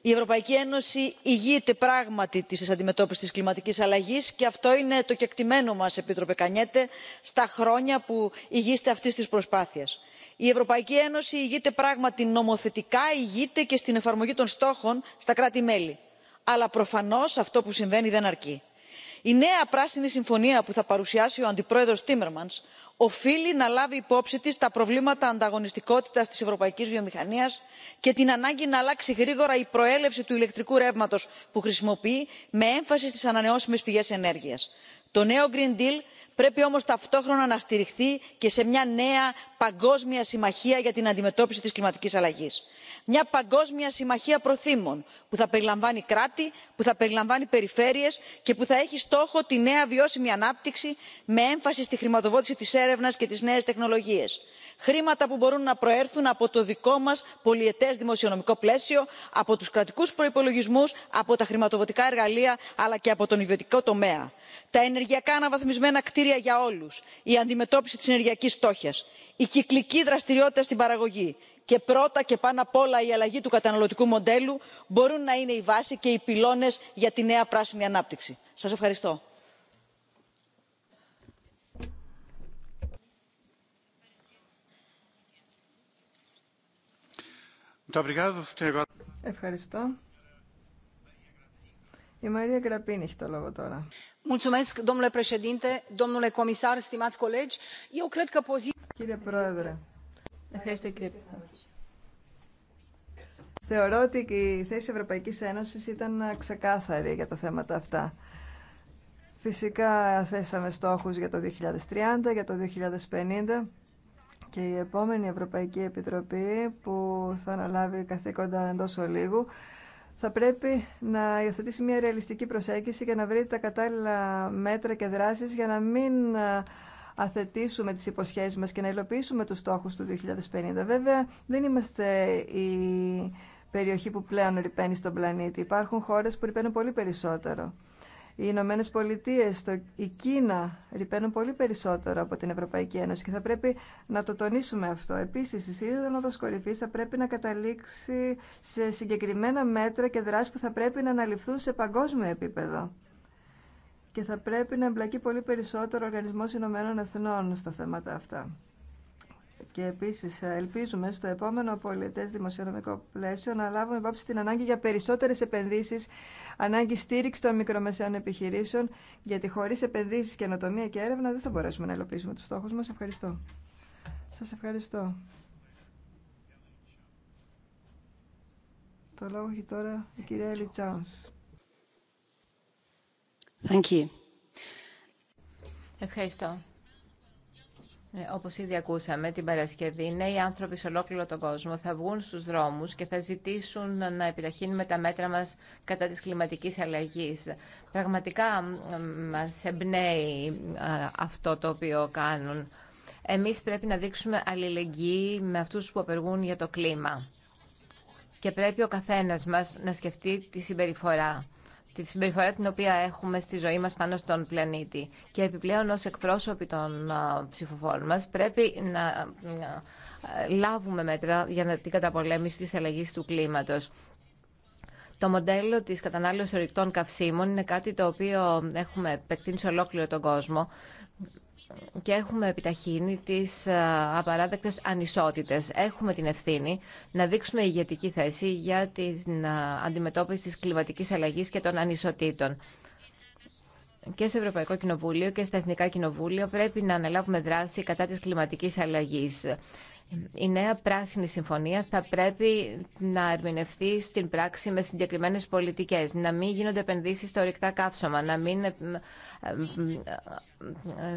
Η Ευρωπαϊκή Ένωση ηγείται πράγματι της αντιμετώπισης της κλιματικής αλλαγής και αυτό είναι το κεκτημένο μας, Επίτροπε Κανιέτε, στα χρόνια που ηγείστε αυτής της προσπάθειας. Η Ευρωπαϊκή Ένωση ηγείται πράγματι νομοθετικά, ηγείται και στην εφαρμογή των στόχων στα κράτη-μέλη. Αλλά προφανώς αυτό που συμβαίνει δεν αρκεί η νέα πράσινη συμφωνία που θα παρουσιάσει ο αντιπρόεδρος τίμερμανς οφείλει να λάβει υπόψη της τα προβλήματα ανταγωνιστικότητας της ευρωπαϊκής βιομηχανίας και την ανάγκη να αλλάξει γρήγορα η προέλευση του ηλεκτρικού ρεύματος που χρησιμοποιεί με έμφαση στις ανανεώσιμες πηγές ενέργειας το νέο green deal πρέπει όμως ταυτόχρονα να στηριχθεί και σε μια νέα παγκόσμια συμμαχία για την αντιμετώπιση της κλιματικής αλλαγής μια παγκόσμια συμμαχία προθήμων που θα περιλαμβάνει κράτη που θα περιλαμβάνει περιφέρειες και που θα έχει στόχο τη νέα βιώσιμη ανάπτυξη με έμφαση στη χρηματοδότηση της έρευνας και τις νέες τεχνολογίες χρήματα που μπορούν να προέρθουν από το δικό μας πολυετές δημοσιονομικό πλαίσιο από τους κρατικούς προϋπολογισμούς από τα χρηματοδοτικά εργαλεία αλλά και από τον ιδιωτικό τομέα. τα ενεργειακά αναβαθμισμένα κτίρια για όλους η αντιμετώπιση της ενεργειακής φτώχειας η κυκλική δραστηριότητα στην παραγωγή και πρώτα και πάνω απ' όλα η αλλαγή του καταναλωτικού μοντέλου μπορούν να είναι η βάση και οι πυλώνες για τη νέα πράσινη ανάπτυξη. σας ευχαριστώ. Ευχαριστώ. Η Μαρία Γκραπίνη έχει το λόγο τώρα. Κύριε Πρόεδρε. Ευχαριστώ Θεωρώ ότι η θέση Ευρωπαϊκής Ένωσης ήταν ξεκάθαρη για τα θέματα αυτά. Φυσικά θέσαμε στόχους για το 2030, για το 2050 και η επόμενη Ευρωπαϊκή Επιτροπή που θα αναλάβει καθήκοντα εντός ολίγου θα πρέπει να υιοθετήσει μια ρεαλιστική προσέγγιση και να βρει τα κατάλληλα μέτρα και δράσεις για να μην ε, αθετήσουμε τις υποσχέσεις μας και να υλοποιήσουμε τους στόχους του 2050. Βέβαια, δεν είμαστε η περιοχή που πλέον ρηπαίνει στον πλανήτη. Υπάρχουν χώρες που ρηπαίνουν πολύ περισσότερο οι Ηνωμένε Πολιτείε, η Κίνα ρηπαίνουν πολύ περισσότερο από την Ευρωπαϊκή Ένωση και θα πρέπει να το τονίσουμε αυτό. Επίση, η Σύνοδο Κορυφή θα πρέπει να καταλήξει σε συγκεκριμένα μέτρα και δράσει που θα πρέπει να αναλυφθούν σε παγκόσμιο επίπεδο. Και θα πρέπει να εμπλακεί πολύ περισσότερο ο Οργανισμό Ηνωμένων Εθνών στα θέματα αυτά. Και επίση ε, ελπίζουμε στο επόμενο πολιτέ δημοσιονομικό πλαίσιο να λάβουμε υπόψη την ανάγκη για περισσότερες επενδύσεις, ανάγκη στήριξη των μικρομεσαίων επιχειρήσεων, γιατί χωρίς επενδύσεις, καινοτομία και έρευνα δεν θα μπορέσουμε να ελοπίσουμε τους στόχου μας. Ευχαριστώ. Σας ευχαριστώ. Το λόγο έχει τώρα η κυρία Έλλη Thank Ευχαριστώ. Ε, όπως ήδη ακούσαμε την Παρασκευή, νέοι άνθρωποι σε ολόκληρο τον κόσμο θα βγουν στους δρόμους και θα ζητήσουν να επιταχύνουμε τα μέτρα μας κατά της κλιματικής αλλαγής. Πραγματικά μας εμπνέει ε, αυτό το οποίο κάνουν. Εμείς πρέπει να δείξουμε αλληλεγγύη με αυτούς που απεργούν για το κλίμα. Και πρέπει ο καθένας μας να σκεφτεί τη συμπεριφορά τη συμπεριφορά την οποία έχουμε στη ζωή μας πάνω στον πλανήτη. Και επιπλέον ως εκπρόσωποι των ψηφοφόρων μας πρέπει να ε, λάβουμε μέτρα για την καταπολέμηση της αλλαγής του κλίματος. Το μοντέλο της κατανάλωσης ορυκτών καυσίμων είναι κάτι το οποίο έχουμε επεκτείνει σε ολόκληρο τον κόσμο και έχουμε επιταχύνει τις ε, απαράδεκτες ανισότητες. Έχουμε την ευθύνη να δείξουμε ηγετική θέση για την ε, αντιμετώπιση της κλιματικής αλλαγής και των ανισοτήτων. Και στο Ευρωπαϊκό Κοινοβούλιο και στα Εθνικά Κοινοβούλια πρέπει να αναλάβουμε δράση κατά της κλιματικής αλλαγής. Η νέα πράσινη συμφωνία θα πρέπει να ερμηνευτεί στην πράξη με συγκεκριμένε πολιτικέ. Να μην γίνονται επενδύσει στα ορυκτά καύσωμα. Να μην ε, ε,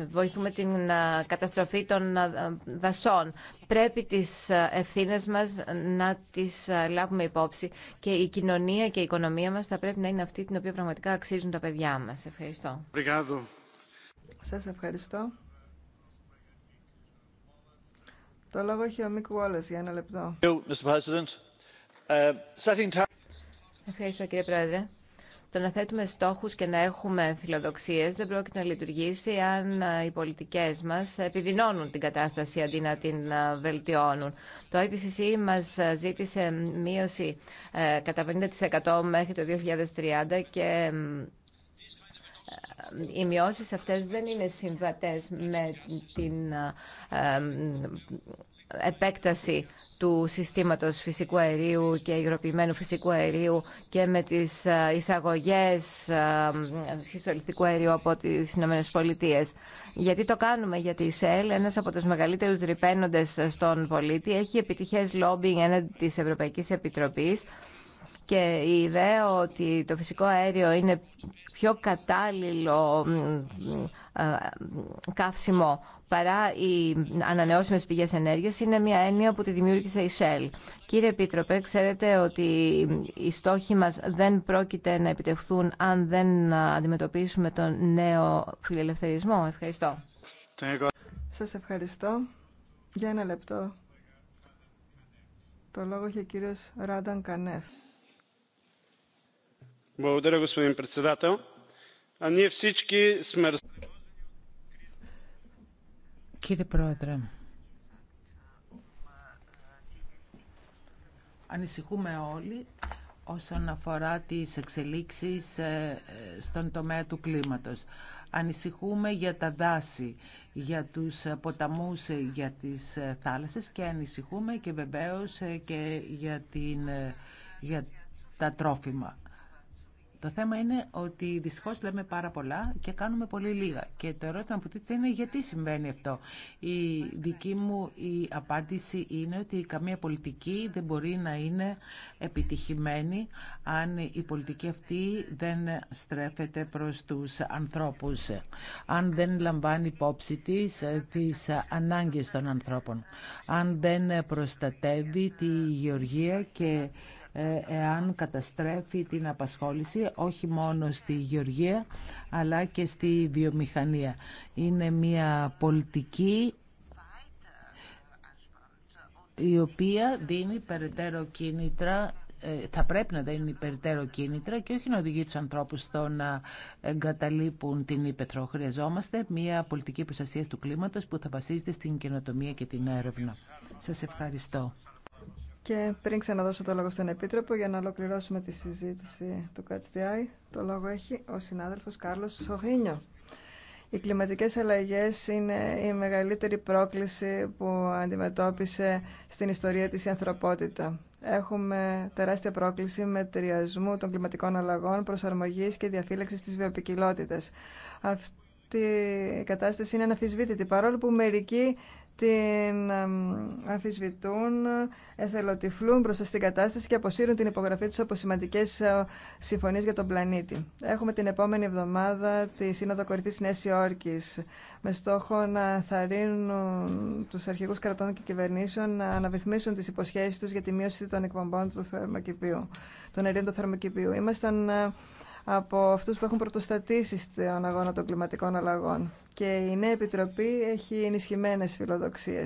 ε, βοηθούμε την καταστροφή των δασών. Πρέπει τι ευθύνε μα να τι λάβουμε υπόψη και η κοινωνία και η οικονομία μα θα πρέπει να είναι αυτή την οποία πραγματικά αξίζουν τα παιδιά μα. Ευχαριστώ. Σας ευχαριστώ. Το λόγο έχει ο Μίκου για ένα λεπτό. Uh, Ευχαριστώ κύριε Πρόεδρε. Το να θέτουμε στόχους και να έχουμε φιλοδοξίες δεν πρόκειται να λειτουργήσει αν οι πολιτικές μας επιδεινώνουν την κατάσταση αντί να την βελτιώνουν. Το IPCC μας ζήτησε μείωση ε, κατά 50% μέχρι το 2030 και οι μειώσεις αυτές δεν είναι συμβατές με την ε, ε, επέκταση του συστήματος φυσικού αερίου και υγροποιημένου φυσικού αερίου και με τις ε, εισαγωγές χιστολιθικού αερίου από τις ΗΠΑ. Γιατί το κάνουμε, γιατί η ΣΕΛ, ένας από τους μεγαλύτερους ρηπαίνοντες στον πολίτη, έχει επιτυχές λόμπινγκ έναντι της Ευρωπαϊκής Επιτροπής και η ιδέα ότι το φυσικό αέριο είναι πιο κατάλληλο ε, καύσιμο παρά οι ανανεώσιμες πηγές ενέργειας είναι μια έννοια που τη δημιούργησε η Shell. Κύριε Επίτροπε, ξέρετε ότι οι στόχοι μας δεν πρόκειται να επιτευχθούν αν δεν αντιμετωπίσουμε τον νέο φιλελευθερισμό. Ευχαριστώ. Σας ευχαριστώ. Για ένα λεπτό. Το λόγο έχει ο κύριος Ράνταν Κανέφ. Благодаря, господин председател. А ние всички сме... Κύριε Πρόεδρε, ανησυχούμε όλοι όσον αφορά τις εξελίξεις στον τομέα του κλίματος. Ανησυχούμε για τα δάση, για τους ποταμούς, για τις θάλασσες και ανησυχούμε και βεβαίως και για, για τα τρόφιμα. Το θέμα είναι ότι δυστυχώ λέμε πάρα πολλά και κάνουμε πολύ λίγα. Και το ερώτημα που τίθεται είναι γιατί συμβαίνει αυτό. Η δική μου η απάντηση είναι ότι καμία πολιτική δεν μπορεί να είναι επιτυχημένη αν η πολιτική αυτή δεν στρέφεται προς τους ανθρώπους, αν δεν λαμβάνει υπόψη της ε, τις ανάγκες των ανθρώπων, αν δεν προστατεύει τη γεωργία και ε, εάν καταστρέφει την απασχόληση όχι μόνο στη γεωργία αλλά και στη βιομηχανία. Είναι μια πολιτική η οποία δίνει περαιτέρω κίνητρα ε, θα πρέπει να δίνει περαιτέρω κίνητρα και όχι να οδηγεί του ανθρώπου στο να εγκαταλείπουν την ύπεθρο. Χρειαζόμαστε μια πολιτική προστασία του κλίματος που θα βασίζεται στην καινοτομία και την έρευνα. Σα ευχαριστώ. Και πριν ξαναδώσω το λόγο στον Επίτροπο για να ολοκληρώσουμε τη συζήτηση του ΚΑΤΣΤΙΑΙ, το λόγο έχει ο συνάδελφος Κάρλος Σοχίνιο. Οι κλιματικές αλλαγές είναι η μεγαλύτερη πρόκληση που αντιμετώπισε στην ιστορία της η ανθρωπότητα. Έχουμε τεράστια πρόκληση με μετριασμού των κλιματικών αλλαγών, προσαρμογής και διαφύλαξης της βιοπικιλότητας. Αυτή η κατάσταση είναι αναφυσβήτητη, παρόλο που μερικοί την αμφισβητούν, εθελοτυφλούν μπροστά στην κατάσταση και αποσύρουν την υπογραφή τους από σημαντικέ ε, συμφωνίες για τον πλανήτη. Έχουμε την επόμενη εβδομάδα τη Σύνοδο Κορυφής Νέας Υόρκης με στόχο να θαρρύνουν τους αρχηγούς κρατών και κυβερνήσεων να αναβυθμίσουν τις υποσχέσεις τους για τη μείωση των εκπομπών του θερμοκηπίου, των αερίων του θερμοκηπίου. Ήμασταν ε, από αυτούς που έχουν πρωτοστατήσει στον αγώνα των κλιματικών αλλαγών. Και η νέα Επιτροπή έχει ενισχυμένε φιλοδοξίε.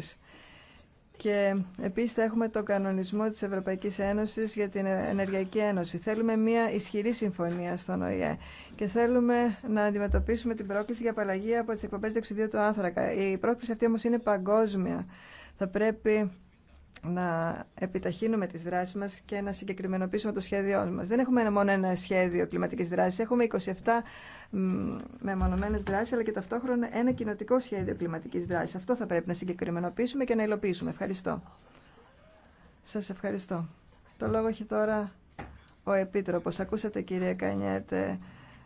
Και επίση θα έχουμε τον κανονισμό της Ευρωπαϊκής Ένωσης για την Ενεργειακή Ένωση. Θέλουμε μια ισχυρή συμφωνία στον ΟΗΕ και θέλουμε να αντιμετωπίσουμε την πρόκληση για απαλλαγή από τις εκπομπές διοξιδίου του άνθρακα. Η πρόκληση αυτή όμως είναι παγκόσμια. Θα πρέπει να επιταχύνουμε τις δράσεις μας και να συγκεκριμενοποιήσουμε το σχέδιό μας. Δεν έχουμε μόνο ένα σχέδιο κλιματικής δράσης, έχουμε 27 μεμονωμένες δράσεις, αλλά και ταυτόχρονα ένα κοινοτικό σχέδιο κλιματικής δράσης. Αυτό θα πρέπει να συγκεκριμενοποιήσουμε και να υλοποιήσουμε. Ευχαριστώ. Σας ευχαριστώ. Το λόγο έχει τώρα ο Επίτροπος. Ακούσατε κύριε Κανιέτε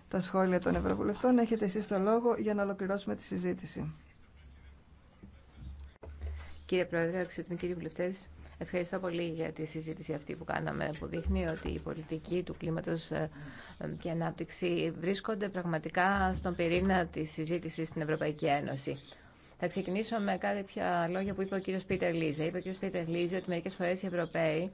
τα σχόλια των Ευρωβουλευτών. Έχετε εσείς το λόγο για να ολοκληρώσουμε τη συζήτηση. Κύριε Πρόεδρε, αξιότιμοι κύριοι βουλευτέ, ευχαριστώ πολύ για τη συζήτηση αυτή που κάναμε, που δείχνει ότι η πολιτική του κλίματο ε, ε, και ανάπτυξη βρίσκονται πραγματικά στον πυρήνα τη συζήτηση στην Ευρωπαϊκή Ένωση. Θα ξεκινήσω με κάποια λόγια που είπε ο κύριο Πίτερ Λίζε. Είπε ο κύριο Πίτερ Λίζε ότι μερικέ φορέ οι Ευρωπαίοι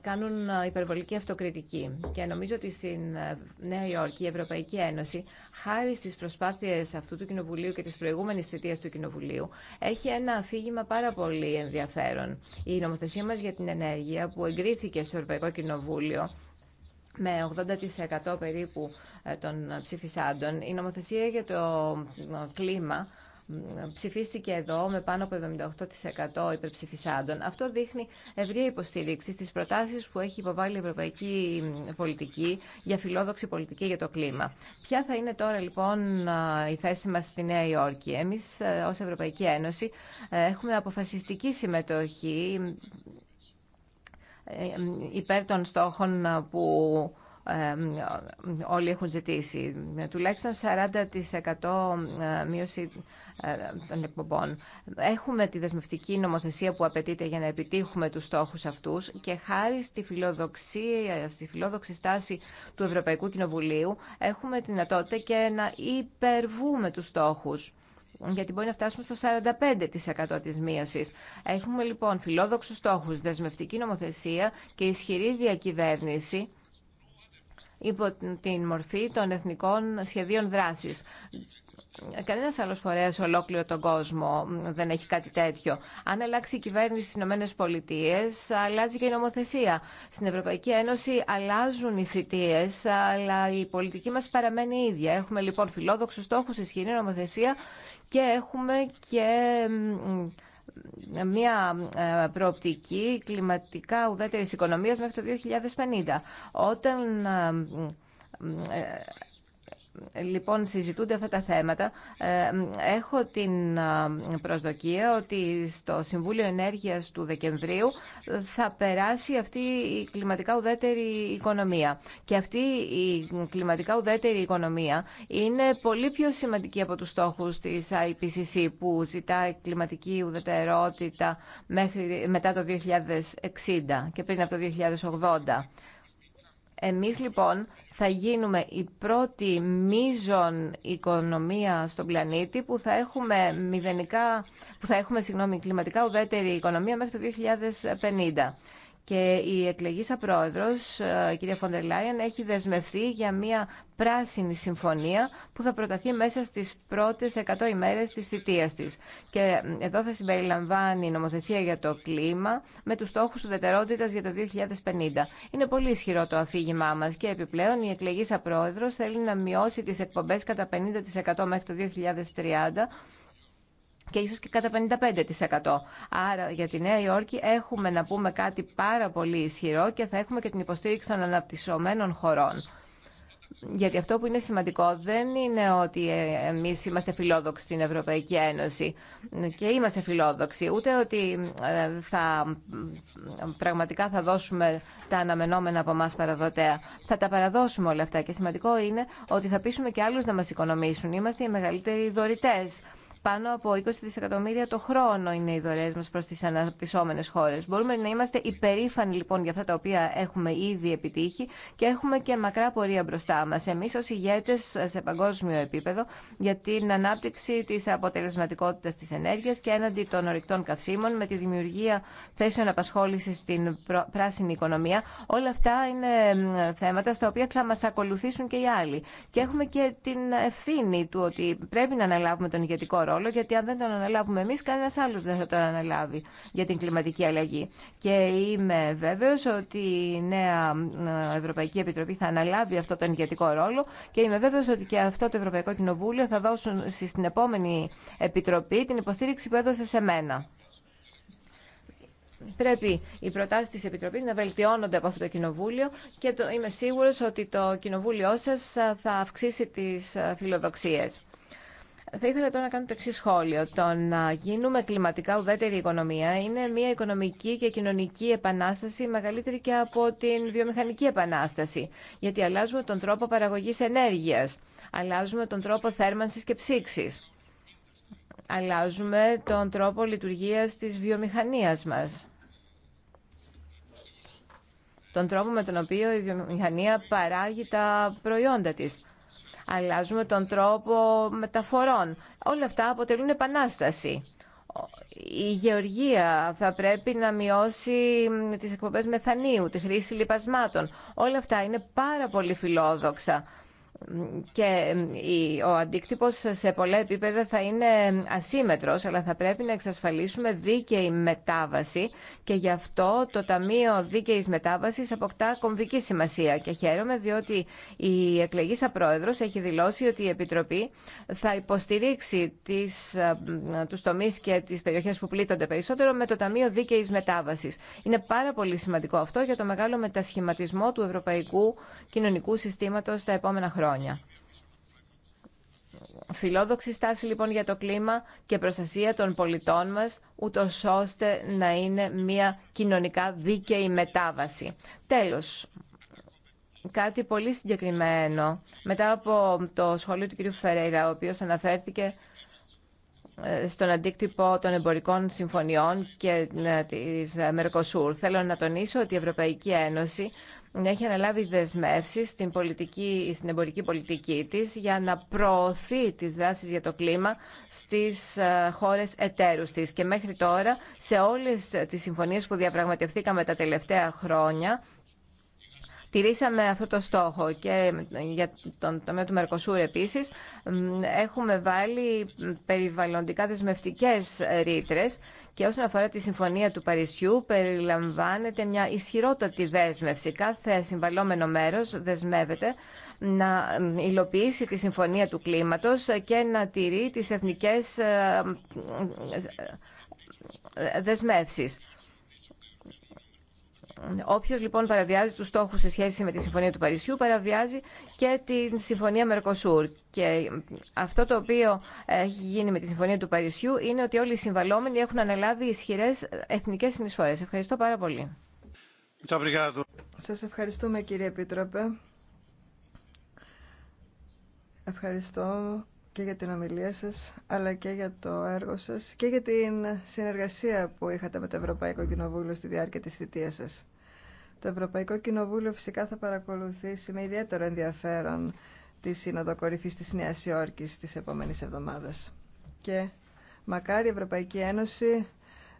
κάνουν ε, υπερβολική αυτοκριτική. Και νομίζω ότι στην ε, Νέα Υόρκη η Ευρωπαϊκή Ένωση, χάρη στι προσπάθειες αυτού του Κοινοβουλίου και τη προηγούμενη θητεία του Κοινοβουλίου, έχει ένα αφήγημα πάρα πολύ ενδιαφέρον. Η νομοθεσία μας για την ενέργεια που εγκρίθηκε στο Ευρωπαϊκό Κοινοβούλιο με 80% περίπου ε, των ψηφισάντων, η νομοθεσία για το κλίμα ψηφίστηκε εδώ με πάνω από 78% υπερψηφισάντων. Αυτό δείχνει ευρία υποστήριξη στις προτάσεις που έχει υποβάλει η Ευρωπαϊκή Πολιτική για φιλόδοξη πολιτική για το κλίμα. Ποια θα είναι τώρα λοιπόν η θέση μας στη Νέα Υόρκη. Εμείς ε, ως Ευρωπαϊκή Ένωση ε, έχουμε αποφασιστική συμμετοχή ε, υπέρ των στόχων που όλοι έχουν ζητήσει. Τουλάχιστον 40% ε, μείωση ε, των εκπομπών. Έχουμε τη δεσμευτική νομοθεσία που απαιτείται για να επιτύχουμε τους στόχους αυτούς και χάρη στη φιλοδοξία, στη φιλόδοξη στάση του Ευρωπαϊκού Κοινοβουλίου έχουμε τη δυνατότητα και να υπερβούμε τους στόχους γιατί μπορεί να φτάσουμε στο 45% της μείωσης. Έχουμε λοιπόν φιλόδοξους στόχους, δεσμευτική νομοθεσία και ισχυρή διακυβέρνηση υπό την μορφή των εθνικών σχεδίων δράσης. Κανένα άλλο φορέα σε ολόκληρο τον κόσμο δεν έχει κάτι τέτοιο. Αν αλλάξει η κυβέρνηση στι Ηνωμένες Πολιτείες, αλλάζει και η νομοθεσία. Στην Ευρωπαϊκή Ένωση αλλάζουν οι θητείε, αλλά η πολιτική μας παραμένει ίδια. Έχουμε λοιπόν φιλόδοξους στόχους, ισχυρή νομοθεσία και έχουμε και μια ε, προοπτική κλιματικά ουδέτερης οικονομίας μέχρι το 2050. Όταν ε, ε, λοιπόν συζητούνται αυτά τα θέματα, ε, έχω την ε, προσδοκία ότι στο Συμβούλιο Ενέργειας του Δεκεμβρίου θα περάσει αυτή η κλιματικά ουδέτερη οικονομία. Και αυτή η κλιματικά ουδέτερη οικονομία είναι πολύ πιο σημαντική από τους στόχους της IPCC που ζητά κλιματική ουδετερότητα μέχρι, μετά το 2060 και πριν από το 2080. Εμείς λοιπόν θα γίνουμε η πρώτη μείζον οικονομία στον πλανήτη που θα έχουμε, μηδενικά, που θα έχουμε συγγνώμη, κλιματικά ουδέτερη οικονομία μέχρι το 2050. Και η εκλεγήσα πρόεδρος, ε, κυρία Φοντερ Λάιεν, έχει δεσμευτεί για μια πράσινη συμφωνία που θα προταθεί μέσα στις πρώτες 100 ημέρες της θητείας της. Και εδώ θα συμπεριλαμβάνει η νομοθεσία για το κλίμα με τους στόχους δετερότητας για το 2050. Είναι πολύ ισχυρό το αφήγημά μας και επιπλέον η εκλεγήσα πρόεδρος θέλει να μειώσει τις εκπομπές κατά 50% μέχρι το 2030 και ίσως και κατά 55%. Άρα για τη Νέα Υόρκη έχουμε να πούμε κάτι πάρα πολύ ισχυρό και θα έχουμε και την υποστήριξη των αναπτυσσομένων χωρών. Γιατί αυτό που είναι σημαντικό δεν είναι ότι ε, εμείς είμαστε φιλόδοξοι στην Ευρωπαϊκή Ένωση και είμαστε φιλόδοξοι, ούτε ότι ε, θα, πραγματικά θα δώσουμε τα αναμενόμενα από εμά παραδοτέα. Θα τα παραδώσουμε όλα αυτά και σημαντικό είναι ότι θα πείσουμε και άλλους να μας οικονομήσουν. Είμαστε οι μεγαλύτεροι δωρητέ. Πάνω από 20 δισεκατομμύρια το χρόνο είναι οι δωρεέ μα προ τι αναπτυσσόμενε χώρε. Μπορούμε να είμαστε υπερήφανοι λοιπόν για αυτά τα οποία έχουμε ήδη επιτύχει και έχουμε και μακρά πορεία μπροστά μα. Εμεί ω ηγέτε σε παγκόσμιο επίπεδο για την ανάπτυξη τη αποτελεσματικότητα τη ενέργεια και έναντι των ορυκτών καυσίμων με τη δημιουργία θέσεων απασχόληση στην πράσινη οικονομία. Όλα αυτά είναι θέματα στα οποία θα μα ακολουθήσουν και οι άλλοι. Και έχουμε και την ευθύνη του ότι πρέπει να αναλάβουμε τον ηγετικό ρόλο, γιατί αν δεν τον αναλάβουμε εμεί, κανένα άλλο δεν θα τον αναλάβει για την κλιματική αλλαγή. Και είμαι βέβαιο ότι η νέα ε, Ευρωπαϊκή Επιτροπή θα αναλάβει αυτό τον ηγετικό ρόλο και είμαι βέβαιο ότι και αυτό το Ευρωπαϊκό Κοινοβούλιο θα δώσουν στην επόμενη Επιτροπή την υποστήριξη που έδωσε σε μένα. Πρέπει οι προτάσει τη Επιτροπή να βελτιώνονται από αυτό το Κοινοβούλιο και το, είμαι σίγουρο ότι το Κοινοβούλιο σα θα αυξήσει τι ε, φιλοδοξίε. Θα ήθελα τώρα να κάνω το εξή σχόλιο. Το να γίνουμε κλιματικά ουδέτερη οικονομία είναι μια οικονομική και κοινωνική επανάσταση μεγαλύτερη και από την βιομηχανική επανάσταση. Γιατί αλλάζουμε τον τρόπο παραγωγή ενέργεια, αλλάζουμε τον τρόπο θέρμανση και ψήξη, αλλάζουμε τον τρόπο λειτουργία τη βιομηχανία μα. Τον τρόπο με τον οποίο η βιομηχανία παράγει τα προϊόντα της αλλάζουμε τον τρόπο μεταφορών. Όλα αυτά αποτελούν επανάσταση. Η γεωργία θα πρέπει να μειώσει τις εκπομπές μεθανίου, τη χρήση λιπασμάτων. Όλα αυτά είναι πάρα πολύ φιλόδοξα και ο αντίκτυπος σε πολλά επίπεδα θα είναι ασύμετρος, αλλά θα πρέπει να εξασφαλίσουμε δίκαιη μετάβαση και γι' αυτό το Ταμείο Δίκαιης Μετάβασης αποκτά κομβική σημασία και χαίρομαι διότι η εκλεγήσα πρόεδρος έχει δηλώσει ότι η Επιτροπή θα υποστηρίξει τις, τους τομείς και τις περιοχές που πλήττονται περισσότερο με το Ταμείο Δίκαιης Μετάβασης. Είναι πάρα πολύ σημαντικό αυτό για το μεγάλο μετασχηματισμό του Ευρωπαϊκού Κοινωνικού Συστήματος τα επόμενα χρόνια χρόνια. Φιλόδοξη στάση λοιπόν για το κλίμα και προστασία των πολιτών μας, ούτω ώστε να είναι μια κοινωνικά δίκαιη μετάβαση. Τέλος, κάτι πολύ συγκεκριμένο. Μετά από το σχόλιο του κ. Φερέιρα, ο οποίος αναφέρθηκε ε, στον αντίκτυπο των εμπορικών συμφωνιών και ε, της Μερκοσούρ. Θέλω να τονίσω ότι η Ευρωπαϊκή Ένωση έχει αναλάβει δεσμεύσει στην, πολιτική, στην εμπορική πολιτική της για να προωθεί τις δράσεις για το κλίμα στις ε, χώρες εταίρους της. Και μέχρι τώρα σε όλες τις συμφωνίες που διαπραγματευθήκαμε τα τελευταία χρόνια Τηρήσαμε αυτό το στόχο και για τον τομέα του Μερκοσούρ επίσης έχουμε βάλει περιβαλλοντικά δεσμευτικές ρήτρε και όσον αφορά τη Συμφωνία του Παρισιού περιλαμβάνεται μια ισχυρότατη δέσμευση. Κάθε συμβαλόμενο μέρος δεσμεύεται να υλοποιήσει τη Συμφωνία του Κλίματος και να τηρεί τις εθνικές ε, ε, ε, δεσμεύσεις. Όποιο λοιπόν παραβιάζει του στόχου σε σχέση με τη Συμφωνία του Παρισιού, παραβιάζει και τη Συμφωνία Μερκοσούρ. Και αυτό το οποίο έχει γίνει με τη Συμφωνία του Παρισιού είναι ότι όλοι οι συμβαλόμενοι έχουν αναλάβει ισχυρέ εθνικέ συνεισφορέ. Ευχαριστώ πάρα πολύ. Σα ευχαριστούμε κύριε Επίτροπε. Ευχαριστώ και για την ομιλία σας, αλλά και για το έργο σας και για την συνεργασία που είχατε με το Ευρωπαϊκό Κοινοβούλιο στη διάρκεια της θητείας σας. Το Ευρωπαϊκό Κοινοβούλιο φυσικά θα παρακολουθήσει με ιδιαίτερο ενδιαφέρον τη Σύνοδο Κορυφής της Νέας Υόρκης της επόμενης εβδομάδας. Και μακάρι η Ευρωπαϊκή Ένωση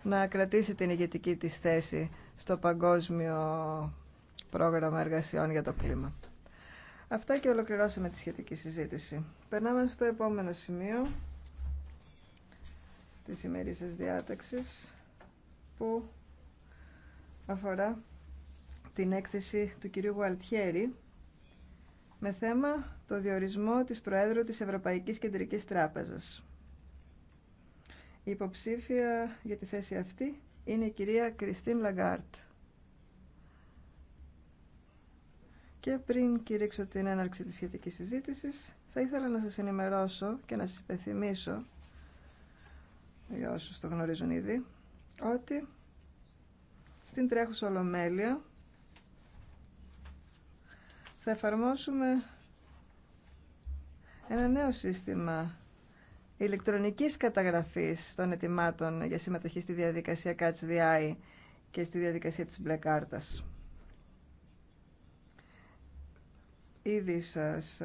να κρατήσει την ηγετική της θέση στο παγκόσμιο πρόγραμμα εργασιών για το κλίμα. Αυτά και ολοκληρώσαμε τη σχετική συζήτηση. Περνάμε στο επόμενο σημείο της ημερήσιας διάταξης που αφορά την έκθεση του κυρίου Γουαλτιέρη με θέμα το διορισμό της Προέδρου της Ευρωπαϊκής Κεντρικής Τράπεζας. Η υποψήφια για τη θέση αυτή είναι η κυρία Κριστίν Λαγκάρτ. Και πριν κηρύξω την έναρξη της σχετικής συζήτησης, θα ήθελα να σας ενημερώσω και να σας υπενθυμίσω, για όσους το γνωρίζουν ήδη, ότι στην τρέχουσα ολομέλεια θα εφαρμόσουμε ένα νέο σύστημα ηλεκτρονικής καταγραφής των ετοιμάτων για συμμετοχή στη διαδικασία Catch the και στη διαδικασία της black κάρτας. Ήδη σας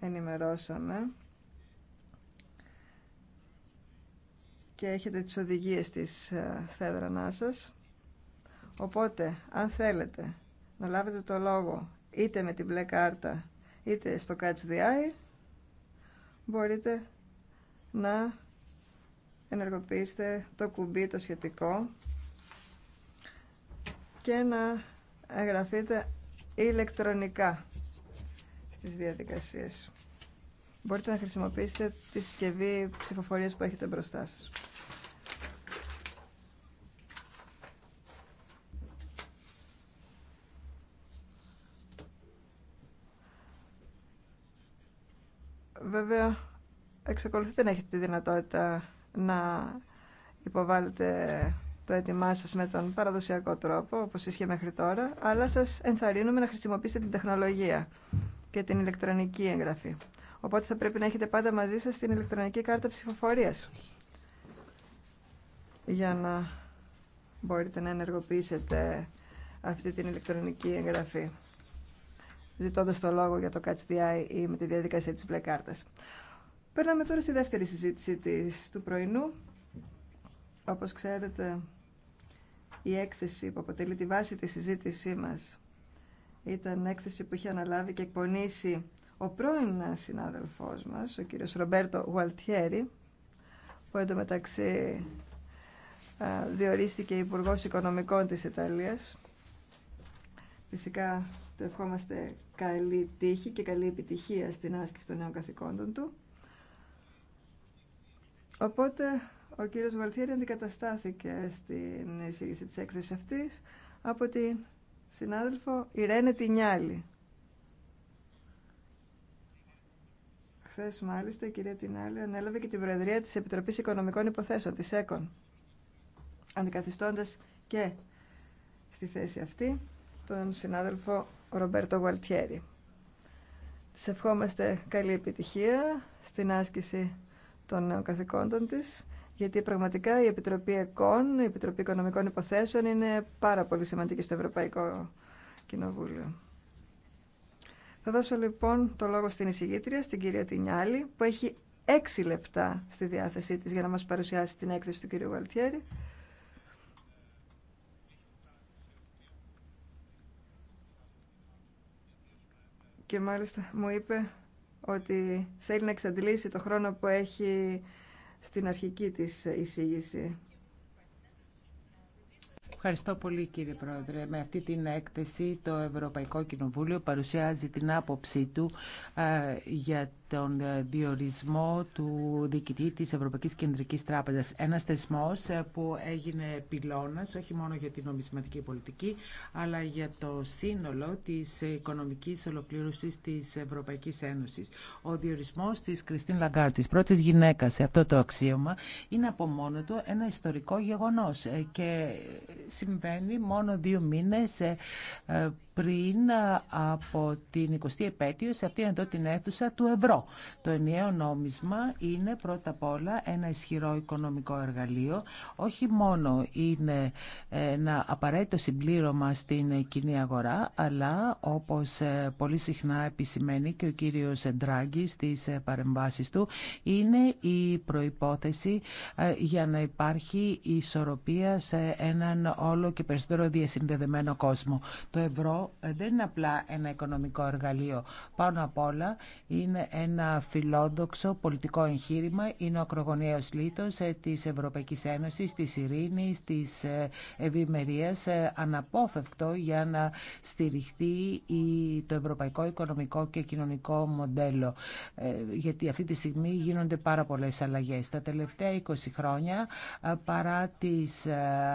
ενημερώσαμε και έχετε τις οδηγίες της στέδρανά σας. Οπότε, αν θέλετε να λάβετε το λόγο είτε με την μπλε κάρτα είτε στο Catch the Eye, μπορείτε να ενεργοποιήσετε το κουμπί το σχετικό και να εγγραφείτε ηλεκτρονικά. Τη διαδικασίες Μπορείτε να χρησιμοποιήσετε τη συσκευή ψηφοφορίας που έχετε μπροστά σας. Βέβαια, εξακολουθείτε να έχετε τη δυνατότητα να υποβάλλετε το έτοιμά σα με τον παραδοσιακό τρόπο, όπως ίσχυε μέχρι τώρα, αλλά σας ενθαρρύνουμε να χρησιμοποιήσετε την τεχνολογία και την ηλεκτρονική εγγραφή. Οπότε θα πρέπει να έχετε πάντα μαζί σας την ηλεκτρονική κάρτα ψηφοφορίας για να μπορείτε να ενεργοποιήσετε αυτή την ηλεκτρονική εγγραφή ζητώντας το λόγο για το Catch ή με τη διαδικασία της μπλε κάρτας. Περνάμε τώρα στη δεύτερη συζήτηση της, του πρωινού. Όπως ξέρετε, η έκθεση που αποτελεί τη βάση της συζήτησή μας ήταν έκθεση που είχε αναλάβει και εκπονήσει ο πρώην συνάδελφός μας, ο κύριος Ρομπέρτο Γουαλτιέρη, που εντωμεταξύ διορίστηκε Υπουργός Οικονομικών της Ιταλίας. Φυσικά το ευχόμαστε καλή τύχη και καλή επιτυχία στην άσκηση των νέων καθηκόντων του. Οπότε ο κύριος Γουαλτιέρη αντικαταστάθηκε στην εισήγηση της έκθεσης αυτής από την συνάδελφο Ιρένε Τινιάλη. Χθε, μάλιστα, η κυρία Τινιάλη ανέλαβε και την Προεδρία της Επιτροπής Οικονομικών Υποθέσεων, τη ΕΚΟΝ, αντικαθιστώντας και στη θέση αυτή τον συνάδελφο Ρομπέρτο Γουαλτιέρη. Τη ευχόμαστε καλή επιτυχία στην άσκηση των νέων καθηκόντων της γιατί πραγματικά η Επιτροπή ΕΚΟΝ, η Επιτροπή Οικονομικών Υποθέσεων είναι πάρα πολύ σημαντική στο Ευρωπαϊκό Κοινοβούλιο. Θα δώσω λοιπόν το λόγο στην εισηγήτρια, στην κυρία Τινιάλη, που έχει έξι λεπτά στη διάθεσή της για να μας παρουσιάσει την έκθεση του κυρίου Γαλτιέρη. Και μάλιστα μου είπε ότι θέλει να εξαντλήσει το χρόνο που έχει στην αρχική της εισήγηση. Ευχαριστώ πολύ κύριε Πρόεδρε. Με αυτή την έκθεση το Ευρωπαϊκό Κοινοβούλιο παρουσιάζει την άποψή του ε, για τον ε, διορισμό του διοικητή της Ευρωπαϊκής Κεντρικής Τράπεζας. Ένα θεσμός ε, που έγινε πυλώνας όχι μόνο για την νομισματική πολιτική αλλά για το σύνολο της οικονομικής ολοκλήρωσης της Ευρωπαϊκής Ένωσης. Ο διορισμός της Κριστίν Λαγκάρ, της πρώτης γυναίκας σε αυτό το αξίωμα, είναι από μόνο του ένα ιστορικό γεγονός ε, και συμβαίνει μόνο δύο μήνες πριν από την 20η επέτειο σε αυτήν εδώ την αίθουσα του ευρώ. Το ενιαίο νόμισμα είναι πρώτα απ' όλα ένα ισχυρό οικονομικό εργαλείο. Όχι μόνο είναι ένα απαραίτητο συμπλήρωμα στην κοινή αγορά, αλλά όπως ε, πολύ συχνά επισημαίνει και ο κύριος Ντράγκη στις ε, παρεμβάσεις του, είναι η προϋπόθεση ε, για να υπάρχει ισορροπία σε έναν όλο και περισσότερο διασυνδεδεμένο κόσμο. Το ευρώ δεν είναι απλά ένα οικονομικό εργαλείο. Πάνω απ' όλα είναι ένα φιλόδοξο πολιτικό εγχείρημα. Είναι ο ακρογωνιαίος λίτος ε, της Ευρωπαϊκής Ένωσης, της ειρήνης, της ε, ευημερία ε, αναπόφευκτο για να στηριχθεί το ευρωπαϊκό οικονομικό και κοινωνικό μοντέλο. Γιατί αυτή τη στιγμή γίνονται πάρα πολλές αλλαγές. Τα τελευταία 20 χρόνια, παρά τις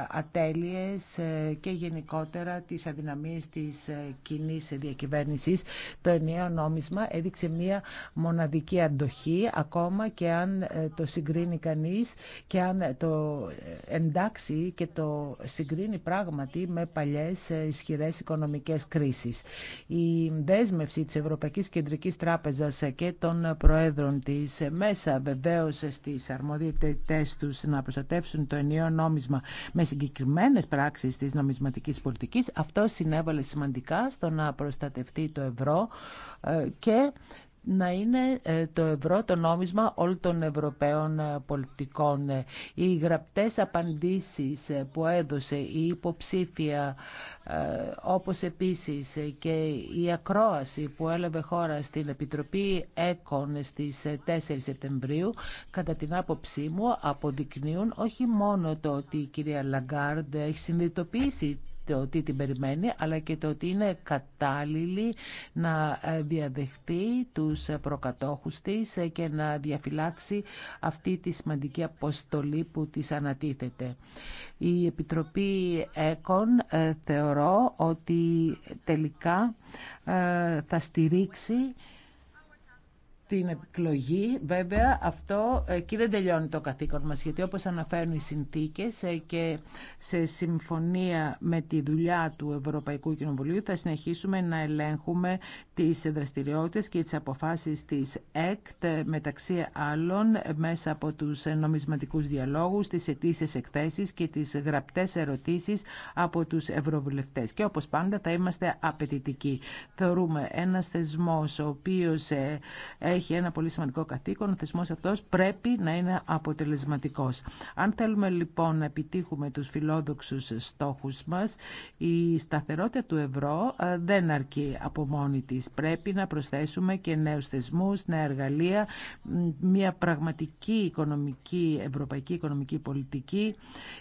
ατέλειες και γενικότερα τις αδυναμίες της κοινή διακυβέρνησης, το ενιαίο νόμισμα έδειξε μία μοναδική αντοχή ακόμα και αν ε, το συγκρίνει κανείς και αν ε, το ε, εντάξει και το συγκρίνει πράγματι με παλιές ισχυρές οικονομικές κρίσεις. Η δέσμευση της Ευρωπαϊκής Κεντρικής Τράπεζας και των Προέδρων της μέσα βεβαίως στις αρμοδιότητες τους να προστατεύσουν το ενιαίο νόμισμα με συγκεκριμένες πράξεις της νομισματικής πολιτικής αυτό συνέβαλε σημαντικά στο να προστατευτεί το ευρώ και να είναι ε, το ευρώ το νόμισμα όλων των Ευρωπαίων ε, πολιτικών. Ε, οι γραπτές απαντήσεις που έδωσε η υποψήφια όπως επίσης και η ακρόαση που έλαβε χώρα στην Επιτροπή ΕΚΟΝ στις 4 Σεπτεμβρίου κατά την άποψή μου αποδεικνύουν όχι μόνο το ότι η κυρία Λαγκάρντ έχει συνειδητοποιήσει το τι την περιμένει, αλλά και το ότι είναι κατάλληλη να ε, διαδεχτεί τους ε, προκατόχους της ε, και να διαφυλάξει αυτή τη σημαντική αποστολή που της ανατίθεται. Η Επιτροπή ΕΚΟΝ θεωρώ ότι τελικά θα στηρίξει την εκλογή, βέβαια, αυτό εκεί δεν τελειώνει το καθήκον μας, γιατί όπως αναφέρουν οι συνθήκες ε, και σε συμφωνία με τη δουλειά του Ευρωπαϊκού Κοινοβουλίου θα συνεχίσουμε να ελέγχουμε τις δραστηριότητες και τις αποφάσεις της ΕΚΤ, ε, μεταξύ άλλων, μέσα από τους νομισματικούς διαλόγους, τις αιτήσει εκθέσεις και τις γραπτές ερωτήσεις από τους ευρωβουλευτές. Και όπως πάντα θα είμαστε απαιτητικοί. Θεωρούμε ένας θεσμός ο οποίος ε, έχει ένα πολύ σημαντικό καθήκον, ο θεσμός αυτός πρέπει να είναι αποτελεσματικός. Αν θέλουμε λοιπόν να επιτύχουμε τους φιλόδοξους στόχους μας, η σταθερότητα του ευρώ ε, δεν αρκεί από μόνη της. Πρέπει να προσθέσουμε και νέους θεσμούς, νέα εργαλεία, μια πραγματική οικονομική, ευρωπαϊκή οικονομική πολιτική.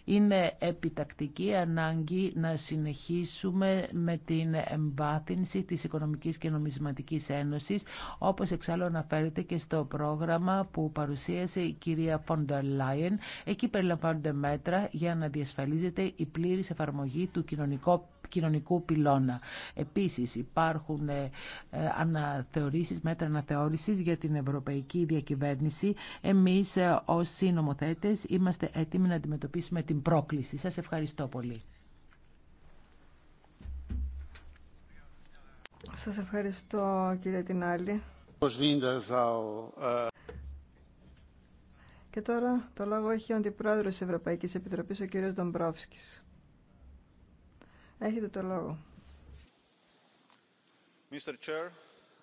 Είναι επιτακτική ανάγκη να συνεχίσουμε με την εμβάθυνση της Οικονομικής και Νομισματικής Ένωσης, όπως εξάλλου αναφέρεται και στο πρόγραμμα που παρουσίασε η κυρία Φόντερ Λάιεν. Εκεί περιλαμβάνονται μέτρα για να διασφαλίζεται η πλήρη εφαρμογή του κοινωνικού κοινωνικού πυλώνα. Επίσης υπάρχουν ε, ε, αναθεωρήσεις, μέτρα αναθεώρησης για την ευρωπαϊκή διακυβέρνηση. Εμείς ε, ως συνομοθέτες είμαστε έτοιμοι να αντιμετωπίσουμε την πρόκληση. Σας ευχαριστώ πολύ. Σας ευχαριστώ κύριε Τινάλη. Και τώρα το λόγο έχει ο Αντιπρόεδρος της Ευρωπαϊκής Επιτροπής, ο κ. Ντομπρόφσκης. Έχετε το λόγο. Mr. Chair,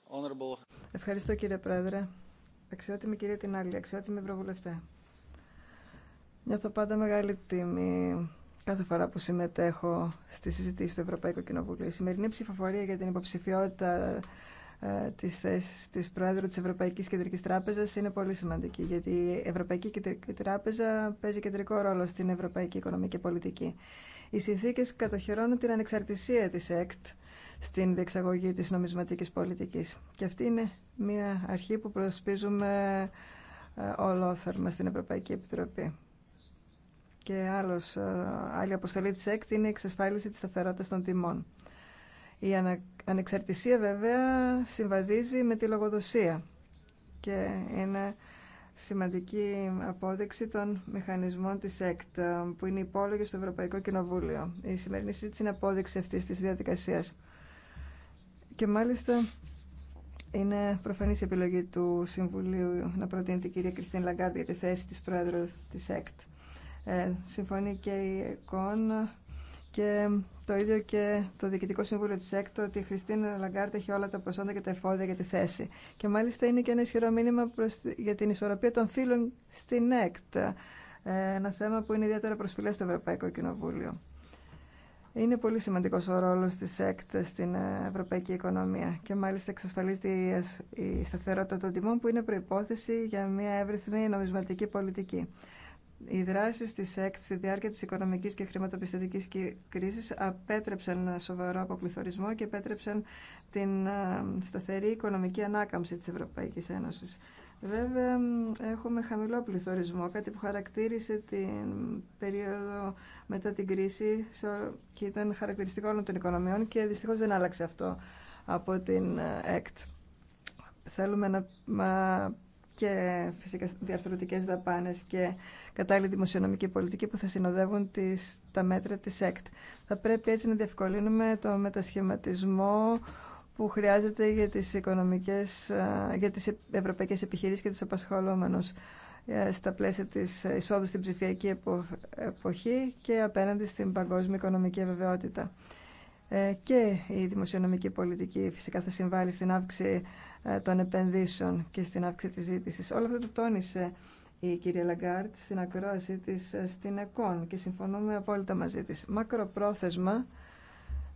honorable... Ευχαριστώ κύριε Πρόεδρε. Αξιότιμη κυρία Τινάλη, αξιότιμη Ευρωβουλευτέ. Νιώθω πάντα μεγάλη τιμή κάθε φορά που συμμετέχω στη συζήτηση του Ευρωπαϊκού Κοινοβουλίου. Η σημερινή ψηφοφορία για την υποψηφιότητα ε, Τη θέση της Προέδρου της Ευρωπαϊκής Κεντρικής Τράπεζας είναι πολύ σημαντική, γιατί η Ευρωπαϊκή Κεντρική Τράπεζα παίζει κεντρικό ρόλο στην ευρωπαϊκή οικονομική πολιτική. Οι συνθήκες κατοχυρώνουν την ανεξαρτησία της ΕΚΤ στην διεξαγωγή της νομισματικής πολιτικής. Και αυτή είναι μια αρχή που προσπίζουμε ε, ολόθερμα στην Ευρωπαϊκή Επιτροπή. Και άλλος, ε, άλλη αποστολή της ΕΚΤ είναι η εξασφάλιση της σταθερότητας των τιμών. Η ανεξαρτησία βέβαια συμβαδίζει με τη λογοδοσία και είναι σημαντική απόδειξη των μηχανισμών της ΕΚΤ ε, που είναι υπόλογη στο Ευρωπαϊκό Κοινοβούλιο. Η σημερινή συζήτηση είναι απόδειξη αυτής της διαδικασίας. Και μάλιστα είναι προφανής η επιλογή του Συμβουλίου να προτείνει την κυρία Κριστίν Λαγκάρντ για τη θέση της Πρόεδρου της ΕΚΤ. Ε, συμφωνεί και η ΕΚΟΝ και το ίδιο και το Διοικητικό Συμβούλιο τη ΕΚΤ, ότι η Χριστίνα Λαγκάρτα έχει όλα τα προσόντα και τα εφόδια για τη θέση. Και μάλιστα είναι και ένα ισχυρό μήνυμα για την ισορροπία των φίλων στην ΕΚΤ. Ε, ένα θέμα που είναι ιδιαίτερα προσφυλέ στο Ευρωπαϊκό Κοινοβούλιο. Είναι πολύ σημαντικό ο ρόλο τη ΕΚΤ στην ε, ευρωπαϊκή οικονομία και μάλιστα εξασφαλίζεται η σταθερότητα των τιμών που είναι προπόθεση για μια εύρυθμη νομισματική πολιτική. Οι δράσει τη ΕΚΤ στη διάρκεια τη οικονομική και χρηματοπιστωτικής κρίση απέτρεψαν σοβαρό αποπληθωρισμό και επέτρεψαν την ε, σταθερή οικονομική ανάκαμψη τη Ευρωπαϊκή Ένωση. Βέβαια, έχουμε χαμηλό πληθωρισμό, κάτι που χαρακτήρισε την περίοδο μετά την κρίση και ήταν χαρακτηριστικό όλων των οικονομιών και δυστυχώ δεν άλλαξε αυτό από την ε, ΕΚΤ. Θέλουμε να και φυσικά διαρθρωτικές δαπάνες και κατάλληλη δημοσιονομική πολιτική που θα συνοδεύουν τις, τα μέτρα της ΕΚΤ. Θα πρέπει έτσι να διευκολύνουμε το μετασχηματισμό που χρειάζεται για τις, οικονομικές, για τις ευρωπαϊκές επιχειρήσεις και τους απασχολόμενους ε, στα πλαίσια της εισόδου στην ψηφιακή εποχή και απέναντι στην παγκόσμια οικονομική βεβαιότητα. Ε, και η δημοσιονομική πολιτική φυσικά θα συμβάλλει στην αύξηση ε, των επενδύσεων και στην αύξηση της ζήτησης. Όλο αυτό το τόνισε η κυρία Λαγκάρτ στην ακρόαση της ε, στην ΕΚΟΝ και συμφωνούμε απόλυτα μαζί της. Μακροπρόθεσμα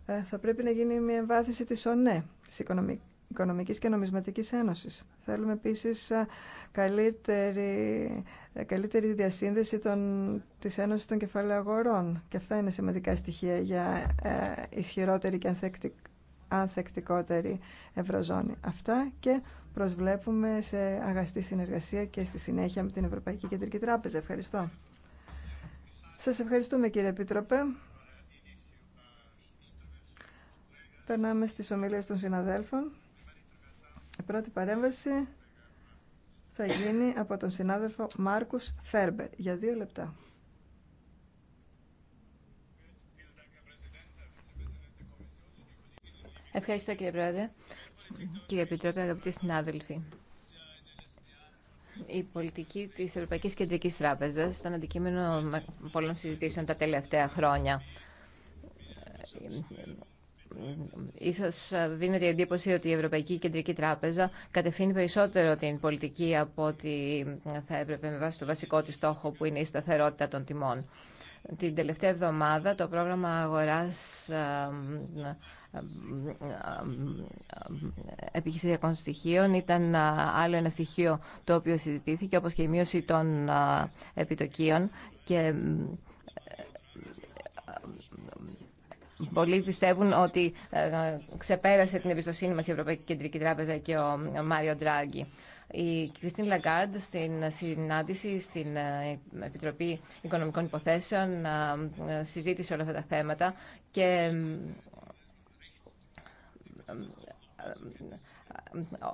ε, θα πρέπει να γίνει μια εμβάθυνση της ΟΝΕ, της Οικονομικής και Νομισματικής Ένωσης. Θέλουμε επίσης καλύτερη, καλύτερη διασύνδεση των, της Ένωσης των Κεφαλαίων Αγορών και αυτά είναι σημαντικά στοιχεία για ισχυρότερη και ανθεκτικότερη Ευρωζώνη. Αυτά και προσβλέπουμε σε αγαστή συνεργασία και στη συνέχεια με την Ευρωπαϊκή Κεντρική Τράπεζα. Ευχαριστώ. Σας ευχαριστούμε κύριε Επίτροπε. Περνάμε στις ομιλίες των συναδέλφων. Η πρώτη παρέμβαση θα γίνει από τον συνάδελφο Μάρκους Φέρμπερ για δύο λεπτά. Ευχαριστώ κύριε Πρόεδρε, κύριε Επιτρόπη, αγαπητοί συνάδελφοι. Η πολιτική της Ευρωπαϊκής Κεντρικής Τράπεζας ήταν αντικείμενο πολλών συζητήσεων τα τελευταία χρόνια ίσως δίνεται η εντύπωση ότι η Ευρωπαϊκή Κεντρική Τράπεζα κατευθύνει περισσότερο την πολιτική από ότι θα έπρεπε με βάση το βασικό της στόχο που είναι η σταθερότητα των τιμών. Την τελευταία εβδομάδα το πρόγραμμα αγοράς επιχειρησιακών στοιχείων ήταν άλλο ένα στοιχείο το οποίο συζητήθηκε, όπως και η μείωση των επιτοκίων και ε, Πολλοί πιστεύουν ότι ε, ξεπέρασε την εμπιστοσύνη μας η Ευρωπαϊκή Κεντρική Τράπεζα και ο Μάριο Ντράγκη. Η Κριστίν Λαγκάρντ στην συνάντηση στην ε, Επιτροπή Οικονομικών Υποθέσεων συζήτησε όλα αυτά τα θέματα και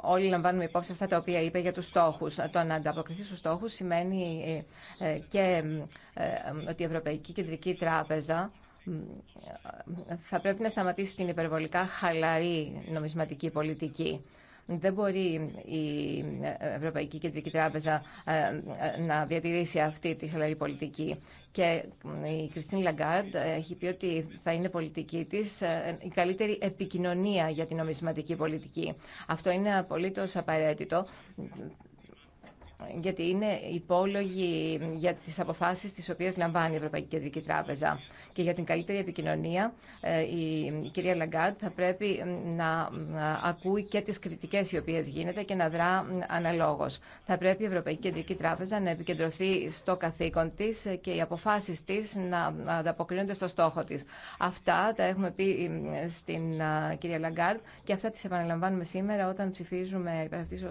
όλοι λαμβάνουμε υπόψη αυτά τα οποία είπε για τους στόχους. Το να ανταποκριθεί στους στόχους σημαίνει ε, και ε, ότι η Ευρωπαϊκή Κεντρική Τράπεζα ε, θα πρέπει να σταματήσει την υπερβολικά χαλαρή νομισματική πολιτική. Δεν μπορεί η Ευρωπαϊκή Κεντρική Τράπεζα ε, ε, να διατηρήσει αυτή τη χαλαρή πολιτική. Και ε, η Κριστίν Λαγκάρντ έχει πει ότι θα είναι πολιτική τη η καλύτερη επικοινωνία για την νομισματική πολιτική. Αυτό είναι απολύτω απαραίτητο γιατί είναι υπόλογοι για τις αποφάσεις τις οποίες λαμβάνει η Ευρωπαϊκή Κεντρική Τράπεζα και για την καλύτερη επικοινωνία ε, η κυρία Λαγκάρτ θα πρέπει να ακούει και τις κριτικές οι οποίες γίνεται και να δρά αναλόγως. Θα πρέπει η Ευρωπαϊκή Κεντρική Τράπεζα να επικεντρωθεί στο καθήκον της και οι αποφάσεις της να ανταποκρίνονται στο στόχο της. Αυτά τα έχουμε πει στην κυρία Λαγκάρτ και αυτά τις επαναλαμβάνουμε σήμερα όταν ψηφίζουμε υπέρ αυτής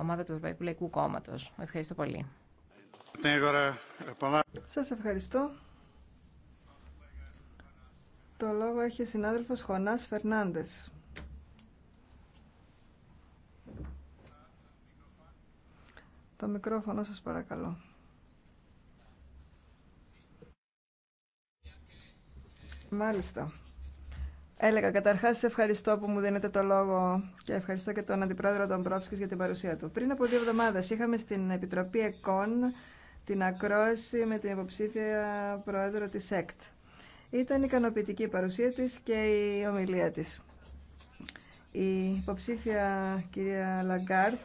ομάδα του Ευρωπαϊκού Λαϊκού Κόμματος. Ευχαριστώ πολύ. Σας ευχαριστώ. Το λόγο έχει ο συνάδελφος Χωνάς Φερνάντες. Το μικρόφωνο σας παρακαλώ. Μάλιστα. Έλεγα καταρχάς ευχαριστώ που μου δίνετε το λόγο και ευχαριστώ και τον Αντιπρόεδρο των Πρόψης για την παρουσία του. Πριν από δύο εβδομάδες είχαμε στην Επιτροπή ΕΚΟΝ την ακρόαση με την υποψήφια Πρόεδρο της ΕΚΤ. Ήταν ικανοποιητική η παρουσία της και η ομιλία της. Η υποψήφια κυρία Λαγκάρθ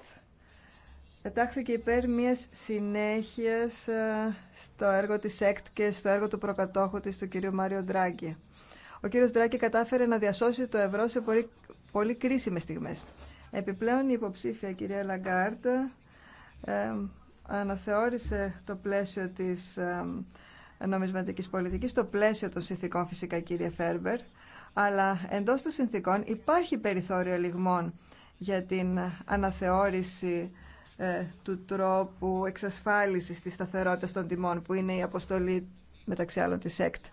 Ετάχθηκε υπέρ μιας συνέχειας ε, στο έργο της ΕΚΤ και στο έργο του προκατόχου της, του κυρίου Μάριο Ντράγκη. Ο κύριος Ντράγκη κατάφερε να διασώσει το ευρώ σε πολύ, πολύ κρίσιμες στιγμές. Επιπλέον η υποψήφια κυρία Λαγκάρτ ε, αναθεώρησε το πλαίσιο της ε, Νομισματική πολιτική, στο πλαίσιο των συνθήκων φυσικά κύριε Φέρμπερ αλλά εντός των συνθήκων υπάρχει περιθώριο λιγμών για την αναθεώρηση ε, του τρόπου εξασφάλισης της σταθερότητα των τιμών που είναι η αποστολή μεταξύ άλλων της ΕΚΤ.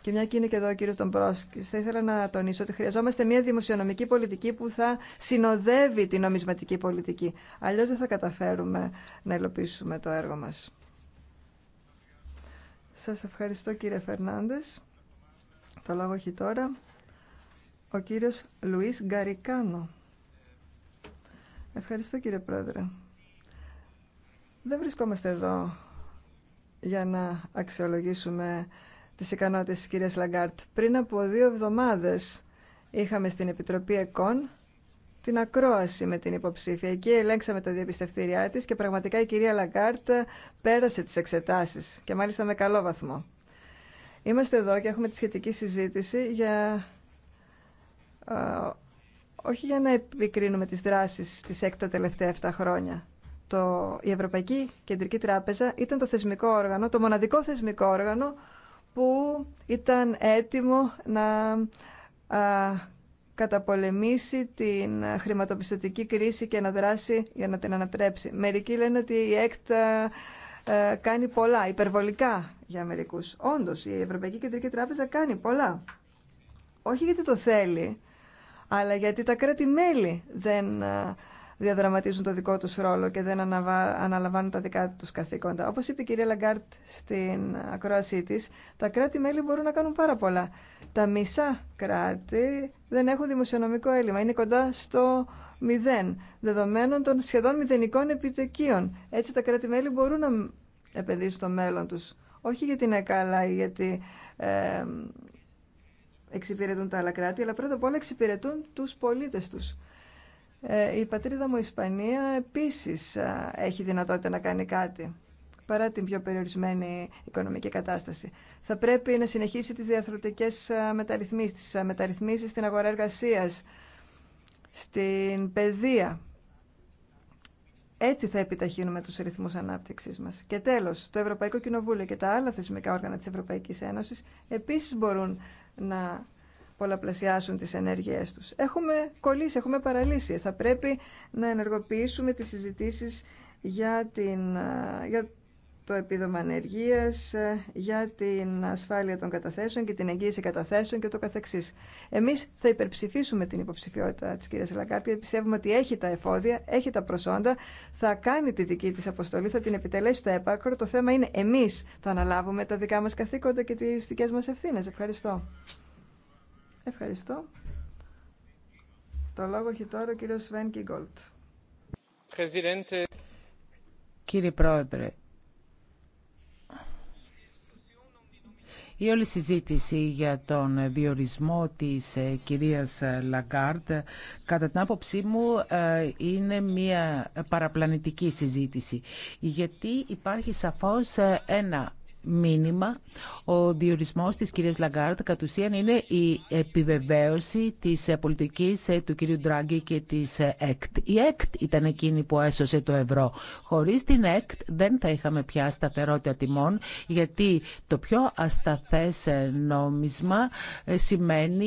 Και μια και είναι και εδώ ο κύριο Τονπρόσκης θα ήθελα να τονίσω ότι χρειαζόμαστε μια δημοσιονομική πολιτική που θα συνοδεύει την νομισματική πολιτική. Αλλιώ δεν θα καταφέρουμε να υλοποιήσουμε το έργο μας. Σας ευχαριστώ κύριε Φερνάνδες. Το λόγο έχει τώρα ο κύριος Λουίς Γκαρικάνο. Ευχαριστώ κύριε Πρόεδρε. Δεν βρισκόμαστε εδώ για να αξιολογήσουμε τις ικανότητες της κυρίας Λαγκάρτ. Πριν από δύο εβδομάδες είχαμε στην Επιτροπή ΕΚΟΝ την ακρόαση με την υποψήφια. Εκεί ελέγξαμε τα διαπιστευτήριά τη και πραγματικά η κυρία Λαγκάρτ πέρασε τι εξετάσει και μάλιστα με καλό βαθμό. Είμαστε εδώ και έχουμε τη σχετική συζήτηση για. όχι για να επικρίνουμε τις δράσεις της έκτα τελευταία 7 χρόνια. Το, η Ευρωπαϊκή Κεντρική Τράπεζα ήταν το θεσμικό όργανο, το μοναδικό θεσμικό όργανο που ήταν έτοιμο να καταπολεμήσει την χρηματοπιστωτική κρίση και να δράσει για να την ανατρέψει. Μερικοί λένε ότι η ΕΚΤ ε, ε, κάνει πολλά, υπερβολικά για μερικούς. Όντως, η Ευρωπαϊκή Κεντρική Τράπεζα κάνει πολλά. Όχι γιατί το θέλει, αλλά γιατί τα κράτη-μέλη δεν ε, διαδραματίζουν το δικό τους ρόλο και δεν αναλαμβάνουν τα δικά τους καθήκοντα. Όπως είπε η κυρία Λαγκάρτ στην ακρόασή της, τα κράτη-μέλη μπορούν να κάνουν πάρα πολλά. Τα μισά κράτη δεν έχουν δημοσιονομικό έλλειμμα, είναι κοντά στο μηδέν, δεδομένων των σχεδόν μηδενικών επιτοκίων. Έτσι τα κράτη-μέλη μπορούν να επενδύσουν στο μέλλον τους. Όχι γιατί είναι καλά ή γιατί ε, εξυπηρετούν τα άλλα κράτη, αλλά πρώτα απ' όλα εξυπηρετούν τους πολίτες τους. Ε, η πατρίδα μου η Ισπανία επίσης έχει δυνατότητα να κάνει κάτι παρά την πιο περιορισμένη οικονομική κατάσταση. Θα πρέπει να συνεχίσει τις διαθροτικές μεταρρυθμίσεις, τις μεταρρυθμίσεις στην αγορά εργασίας, στην παιδεία. Έτσι θα επιταχύνουμε τους ρυθμούς ανάπτυξης μας. Και τέλος, το Ευρωπαϊκό Κοινοβούλιο και τα άλλα θεσμικά όργανα της Ευρωπαϊκής Ένωσης επίσης μπορούν να πολλαπλασιάσουν τις ενέργειές τους. Έχουμε κολλήσει, έχουμε παραλύσει. Θα πρέπει να ενεργοποιήσουμε τις συζητήσεις για, την, για το επίδομα ανεργίας, για την ασφάλεια των καταθέσεων και την εγγύηση καταθέσεων και το καθεξής. Εμείς θα υπερψηφίσουμε την υποψηφιότητα της κυρίας Λαγκάρτη, πιστεύουμε ότι έχει τα εφόδια, έχει τα προσόντα, θα κάνει τη δική της αποστολή, θα την επιτελέσει στο έπακρο. Το θέμα είναι εμείς θα αναλάβουμε τα δικά μας καθήκοντα και τις δικές μας ευθύνες. Ευχαριστώ. Ευχαριστώ. Το λόγο έχει τώρα ο κύριος Σβέν Κιγκόλτ. Κύριε Πρόεδρε, η όλη συζήτηση για τον διορισμό της ε, κυρίας Λαγκάρτ κατά την άποψή μου ε, είναι μια παραπλανητική συζήτηση γιατί υπάρχει σαφώς ε, ένα μήνυμα ο διορισμός της κυρίας Λαγκάρτ κατ' ουσίαν είναι η επιβεβαίωση της πολιτικής ε, του κυρίου Ντράγκη και της ε, ΕΚΤ. Η ΕΚΤ ήταν εκείνη που έσωσε το ευρώ. Χωρίς την ΕΚΤ δεν θα είχαμε πια σταθερότητα τιμών γιατί το πιο ασταθές ε, νόμισμα σημαίνει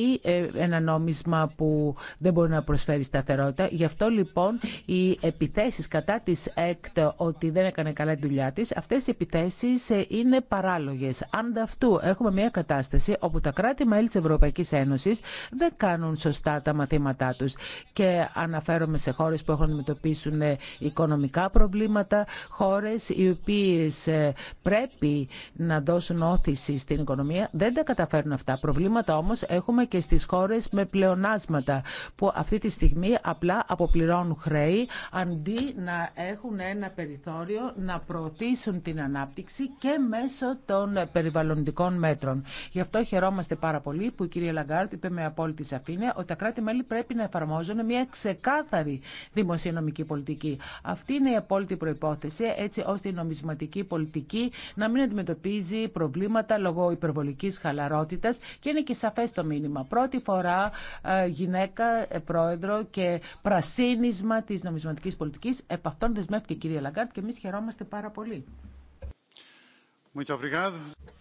ένα νόμισμα που δεν μπορεί να προσφέρει σταθερότητα. Γι' αυτό λοιπόν οι επιθέσεις κατά της ΕΚΤ ότι δεν έκανε καλά τη δουλειά της, αυτές οι επιθέσεις είναι παράλογες. Ανταυτού έχουμε μια κατάσταση όπου τα κράτη-μέλη τη Ευρωπαϊκής Ένωσης δεν κάνουν σωστά τα μαθήματά τους. Και αναφέρομαι σε χώρες που έχουν να αντιμετωπίσουν ε, οικονομικά προβλήματα, χώρες οι οποίε ε, πρέπει να δώσουν όθηση στην οικονομία. Δεν τα καταφέρουν αυτά. Προβλήματα όμως έχουμε και στις χώρες με πλεονάσματα που αυτή τη στιγμή απλά αποπληρώνουν χρέη αντί να έχουν ένα περιθώριο να προωθήσουν την ανάπτυξη και μέσω των περιβαλλοντικών μέτρων. Γι' αυτό χαιρόμαστε πάρα πολύ που η κυρία Λαγκάρτ είπε με απόλυτη σαφήνεια ότι τα κράτη-μέλη πρέπει να εφαρμόζουν μια ξεκάθαρη δημοσιονομική πολιτική. Αυτή είναι η απόλυτη προπόθεση έτσι ώστε η νομισματική πολιτική να μην αντιμετωπίζει προβλήματα λόγω υπερβολική χαλαρότητα και είναι και σαφέ το μήνυμα. Πρώτη φορά ε, γυναίκα ε, πρόεδρο και πρασίνισμα τη νομισματική πολιτική. Επ' αυτόν δεσμεύτηκε η κυρία Λαγκάρτ και εμεί χαιρόμαστε πάρα πολύ.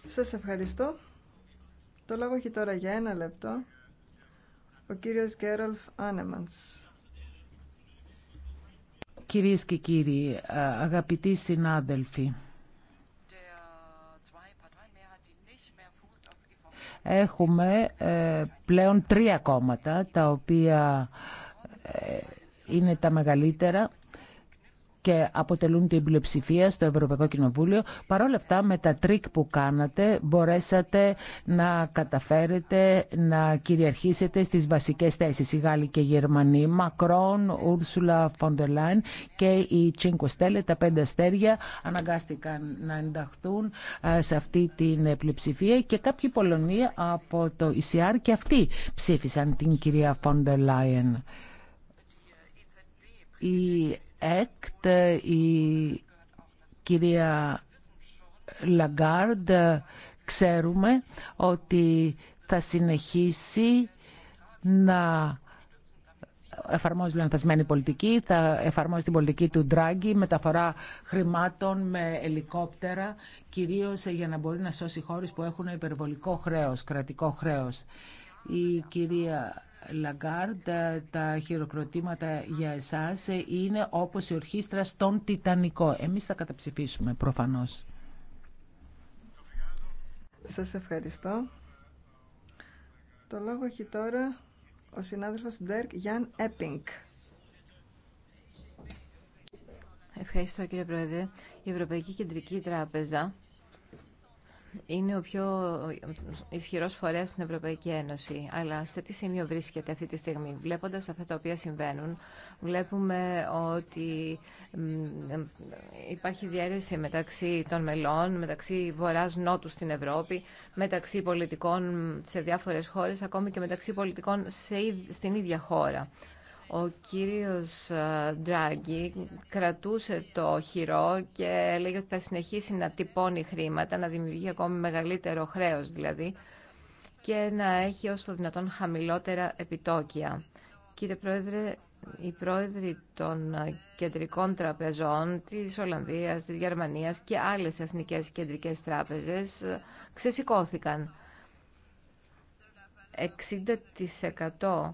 Σας ευχαριστώ. Το λόγο έχει τώρα για ένα λεπτό ο κύριος Γκέρολφ Άνεμανς. Κυρίες και κύριοι, αγαπητοί συνάδελφοι, έχουμε ε, πλέον τρία κόμματα τα οποία ε, είναι τα μεγαλύτερα και αποτελούν την πλειοψηφία στο Ευρωπαϊκό Κοινοβούλιο. Παρ' όλα αυτά, με τα τρίκ που κάνατε, μπορέσατε να καταφέρετε να κυριαρχήσετε στις βασικές θέσεις. Οι Γάλλοι και οι Γερμανοί, Μακρόν, Ούρσουλα Φοντελάιν και οι Στέλε, τα πέντε αστέρια, αναγκάστηκαν να ενταχθούν ε, σε αυτή την πλειοψηφία και κάποιοι Πολωνοί από το ECR και αυτοί ψήφισαν την κυρία Φοντελάιν. ΕΚΤ, η κυρία Λαγκάρντ, ξέρουμε ότι θα συνεχίσει να εφαρμόζει λανθασμένη πολιτική, θα εφαρμόζει την πολιτική του Ντράγκη, μεταφορά χρημάτων με ελικόπτερα, κυρίως για να μπορεί να σώσει χώρες που έχουν υπερβολικό χρέος, κρατικό χρέος. Η κυρία Λαγκάρντ, τα χειροκροτήματα για εσάς είναι όπως η ορχήστρα στον Τιτανικό. Εμείς θα καταψηφίσουμε προφανώς. Σας ευχαριστώ. Το λόγο έχει τώρα ο συνάδελφος Ντέρκ Γιάνν Έπινγκ. Ευχαριστώ κύριε Πρόεδρε. Η Ευρωπαϊκή Κεντρική Τράπεζα είναι ο πιο ισχυρός φορέας στην Ευρωπαϊκή Ένωση. Αλλά σε τι σημείο βρίσκεται αυτή τη στιγμή. Βλέποντας αυτά τα οποία συμβαίνουν, βλέπουμε ότι υπάρχει διαίρεση μεταξύ των μελών, μεταξύ βορράς-νότου στην Ευρώπη, μεταξύ πολιτικών σε διάφορες χώρες, ακόμη και μεταξύ πολιτικών στην ίδια χώρα. Ο κύριος ε, Ντράγκη κρατούσε το χειρό και έλεγε ότι θα συνεχίσει να τυπώνει χρήματα, να δημιουργεί ακόμη μεγαλύτερο χρέος δηλαδή και να έχει όσο δυνατόν χαμηλότερα επιτόκια. Κύριε Πρόεδρε, οι πρόεδροι των ε, κεντρικών τραπεζών της Ολλανδίας, της Γερμανίας και άλλες εθνικές κεντρικές τράπεζες ε, ξεσηκώθηκαν. 60%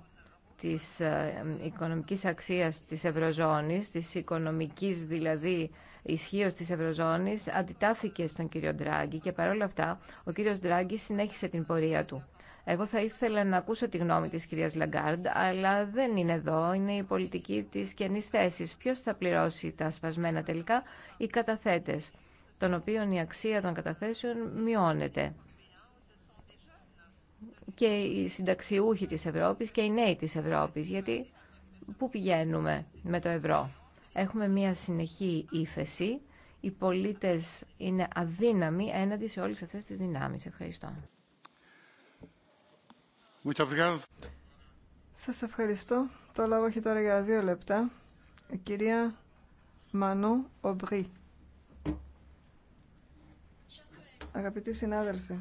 της ε, οικονομικής αξίας της Ευρωζώνης, της οικονομικής δηλαδή ισχύω της Ευρωζώνης, αντιτάθηκε στον κύριο Ντράγκη και παρόλα αυτά ο κύριος Ντράγκη συνέχισε την πορεία του. Εγώ θα ήθελα να ακούσω τη γνώμη της κυρίας Λαγκάρντ, αλλά δεν είναι εδώ, είναι η πολιτική της καινής θέσης. Ποιος θα πληρώσει τα σπασμένα τελικά, οι καταθέτες, των οποίων η αξία των καταθέσεων μειώνεται και οι συνταξιούχοι της Ευρώπης και οι νέοι της Ευρώπης, γιατί πού πηγαίνουμε με το ευρώ. Έχουμε μια συνεχή ύφεση, οι πολίτες είναι αδύναμοι έναντι σε όλες αυτές τις δυνάμεις. Ευχαριστώ. Σας ευχαριστώ. Το λόγο έχει τώρα για δύο λεπτά κυρία Μανού Ομπρί. Αγαπητοί συνάδελφοι,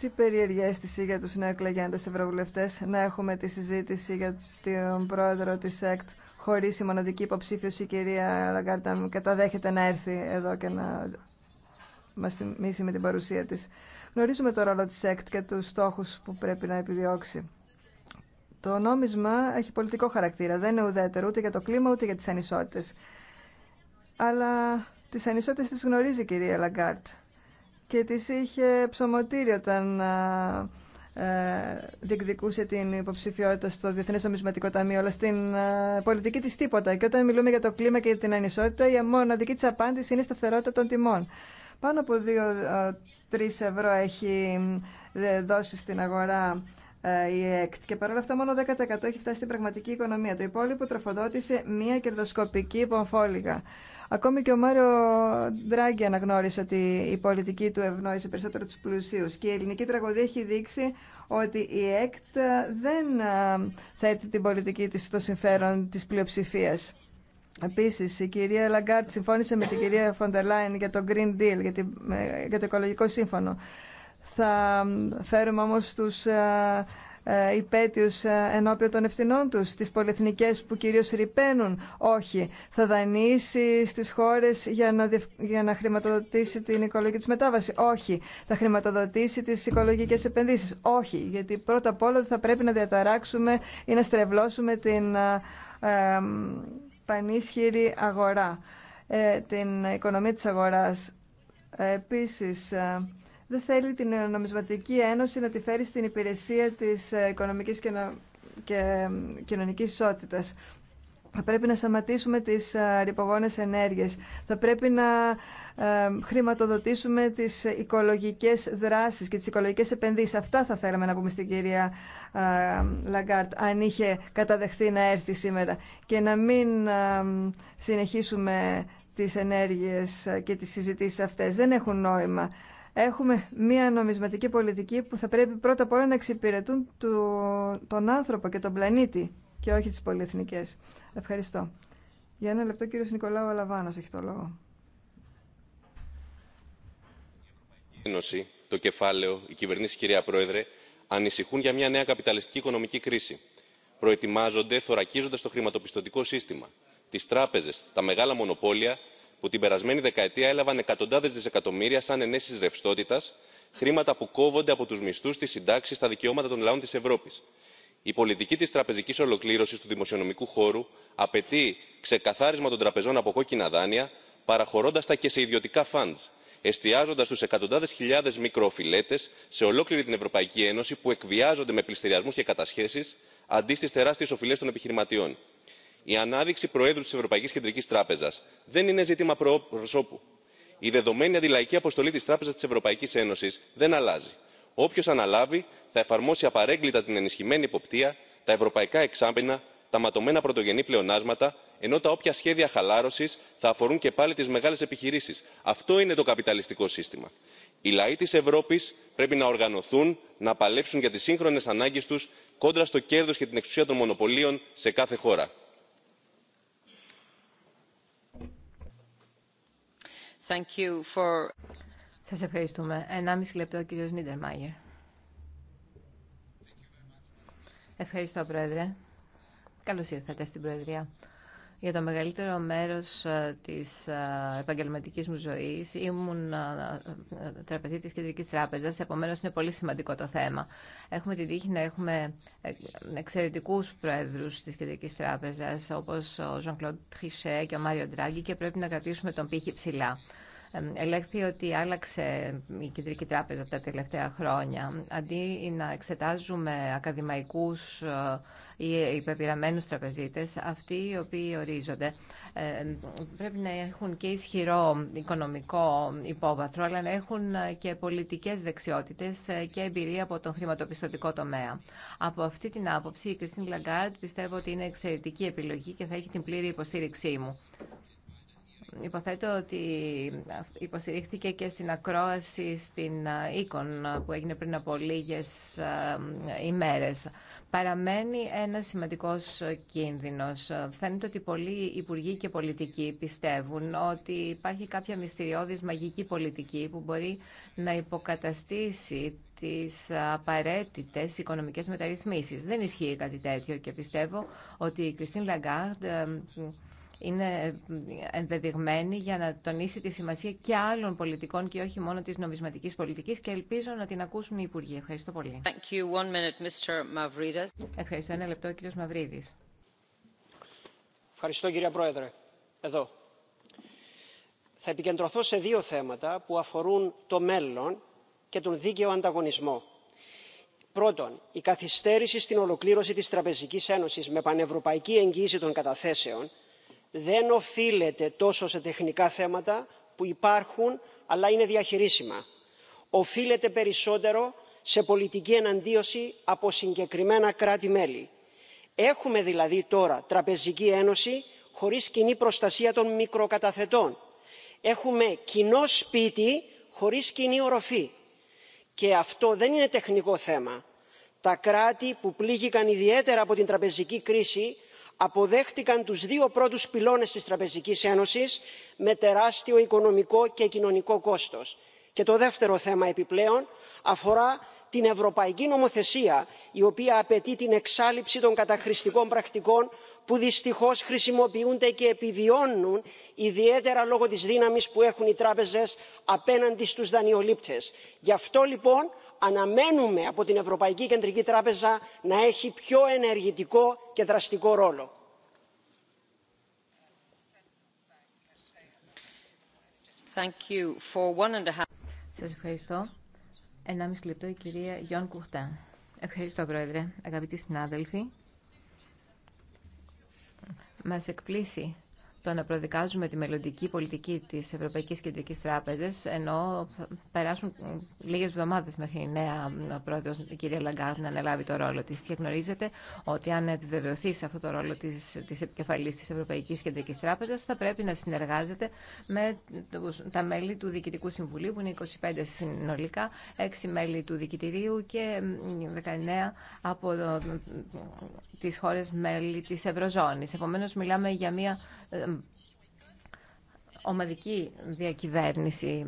τι περίεργη αίσθηση για τους νέους εκλεγέντες ευρωβουλευτές να έχουμε τη συζήτηση για τον πρόεδρο της ΕΚΤ χωρίς η μοναδική υποψήφιος η κυρία Λαγκάρτα καταδέχεται να έρθει εδώ και να μας θυμίσει με την παρουσία της. Γνωρίζουμε το ρόλο της ΕΚΤ και τους στόχους που πρέπει να επιδιώξει. Το νόμισμα έχει πολιτικό χαρακτήρα. Δεν είναι ουδέτερο ούτε για το κλίμα ούτε για τις ανισότητες. Αλλά τις ανισότητες τις γνωρίζει η κυρία Λαγκάρτ και της είχε ψωμοτήρι όταν ε, ε, διεκδικούσε την υποψηφιότητα στο Διεθνές Ομισματικό Ταμείο, αλλά στην ε, πολιτική της τίποτα. Και όταν μιλούμε για το κλίμα και την ανισότητα, η δική της απάντηση είναι η σταθερότητα των τιμών. Πάνω από 2-3 ευρώ έχει δώσει στην αγορά η ΕΚΤ και παρόλα αυτά μόνο 10% έχει φτάσει στην πραγματική οικονομία. Το υπόλοιπο τροφοδότησε μία κερδοσκοπική υπομφόλιγα. Ακόμη και ο Μάριο Ντράγκη αναγνώρισε ότι η πολιτική του ευνόησε περισσότερο του πλουσίου. και η ελληνική τραγωδία έχει δείξει ότι η ΕΚΤ δεν ε, θέτει την πολιτική της στο συμφέρον της πλειοψηφία. Επίση, η κυρία Λαγκάρτ συμφώνησε με την κυρία Φοντελάιν για το Green Deal, για, ε, για το Οικολογικό Σύμφωνο. Θα ε, φέρουμε όμως τους ε, υπέτειους ε, ενώπιον των ευθυνών τους, τις πολυεθνικές που κυρίως ρηπαίνουν. Όχι, θα δανείσει στις χώρες για να, για να χρηματοδοτήσει την οικολογική τους μετάβαση. Όχι, θα χρηματοδοτήσει τις οικολογικές επενδύσεις. Όχι, γιατί πρώτα απ' όλα θα πρέπει να διαταράξουμε ή να στρεβλώσουμε την ε, πανίσχυρη αγορά, ε, την οικονομία της αγοράς. Επίσης, δεν θέλει την νομισματική ένωση να τη φέρει στην υπηρεσία της ε, οικονομικής και, νο... και κοινωνικής ισότητας. Θα πρέπει να σταματήσουμε τις ε, ρηπογόνες ενέργειες. Θα πρέπει να ε, χρηματοδοτήσουμε τις οικολογικές δράσεις και τις οικολογικές επενδύσεις. Αυτά θα θέλαμε να πούμε στην κυρία Λαγκάρτ, αν είχε καταδεχθεί να έρθει σήμερα. Και να μην συνεχίσουμε τις ενέργειες και τις συζητήσεις αυτές. Δεν έχουν νόημα έχουμε μία νομισματική πολιτική που θα πρέπει πρώτα απ' όλα να εξυπηρετούν τον άνθρωπο και τον πλανήτη και όχι τις πολυεθνικές. Ευχαριστώ. Για ένα λεπτό κύριος Νικολάου Αλαβάνος έχει το λόγο. το κεφάλαιο, η κυβερνήση κυρία Πρόεδρε, ανησυχούν για μια νέα καπιταλιστική οικονομική κρίση. Προετοιμάζονται θωρακίζοντας το χρηματοπιστωτικό σύστημα, τις τράπεζες, τα μεγάλα μονοπόλια που την περασμένη δεκαετία έλαβαν εκατοντάδε δισεκατομμύρια σαν ενέσει ρευστότητα χρήματα που κόβονται από τους μισθού τις συντάξει τα δικαιώματα των λαών τη Ευρώπη. η πολιτική τη τραπεζική ολοκλήρωση του δημοσιονομικού χώρου απαιτεί ξεκαθάρισμα των τραπεζών από κόκκινα δάνεια παραχωρώντα τα και σε ιδιωτικά funds εστιάζοντα του εκατοντάδε χιλιάδε μικροοφιλέτε σε ολόκληρη την ευρωπαϊκή ένωση που εκβιάζονται με πληστηριασμού και κατασχέσει αντί στι τεράστιε οφειλέ των επιχειρηματιών η ανάδειξη προέδρου της ευρωπαϊκής κεντρικής τράπεζας δεν είναι ζήτημα προσώπου. η δεδομένη αντιλαϊκή αποστολή της τράπεζας της ευρωπαϊκής ένωσης δεν αλλάζει. όποιος αναλάβει θα εφαρμόσει απαρέγκλιτα την ενισχυμένη υποπτία, τα ευρωπαϊκά εξάμεινα τα ματωμένα πρωτογενή πλεονάσματα ενώ τα όποια σχέδια χαλάρωση θα αφορούν και πάλι τι μεγάλε επιχειρήσει. αυτό είναι το καπιταλιστικό σύστημα. οι λαοί τη Ευρώπη πρέπει να οργανωθούν να παλέψουν για τι σύγχρονε ανάγκε του κόντρα στο κέρδο και την εξουσία των μονοπωλίων σε κάθε χώρα. Thank ευχαριστούμε. λεπτό ο κύριος Ευχαριστώ, Πρόεδρε. Καλώς ήρθατε στην Προεδρία. Για το μεγαλύτερο μέρος ε, της ε, επαγγελματικής μου ζωής ήμουν ε, τραπεζή της Κεντρικής Τράπεζας, επομένως είναι πολύ σημαντικό το θέμα. Έχουμε την τύχη να έχουμε εξαιρετικούς πρόεδρους της Κεντρικής Τράπεζας, όπως ο Jean-Claude Trichet και ο Μάριο Ντράγκη και πρέπει να κρατήσουμε τον πύχη ψηλά ελέγχθη ότι άλλαξε η Κεντρική Τράπεζα τα τελευταία χρόνια. Αντί να εξετάζουμε ακαδημαϊκούς ε, ή υπεπειραμένους τραπεζίτες, αυτοί οι οποίοι ορίζονται ε, πρέπει να έχουν και ισχυρό οικονομικό υπόβαθρο, αλλά να έχουν ε, και πολιτικές δεξιότητες και εμπειρία από τον χρηματοπιστωτικό τομέα. Από αυτή την άποψη, η Κριστίν Λαγκάρτ πιστεύω ότι είναι εξαιρετική επιλογή και θα έχει την πλήρη υποστήριξή μου υποθέτω ότι υποστηρίχθηκε και στην ακρόαση στην εικόνα που έγινε πριν από λίγες ημέρες. Παραμένει ένα σημαντικός κίνδυνος. Φαίνεται ότι πολλοί υπουργοί και πολιτικοί πιστεύουν ότι υπάρχει κάποια μυστηριώδης μαγική πολιτική που μπορεί να υποκαταστήσει τις απαραίτητες οικονομικές μεταρρυθμίσεις. Δεν ισχύει κάτι τέτοιο και πιστεύω ότι η Κριστίν Λαγκάρντ είναι ενδεδειγμένη για να τονίσει τη σημασία και άλλων πολιτικών και όχι μόνο της νομισματικής πολιτικής και ελπίζω να την ακούσουν οι Υπουργοί. Ευχαριστώ πολύ. Ευχαριστώ. Ένα λεπτό, ο κύριος Μαυρίδης. Ευχαριστώ, κυρία Πρόεδρε. Εδώ. Θα επικεντρωθώ σε δύο θέματα που αφορούν το μέλλον και τον δίκαιο ανταγωνισμό. Πρώτον, η καθυστέρηση στην ολοκλήρωση της Τραπεζικής Ένωσης με πανευρωπαϊκή εγγύηση των καταθέσεων δεν οφείλεται τόσο σε τεχνικά θέματα που υπάρχουν αλλά είναι διαχειρίσιμα οφείλεται περισσότερο σε πολιτική εναντίωση από συγκεκριμένα κράτη μέλη. έχουμε δηλαδή τώρα τραπεζική ένωση χωρίς κοινή προστασία των μικροκαταθετών έχουμε κοινό σπίτι χωρίς κοινή οροφή και αυτό δεν είναι τεχνικό θέμα. τα κράτη που πλήγηκαν ιδιαίτερα από την τραπεζική κρίση αποδέχτηκαν τους δύο πρώτους πυλώνες της τραπεζικής ένωσης με τεράστιο οικονομικό και κοινωνικό κόστος. και το δεύτερο θέμα επιπλέον αφορά την ευρωπαϊκή νομοθεσία η οποία απαιτεί την εξάλληψη των καταχρηστικών πρακτικών που δυστυχώς χρησιμοποιούνται και επιβιώνουν ιδιαίτερα λόγω της δύναμης που έχουν οι τράπεζες απέναντι στους δανειολήπτες. γι' αυτό λοιπόν αναμένουμε από την ευρωπαϊκή κεντρική τράπεζα να έχει πιο ενεργητικό και δραστικό ρόλο. Thank you for one Σας ευχαριστώ. Ενάμιση λεπτό η κυρία Γιόν Κουρτά. Ευχαριστώ, Πρόεδρε. Αγαπητοί συνάδελφοι, μας εκπλήσει το να προδικάζουμε τη μελλοντική πολιτική τη Ευρωπαϊκή Κεντρική Τράπεζα, ενώ θα περάσουν λίγε εβδομάδε μέχρι η νέα πρόεδρος, η κυρία Λαγκάρτ, να αναλάβει το ρόλο τη. Και γνωρίζετε ότι αν επιβεβαιωθεί σε αυτό το ρόλο τη επικεφαλή τη Ευρωπαϊκή Κεντρική Τράπεζα, θα πρέπει να συνεργάζεται με τα μέλη του Διοικητικού Συμβουλίου, που είναι 25 συνολικά, 6 μέλη του Διοικητηρίου και 19 από τις χώρες μέλη της Ευρωζώνης. Επομένως, μιλάμε για μια ε, ομαδική διακυβέρνηση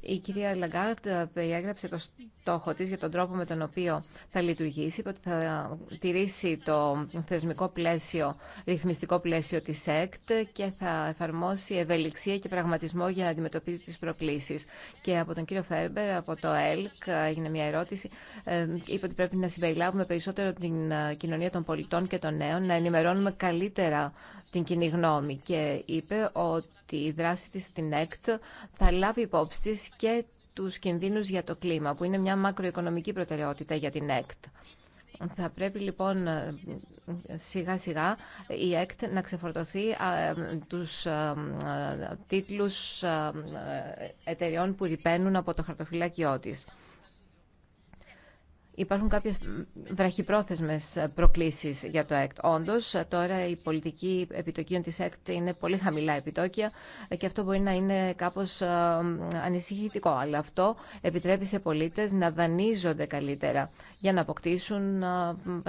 η κυρία Λαγκάρτ ε, περιέγραψε το στόχο της για τον τρόπο με τον οποίο θα λειτουργήσει, ότι θα τηρήσει το θεσμικό πλαίσιο, ρυθμιστικό πλαίσιο της ΕΚΤ και θα εφαρμόσει ευελιξία και πραγματισμό για να αντιμετωπίζει τις προκλήσεις. Και από τον κύριο Φέρμπερ, από το ΕΛΚ, έγινε μια ερώτηση, ε, είπε ότι πρέπει να συμπεριλάβουμε περισσότερο την ε, κοινωνία των πολιτών και των νέων, να ενημερώνουμε καλύτερα την κοινή γνώμη και είπε ότι η δράση της στην ΕΚΤ θα λάβει υπόψη της και τους κινδύνους για το κλίμα, που είναι μια μακροοικονομική προτεραιότητα για την ΕΚΤ. Θα πρέπει λοιπόν ε, σιγά σιγά η ΕΚΤ να ξεφορτωθεί ε, τους ε, τίτλους εταιριών που ρηπαίνουν από το χαρτοφυλάκιό της. Υπάρχουν κάποιε βραχυπρόθεσμε προκλήσει για το ΕΚΤ. Όντω. τώρα η πολιτική επιτοκίων τη ΕΚΤ είναι πολύ χαμηλά επιτόκια και αυτό μπορεί να είναι κάπω ε, ανησυχητικό. Αλλά αυτό επιτρέπει σε πολίτε να δανείζονται καλύτερα για να αποκτήσουν ε,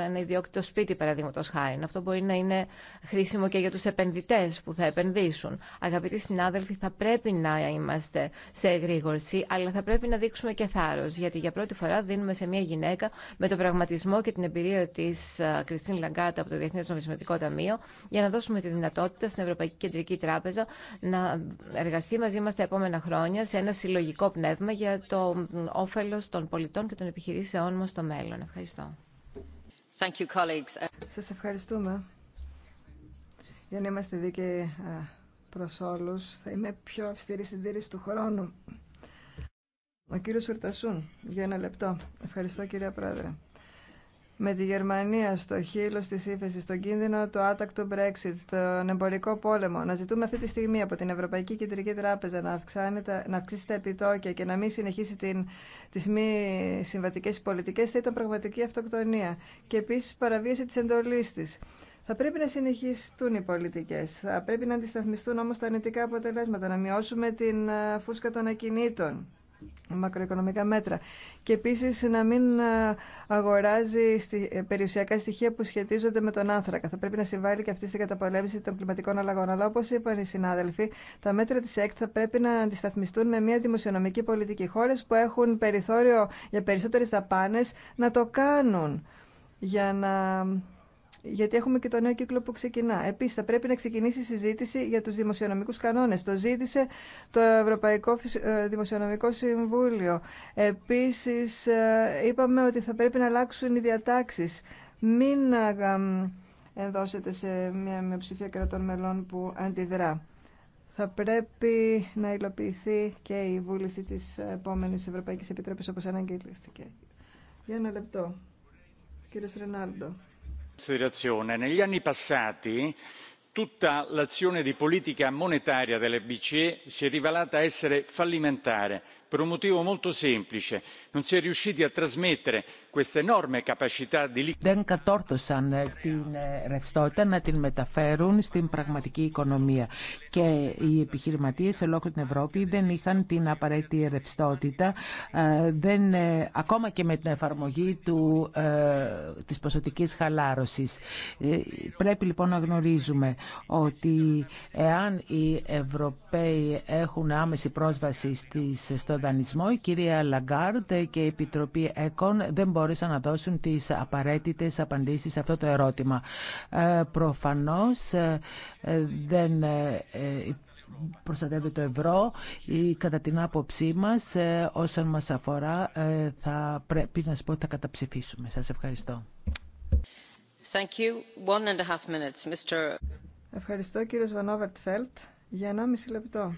ένα ιδιόκτητο σπίτι, παραδείγματο χάρη. Αυτό μπορεί να είναι χρήσιμο και για του επενδυτέ που θα επενδύσουν. Αγαπητοί συνάδελφοι, θα πρέπει να είμαστε σε εγρήγορση, αλλά θα πρέπει να δείξουμε και θάρρο, γιατί για πρώτη φορά δίνουμε σε μια γυναίκα με τον πραγματισμό και την εμπειρία τη Κριστίν Λαγκάτα από το Διεθνέ Νομισματικό Ταμείο, για να δώσουμε τη δυνατότητα στην Ευρωπαϊκή Κεντρική Τράπεζα να εργαστεί μαζί μα τα επόμενα χρόνια σε ένα συλλογικό πνεύμα για το όφελο των πολιτών και των επιχειρήσεών μα στο μέλλον. Ευχαριστώ. Thank Σας ευχαριστούμε. Για να είμαστε δίκαιοι προς όλους, θα είμαι πιο αυστηρή τήρηση του χρόνου. Ο κύριος Φουρτασούν, για ένα λεπτό. Ευχαριστώ κύριε Πρόεδρε. Με τη Γερμανία στο χείλο τη ύφεση, στον κίνδυνο του άτακτου Brexit, τον εμπορικό πόλεμο, να ζητούμε αυτή τη στιγμή από την Ευρωπαϊκή Κεντρική Τράπεζα να, να αυξήσει τα επιτόκια και να μην συνεχίσει την, τις μη συμβατικέ πολιτικέ, θα ήταν πραγματική αυτοκτονία. Και επίση παραβίαση τη εντολή τη. Θα πρέπει να συνεχιστούν οι πολιτικέ. Θα πρέπει να αντισταθμιστούν όμω τα αρνητικά αποτελέσματα, να μειώσουμε την ε, φούσκα των ακινήτων μακροοικονομικά μέτρα. Και επίσης να μην ε, αγοράζει ε, περιουσιακά στοιχεία που σχετίζονται με τον άνθρακα. Θα πρέπει να συμβάλλει και αυτή στην καταπολέμηση των κλιματικών αλλαγών. Αλλά όπως είπαν οι συνάδελφοι, τα μέτρα της ΕΚΤ θα πρέπει να αντισταθμιστούν με μια δημοσιονομική πολιτική. Χώρες που έχουν περιθώριο για περισσότερες δαπάνες να το κάνουν για να γιατί έχουμε και το νέο κύκλο που ξεκινά. Επίση, θα πρέπει να ξεκινήσει η συζήτηση για του δημοσιονομικού κανόνε. Το ζήτησε το Ευρωπαϊκό ε, Δημοσιονομικό Συμβούλιο. Επίση, ε, είπαμε ότι θα πρέπει να αλλάξουν οι διατάξει. Μην ε, ενδώσετε σε μια μειοψηφία κρατών μελών που αντιδρά. Θα πρέπει να υλοποιηθεί και η βούληση της επόμενης Ευρωπαϊκής Επιτροπής όπως αναγκαλήθηκε. Για ένα λεπτό. Κύριος Ρενάλντο considerazione. Negli anni passati tutta l'azione di politica monetaria della BCE si è rivelata essere fallimentare δεν κατόρθωσαν την ε, ρευστότητα να την μεταφέρουν στην πραγματική οικονομία. Και οι επιχειρηματίε σε ολόκληρη την Ευρώπη δεν είχαν την απαραίτητη ρευστότητα. Ε, δεν, ε, ακόμα και με την εφαρμογή του, της ποσοτικής χαλάρωσης. πρέπει λοιπόν να γνωρίζουμε ότι εάν οι Ευρωπαίοι έχουν άμεση πρόσβαση στις, στο η κυρία Λαγκάρντ και η Επιτροπή ΕΚΟΝ δεν μπόρεσαν να δώσουν τις απαραίτητες απαντήσεις σε αυτό το ερώτημα. Ε, προφανώς ε, δεν ε, προστατεύεται το ευρώ ή κατά την άποψή μας όσον μας αφορά θα πρέπει να σας πω ότι θα καταψηφίσουμε. Σας ευχαριστώ. Thank you. One and a half minutes, Mr. Ευχαριστώ κύριε Βανόβερτ Φέλτ για μισή λεπτό.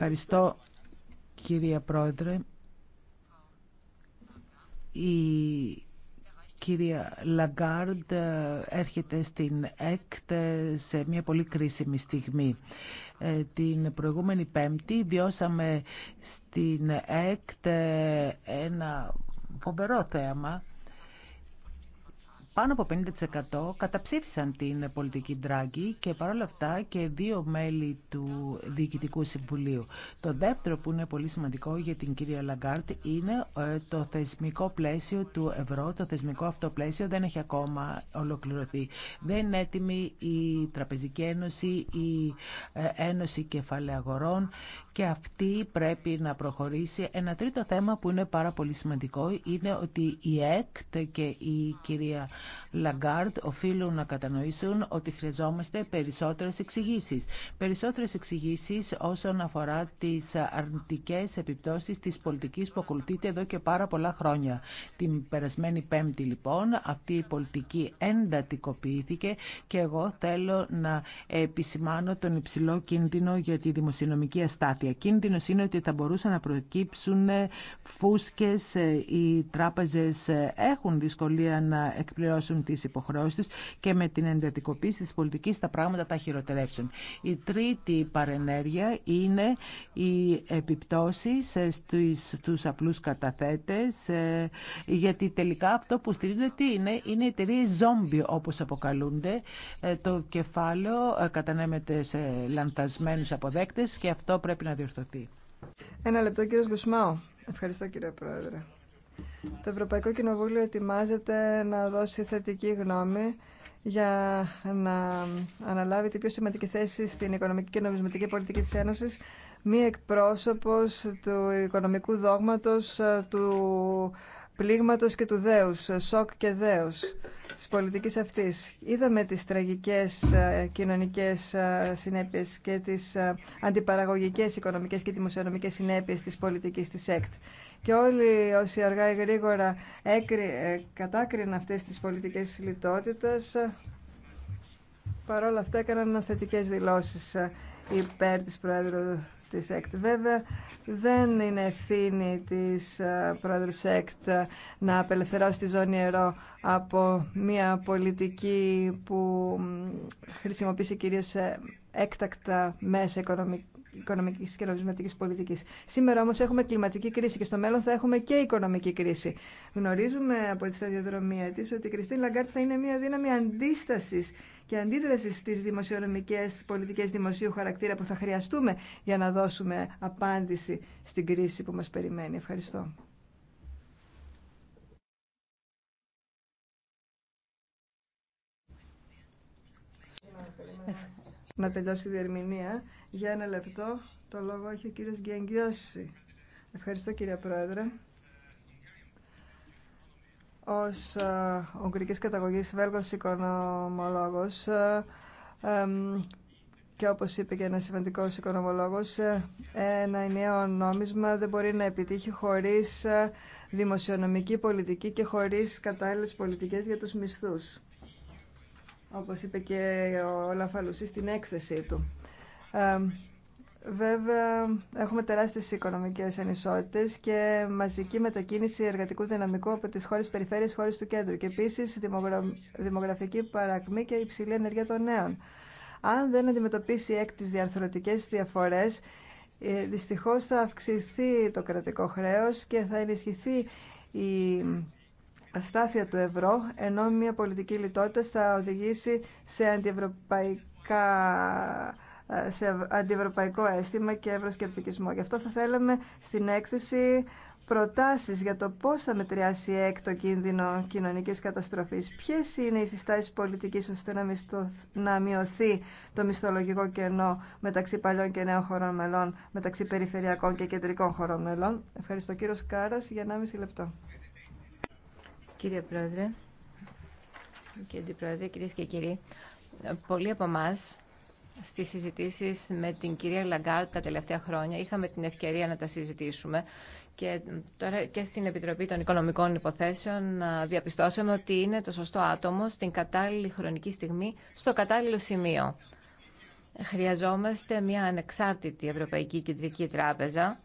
Ευχαριστώ κυρία Πρόεδρε. Η κυρία Λαγκάρντ ε, έρχεται στην ΕΚΤ ε, σε μια πολύ κρίσιμη στιγμή. Ε, την προηγούμενη Πέμπτη βιώσαμε στην ΕΚΤ ένα φοβερό θέαμα πάνω από 50% καταψήφισαν την πολιτική Ντράγκη και παρόλα αυτά και δύο μέλη του Διοικητικού Συμβουλίου. Το δεύτερο που είναι πολύ σημαντικό για την κυρία Λαγκάρτ είναι ε, το θεσμικό πλαίσιο του ευρώ. Το θεσμικό αυτό πλαίσιο δεν έχει ακόμα ολοκληρωθεί. Δεν είναι έτοιμη η Τραπεζική Ένωση, η ε, Ένωση Κεφαλαίου Αγορών, και αυτή πρέπει να προχωρήσει. Ένα τρίτο θέμα που είναι πάρα πολύ σημαντικό είναι ότι η ΕΚΤ και η κυρία Λαγκάρτ οφείλουν να κατανοήσουν ότι χρειαζόμαστε περισσότερες εξηγήσεις. Περισσότερες εξηγήσεις όσον αφορά τις αρνητικές επιπτώσεις της πολιτικής που ακολουθείται εδώ και πάρα πολλά χρόνια. Την περασμένη Πέμπτη λοιπόν αυτή η πολιτική εντατικοποιήθηκε και εγώ θέλω να επισημάνω τον υψηλό κίνδυνο για τη δημοσιονομική αστάθεια. Κίνδυνος είναι ότι θα μπορούσαν να προκύψουν φούσκες. Ε, οι τράπεζες ε, έχουν δυσκολία να εκπληρώσουν τις υποχρεώσεις τους και με την εντατικοποίηση της πολιτικής τα πράγματα θα χειροτερεύσουν. Η τρίτη παρενέργεια είναι οι επιπτώσεις ε, στους απλούς καταθέτες γιατί τελικά αυτό που στηρίζονται τι είναι, είναι εταιρείε ζόμπι όπως αποκαλούνται. Το κεφάλαιο κατανέμεται σε λανθασμένους αποδέκτες και αυτό πρέπει να Ένα λεπτό κύριο Γκουσμάου. Ευχαριστώ κύριε Πρόεδρε. Το Ευρωπαϊκό Κοινοβούλιο ετοιμάζεται να δώσει θετική γνώμη για να αναλάβει την πιο σημαντική θέση στην οικονομική και νομισματική πολιτική της Ένωσης μη εκπρόσωπος του οικονομικού δόγματος ε, του πλήγματος και του δέους, σοκ και δέος της πολιτικής αυτής. Είδαμε τις τραγικές ε, κοινωνικές ε, συνέπειες και τις ε, αντιπαραγωγικές οικονομικές και δημοσιονομικές συνέπειες της πολιτικής της ΕΚΤ. Και όλοι όσοι αργά ή γρήγορα κατάκριναν αυτές τις πολιτικές λιτότητες, παρόλα αυτά έκαναν θετικές δηλώσεις υπέρ της Πρόεδρου της ΕΚΤ. Βέβαια, δεν είναι ευθύνη της ε, πρόεδρου ΣΕΚΤ να απελευθερώσει τη ζώνη νερό από μια πολιτική που χρησιμοποιήσει κυρίως ε, έκτακτα μέσα οικονομικά οικονομική και νομισματική πολιτική. Σήμερα όμω έχουμε κλιματική κρίση και στο μέλλον θα έχουμε και οικονομική κρίση. Γνωρίζουμε από τη σταδιοδρομία τη ότι η Κριστίν Λαγκάρτ θα είναι μια δύναμη αντίσταση και αντίδραση στι δημοσιονομικές πολιτικές δημοσίου χαρακτήρα που θα χρειαστούμε για να δώσουμε απάντηση στην κρίση που μας περιμένει. Ευχαριστώ. Να τελειώσει η διερμηνία. Για ένα λεπτό το λόγο έχει ο κύριος Γκιαγκιώση. Ευχαριστώ κύριε Πρόεδρε ως ε, ουγγρικής καταγωγής Βέλγος οικονομολόγος ε, και όπως είπε και ένας σημαντικός οικονομολόγος, ε, ένα ενιαίο νόμισμα δεν μπορεί να επιτύχει χωρίς δημοσιονομική πολιτική και χωρίς κατάλληλες πολιτικές για τους μισθούς. Όπως είπε και ο Λαφαλουσής στην έκθεσή του. Βέβαια, έχουμε τεράστιες οικονομικές ανισότητες και μαζική μετακίνηση εργατικού δυναμικού από τι χώρες περιφέρειας, χώρες του κέντρου και επίσης δημογραφική παρακμή και υψηλή ενέργεια των νέων. Αν δεν αντιμετωπίσει εκ διαρθρωτικές διαφορές, ε, δυστυχώς θα αυξηθεί το κρατικό χρέος και θα ενισχυθεί η αστάθεια του ευρώ, ενώ μια πολιτική λιτότητα θα οδηγήσει σε αντιευρωπαϊκά ε, σε αντιευρωπαϊκό αίσθημα και ευρωσκεπτικισμό. Γι' αυτό θα θέλαμε στην έκθεση προτάσεις για το πώς θα μετριάσει έκτο κίνδυνο κοινωνικής καταστροφής. Ποιες είναι οι συστάσεις πολιτικής ώστε να, να μειωθεί το μισθολογικό κενό μεταξύ παλιών και νέων χωρών μελών, μεταξύ περιφερειακών και κεντρικών χωρών μελών. Ευχαριστώ κύριο Σκάρας, για 1,5 λεπτό. Κύριε Πρόεδρε, κύριε Αντιπρόεδρε, κυρίες και κύριοι, πολλοί από εμά. Στι συζητήσει με την κυρία Λαγκάρτ τα τελευταία χρόνια. Είχαμε την ευκαιρία να τα συζητήσουμε και τώρα και στην Επιτροπή των Οικονομικών Υποθέσεων διαπιστώσαμε ότι είναι το σωστό άτομο στην κατάλληλη χρονική στιγμή, στο κατάλληλο σημείο. Χρειαζόμαστε μια ανεξάρτητη Ευρωπαϊκή Κεντρική Τράπεζα,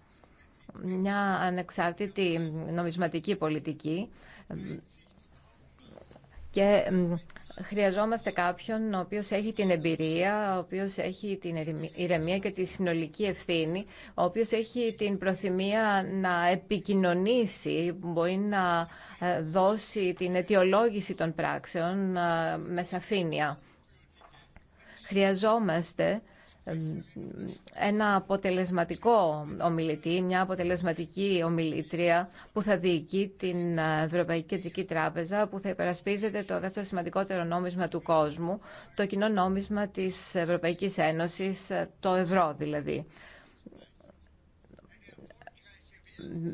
μια ανεξάρτητη νομισματική πολιτική και Χρειαζόμαστε κάποιον ο οποίος έχει την εμπειρία, ο οποίος έχει την ηρεμία και τη συνολική ευθύνη, ο οποίος έχει την προθυμία να επικοινωνήσει, μπορεί να ε, δώσει την αιτιολόγηση των πράξεων ε, με σαφήνεια. Χρειαζόμαστε ένα αποτελεσματικό ομιλητή, μια αποτελεσματική ομιλήτρια που θα διοικεί την Ευρωπαϊκή Κεντρική Τράπεζα, που θα υπερασπίζεται το δεύτερο σημαντικότερο νόμισμα του κόσμου, το κοινό νόμισμα της Ευρωπαϊκής Ένωσης, το ευρώ δηλαδή.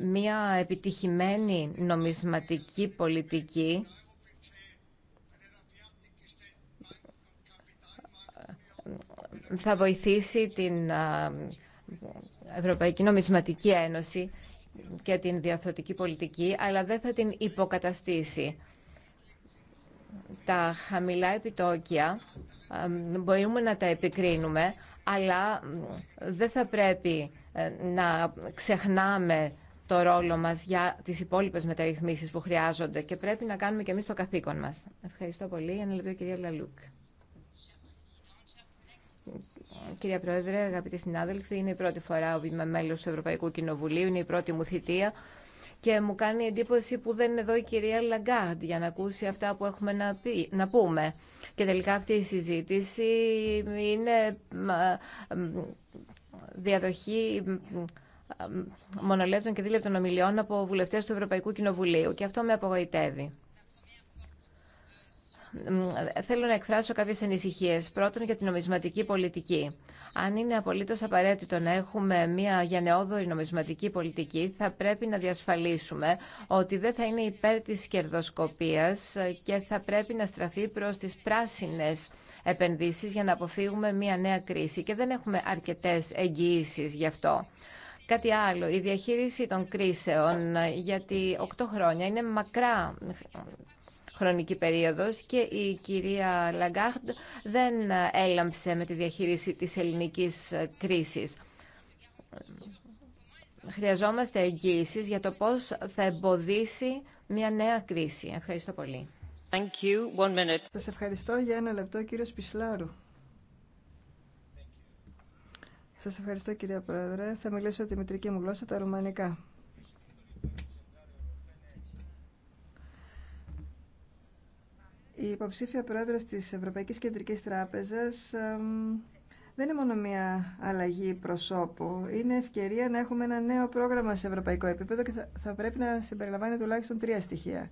Μια επιτυχημένη νομισματική πολιτική θα βοηθήσει την Ευρωπαϊκή Νομισματική Ένωση και την Διαθωτική πολιτική, αλλά δεν θα την υποκαταστήσει. Τα χαμηλά επιτόκια μπορούμε να τα επικρίνουμε, αλλά δεν θα πρέπει ε, να ξεχνάμε το ρόλο μας για τις υπόλοιπες μεταρρυθμίσεις που χρειάζονται και πρέπει να κάνουμε και εμείς το καθήκον μας. Ευχαριστώ πολύ. Ένα λεπτό, κυρία Λαλούκ. Κυρία Πρόεδρε, αγαπητοί συνάδελφοι, είναι η πρώτη φορά που είμαι μέλος του Ευρωπαϊκού Κοινοβουλίου, είναι η πρώτη μου θητεία και μου κάνει εντύπωση που δεν είναι εδώ η κυρία Λαγκάντ για να ακούσει αυτά που έχουμε να, να πούμε. Και τελικά αυτή η συζήτηση είναι διαδοχή μονολέπτων και δίλεπτων ομιλιών από βουλευτές του Ευρωπαϊκού Κοινοβουλίου και αυτό με απογοητεύει θέλω να εκφράσω κάποιε ανησυχίε. Πρώτον, για την νομισματική πολιτική. Αν είναι απολύτω απαραίτητο να έχουμε μια γενναιόδορη νομισματική πολιτική, θα πρέπει να διασφαλίσουμε ότι δεν θα είναι υπέρ τη κερδοσκοπίας και θα πρέπει να στραφεί προς τις πράσινες επενδύσεις για να αποφύγουμε μια νέα κρίση. Και δεν έχουμε αρκετέ εγγυησει γι' αυτό. Κάτι άλλο, η διαχείριση των κρίσεων, γιατί οκτώ χρόνια είναι μακρά χρονική περίοδος και η κυρία Λαγκάρντ δεν έλαμψε με τη διαχείριση της ελληνικής κρίσης. Χρειαζόμαστε εγγύησεις για το πώς θα εμποδίσει μια νέα κρίση. Ευχαριστώ πολύ. Thank you. One minute. Σας ευχαριστώ για ένα λεπτό, κύριο Σπισλάρου. Σας ευχαριστώ, κυρία Πρόεδρε. Θα μιλήσω τη μητρική μου γλώσσα, τα ρουμανικά. Η υποψήφια πρόεδρος της Ευρωπαϊκής Κεντρικής Τράπεζας δεν είναι μόνο μια αλλαγή προσώπου. Είναι ευκαιρία να έχουμε ένα νέο πρόγραμμα σε ευρωπαϊκό επίπεδο και θα, θα πρέπει να συμπεριλαμβάνει τουλάχιστον τρία στοιχεία.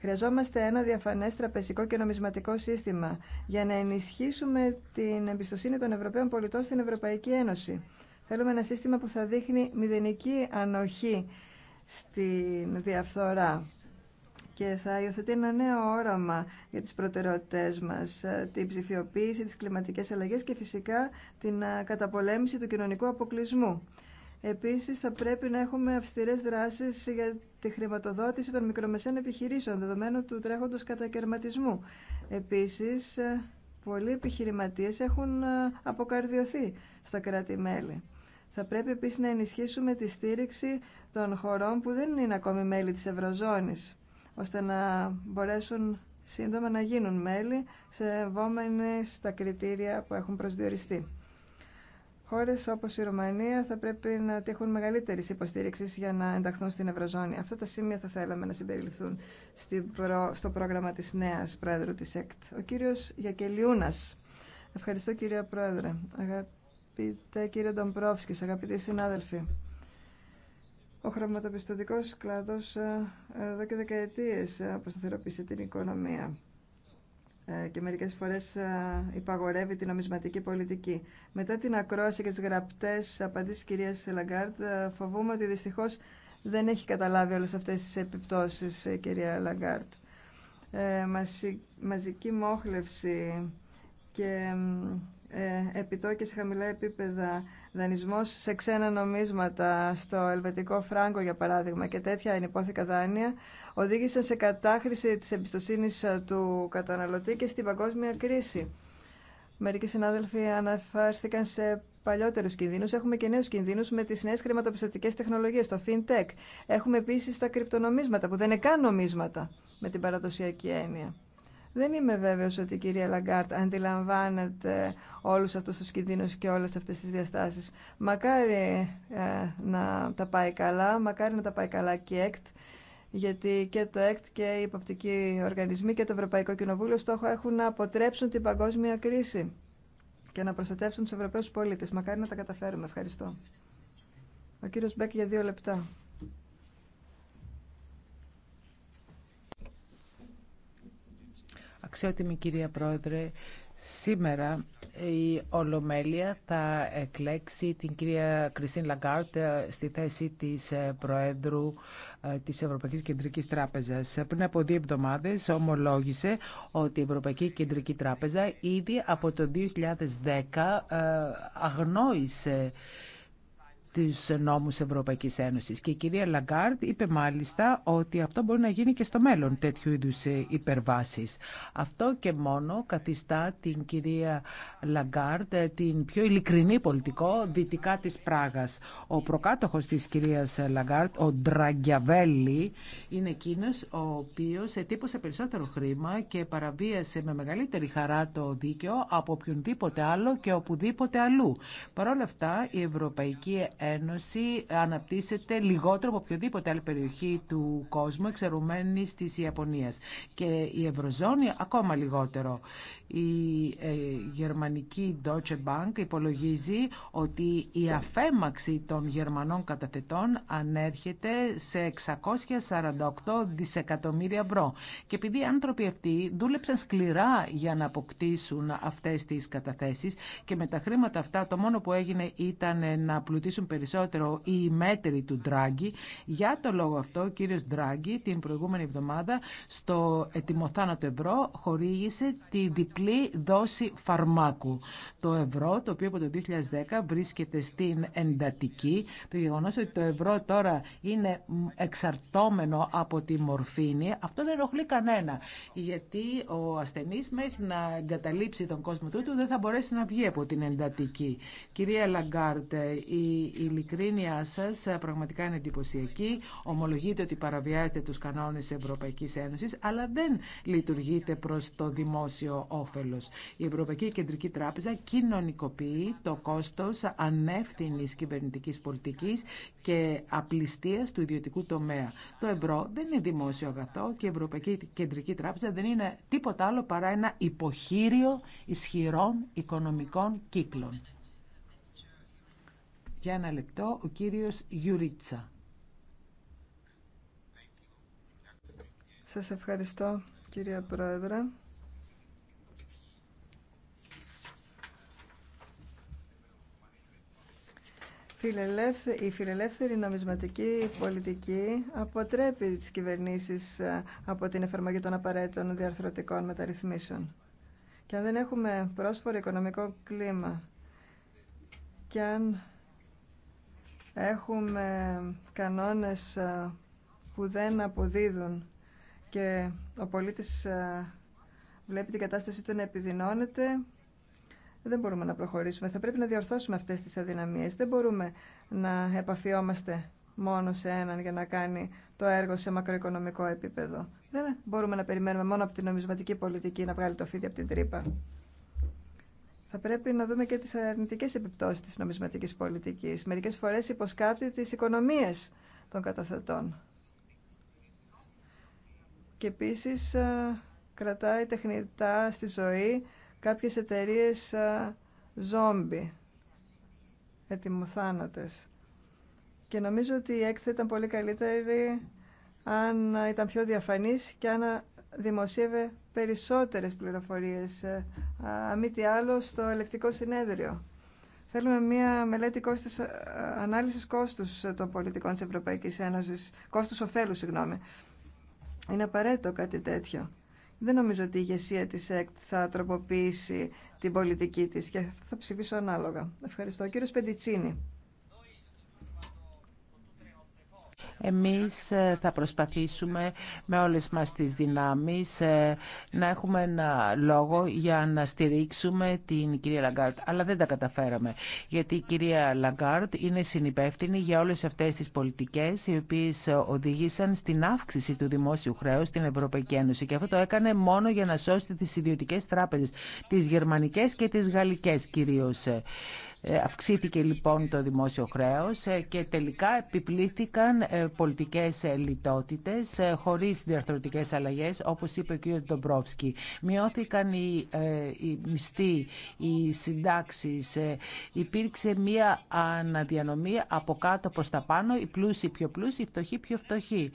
Χρειαζόμαστε ένα διαφανέ τραπεζικό και νομισματικό σύστημα για να ενισχύσουμε την εμπιστοσύνη των Ευρωπαίων πολιτών στην Ευρωπαϊκή Ένωση. Θέλουμε ένα σύστημα που θα δείχνει μηδενική ανοχή στην διαφθορά και θα υιοθετεί ένα νέο όραμα για τις προτεραιότητές μας, ε, την ψηφιοποίηση, τις κλιματικές αλλαγές και φυσικά την ε, καταπολέμηση του κοινωνικού αποκλεισμού. Επίσης θα πρέπει να έχουμε αυστηρές δράσεις για τη χρηματοδότηση των μικρομεσαίων επιχειρήσεων, δεδομένου του τρέχοντος κατακαιρματισμού. Επίσης, ε, πολλοί επιχειρηματίες έχουν αποκαρδιωθεί στα κράτη-μέλη. Θα πρέπει επίσης να ενισχύσουμε τη στήριξη των χωρών που δεν είναι ακόμη μέλη της Ευρωζώνης ώστε να μπορέσουν σύντομα να γίνουν μέλη σε βόμενες στα κριτήρια που έχουν προσδιοριστεί. Χώρες όπως η Ρουμανία θα πρέπει να τύχουν μεγαλύτερης υποστήριξης για να ενταχθούν στην Ευρωζώνη. Αυτά τα σημεία θα θέλαμε να συμπεριληφθούν στο πρόγραμμα της νέας Πρόεδρου της ΕΚΤ. Ο κύριος Γιακελιούνας. Ευχαριστώ, κύριε Πρόεδρε. Αγαπητέ κύριε Ντομπρόφσκης, αγαπητοί συνάδελφοι. Ο χρωματοπιστωτικός κλάδος ε, εδώ και δεκαετίες ε, αποσταθεροποίησε την οικονομία ε, και μερικές φορές υπαγορεύει την νομισματική πολιτική. Μετά την ακρόαση και τις γραπτές απαντήσεις κυρίας Λαγκάρτ, φοβούμαι ότι δυστυχώς δεν έχει καταλάβει όλες αυτές τις επιπτώσεις η κυρία Λαγκάρτ. μαζική μόχλευση και ε, επιτόκια σε χαμηλά επίπεδα, δανεισμός σε ξένα νομίσματα, στο ελβετικό φράγκο για παράδειγμα και τέτοια ενυπόθηκα δάνεια, οδήγησαν σε κατάχρηση της εμπιστοσύνης ε, του καταναλωτή και στην παγκόσμια κρίση. Μερικοί συνάδελφοι αναφέρθηκαν σε παλιότερου κινδύνου. Έχουμε και νέου κινδύνου με τι νέε χρηματοπιστωτικέ τεχνολογίε, το FinTech. Έχουμε επίση τα κρυπτονομίσματα, που δεν είναι καν νομίσματα με την παραδοσιακή έννοια. Δεν είμαι βέβαιος ότι η κυρία Λαγκάρτ αντιλαμβάνεται όλους αυτούς τους κινδύνους και όλες αυτές τις διαστάσεις. Μακάρι ε, να τα πάει καλά, μακάρι να τα πάει καλά και η ΕΚΤ, γιατί και το ΕΚΤ και οι υποπτικοί οργανισμοί και το Ευρωπαϊκό Κοινοβούλιο στόχο έχουν να αποτρέψουν την παγκόσμια κρίση και να προστατεύσουν τους Ευρωπαίους πολίτες. Μακάρι να τα καταφέρουμε. Ευχαριστώ. Ο κύριος Μπέκ για δύο λεπτά. Αξιότιμη κυρία Πρόεδρε, σήμερα η Ολομέλεια θα εκλέξει την κυρία Κριστίν Λαγκάρτ ε, στη θέση της ε, Προέδρου ε, της Ευρωπαϊκής Κεντρικής Τράπεζας. Πριν από δύο εβδομάδες ομολόγησε ότι η Ευρωπαϊκή Κεντρική Τράπεζα ήδη από το 2010 αγνόησε τους νόμους Ευρωπαϊκής Ένωσης. Και η κυρία Λαγκάρτ είπε μάλιστα ότι αυτό μπορεί να γίνει και στο μέλλον τέτοιου είδους ε, υπερβάσεις. Αυτό και μόνο καθιστά την κυρία Λαγκάρτ ε, την πιο ειλικρινή πολιτικό δυτικά της Πράγας. Ο προκάτοχος της κυρίας Λαγκάρτ, ο Ντραγκιαβέλη, είναι εκείνος ο οποίος ετύπωσε περισσότερο χρήμα και παραβίασε με μεγαλύτερη χαρά το δίκαιο από οποιονδήποτε άλλο και οπουδήποτε αλλού. Παρ' όλα αυτά η Ευρωπαϊκή Ένωση αναπτύσσεται λιγότερο από οποιοδήποτε άλλη περιοχή του κόσμου εξαιρουμένης της Ιαπωνίας και η Ευρωζώνη ακόμα λιγότερο. Η ε, γερμανική Deutsche Bank υπολογίζει ότι η αφέμαξη των γερμανών καταθετών ανέρχεται σε 648 δισεκατομμύρια ευρώ. Και επειδή οι άνθρωποι αυτοί δούλεψαν σκληρά για να αποκτήσουν αυτές τις καταθέσεις και με τα χρήματα αυτά το μόνο που έγινε ήταν να πλουτίσουν περισσότερο οι μέτρη του Ντράγκη. Για το λόγο αυτό ο κύριος Ντράγκη την προηγούμενη εβδομάδα στο ετοιμοθάνατο ευρώ χορήγησε τη διπλή δόση φαρμάκου. Το ευρώ, το οποίο από το 2010 βρίσκεται στην εντατική, το γεγονός ότι το ευρώ τώρα είναι εξαρτώμενο από τη μορφήνη, αυτό δεν ενοχλεί κανένα. Γιατί ο ασθενής μέχρι να εγκαταλείψει τον κόσμο του δεν θα μπορέσει να βγει από την εντατική. Κυρία Λαγκάρτε, η ειλικρίνειά σας πραγματικά είναι εντυπωσιακή. Ομολογείτε ότι παραβιάζετε τους κανόνες Ευρωπαϊκής Ένωσης, αλλά δεν λειτουργείτε προς το δημόσιο η Ευρωπαϊκή Κεντρική Τράπεζα κοινωνικοποιεί το κόστος ανεύθυνης κυβερνητικής πολιτικής και απληστίας του ιδιωτικού τομέα. Το ευρώ δεν είναι δημόσιο αγαθό και η Ευρωπαϊκή Κεντρική Τράπεζα δεν είναι τίποτα άλλο παρά ένα υποχείριο ισχυρών οικονομικών κύκλων. Για ένα λεπτό, ο κύριος Γιουρίτσα. Σας ευχαριστώ, κυρία Πρόεδρε. η φιλελεύθερη νομισματική πολιτική αποτρέπει τις κυβερνήσεις ε, από την εφαρμογή των απαραίτητων διαρθρωτικών μεταρρυθμίσεων. Και αν δεν έχουμε πρόσφορο οικονομικό κλίμα και αν έχουμε κανόνες ε, που δεν αποδίδουν και ο πολίτης ε, βλέπει την κατάσταση του να επιδεινώνεται, δεν μπορούμε να προχωρήσουμε. Θα πρέπει να διορθώσουμε αυτές τις αδυναμίες. Δεν μπορούμε να επαφιόμαστε μόνο σε έναν για να κάνει το έργο σε μακροοικονομικό επίπεδο. Δεν μπορούμε να περιμένουμε μόνο από την νομισματική πολιτική να βγάλει το φίδι από την τρύπα. Θα πρέπει να δούμε και τι αρνητικέ επιπτώσει της νομισματικής πολιτική. Μερικέ φορέ υποσκάπτει τι οικονομίε των καταθετών. Και επίση ε, κρατάει τεχνητά στη ζωή κάποιες εταιρείες ζόμπι, ετοιμοθάνατες. Και νομίζω ότι η έκθεση ήταν πολύ καλύτερη αν ήταν πιο διαφανής και αν δημοσίευε περισσότερες πληροφορίες, ε, αμήτι τι άλλο, στο ελεκτικό συνέδριο. Θέλουμε μια μελέτη κόστος, ε, ανάλυσης κόστους ε, των πολιτικών της Ευρωπαϊκής Ένωσης, κόστους ωφέλους, συγγνώμη. Είναι απαραίτητο κάτι τέτοιο. Δεν νομίζω ότι η ηγεσία της ΕΚΤ θα τροποποιήσει την πολιτική της και θα ψηφίσω ανάλογα. Ευχαριστώ. Κύριος Πεντιτσίνη. Εμείς ε, θα προσπαθήσουμε με όλες μας τις δυνάμεις ε, να έχουμε ένα λόγο για να στηρίξουμε την κυρία Λαγκάρτ. Αλλά δεν τα καταφέραμε, γιατί η κυρία Λαγκάρτ είναι συνυπεύθυνη για όλες αυτές τις πολιτικές οι οποίες οδήγησαν στην αύξηση του δημόσιου χρέους στην Ευρωπαϊκή Ένωση. Και αυτό το έκανε μόνο για να σώσει τις ιδιωτικές τράπεζες, τις γερμανικές και τις γαλλικές κυρίως. Ε, αυξήθηκε λοιπόν το δημόσιο χρέος ε, και τελικά επιπλήθηκαν ε, πολιτικές λιτότητες χωρίς διαρθρωτικές αλλαγές, όπως είπε ο κ. Ντομπρόφσκι. Μειώθηκαν οι, οι μισθοί, οι συντάξεις. Υπήρξε μία αναδιανομή από κάτω προς τα πάνω, οι πλούσιοι πιο πλούσιοι, οι φτωχοί πιο φτωχοί.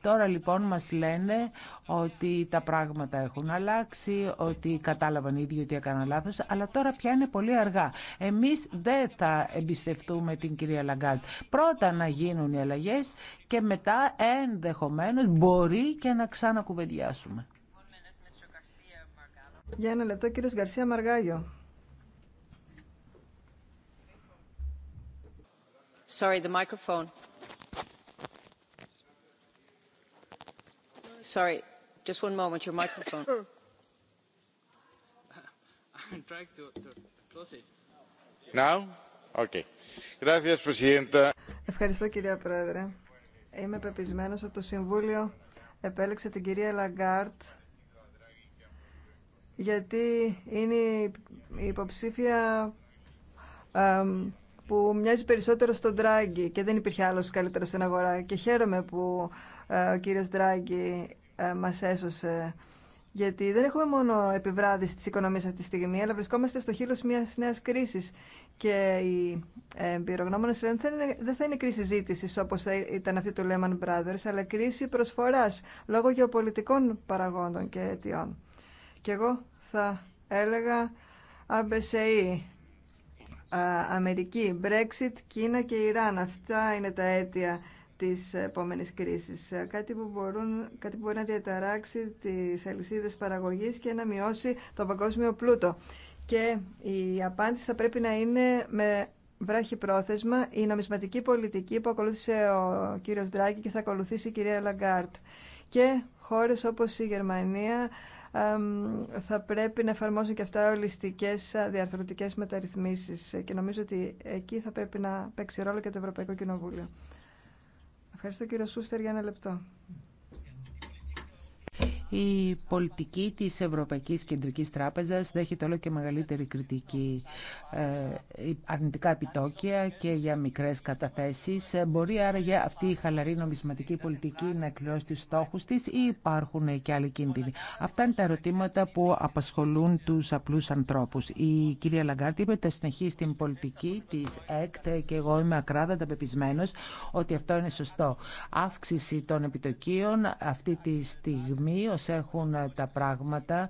Τώρα λοιπόν μας λένε ότι τα πράγματα έχουν αλλάξει, ότι κατάλαβαν οι ίδιοι ότι έκαναν λάθος, αλλά τώρα πια είναι πολύ αργά εμείς δεν θα εμπιστευτούμε την κυρία Λαγκάρτ. Πρώτα να γίνουν οι αλλαγές και μετά ενδεχομένως μπορεί και να ξανακουβεντιάσουμε. Για ένα λεπτό, κύριος Γκαρσία Μαργάγιο. Sorry, the microphone. Sorry, just one moment, your microphone. I'm trying to, to close it. Ευχαριστώ κυρία Πρόεδρε. Είμαι πεπισμένος ότι το Συμβούλιο επέλεξε την κυρία Λαγκάρτ γιατί είναι η υποψήφια που μοιάζει περισσότερο στον Τράγκη και δεν υπήρχε άλλος καλύτερο στην αγορά. Και χαίρομαι που ε, ο κύριος Τράγκη ε, μας έσωσε γιατί δεν έχουμε μόνο επιβράδυση τη οικονομία αυτή τη στιγμή, αλλά βρισκόμαστε στο χείλο μια νέα κρίση. Και οι ε, εμπειρογνώμονε λένε δεν θα είναι κρίση ζήτηση όπω ήταν αυτή του Lehman Brothers, αλλά κρίση προσφορά λόγω γεωπολιτικών παραγόντων και αιτιών. Και εγώ θα έλεγα ABCE, Αμερική, Brexit, Κίνα και Ιράν. Αυτά είναι τα αίτια της επόμενης κρίσης. Ε, κάτι που, κάτι που μπορεί να διαταράξει τις αλυσίδες παραγωγής και να μειώσει το παγκόσμιο πλούτο. Και η απάντηση θα πρέπει να είναι με βράχη πρόθεσμα η νομισματική πολιτική που ακολούθησε ο κύριος Ντράκη και θα ακολουθήσει η κυρία Λαγκάρτ. Και χώρες όπως η Γερμανία θα πρέπει να εφαρμόσουν και αυτά ολιστικές διαρθρωτικές μεταρρυθμίσεις και νομίζω ότι εκεί θα πρέπει να παίξει ρόλο και το Ευρωπαϊκό Κοινοβούλιο. Ευχαριστώ κύριο Σούστερ για ένα λεπτό. Η πολιτική της Ευρωπαϊκής Κεντρικής Τράπεζας δέχεται όλο και μεγαλύτερη κριτική ε, αρνητικά επιτόκια και για μικρές καταθέσεις. Ε, μπορεί άραγε αυτή η χαλαρή νομισματική πολιτική να εκπληρώσει τους στόχους της ή υπάρχουν και άλλοι κίνδυνοι. Αυτά είναι τα ερωτήματα που απασχολούν τους απλούς ανθρώπους. Η κυρία Λαγκάρτη είπε ότι ειπε οτι συνεχισει στην πολιτική της ΕΚΤ και εγώ είμαι ακράδαντα πεπισμένος ότι αυτό είναι σωστό. Αύξηση των επιτοκίων αυτή τη στιγμή έχουν ε, τα πράγματα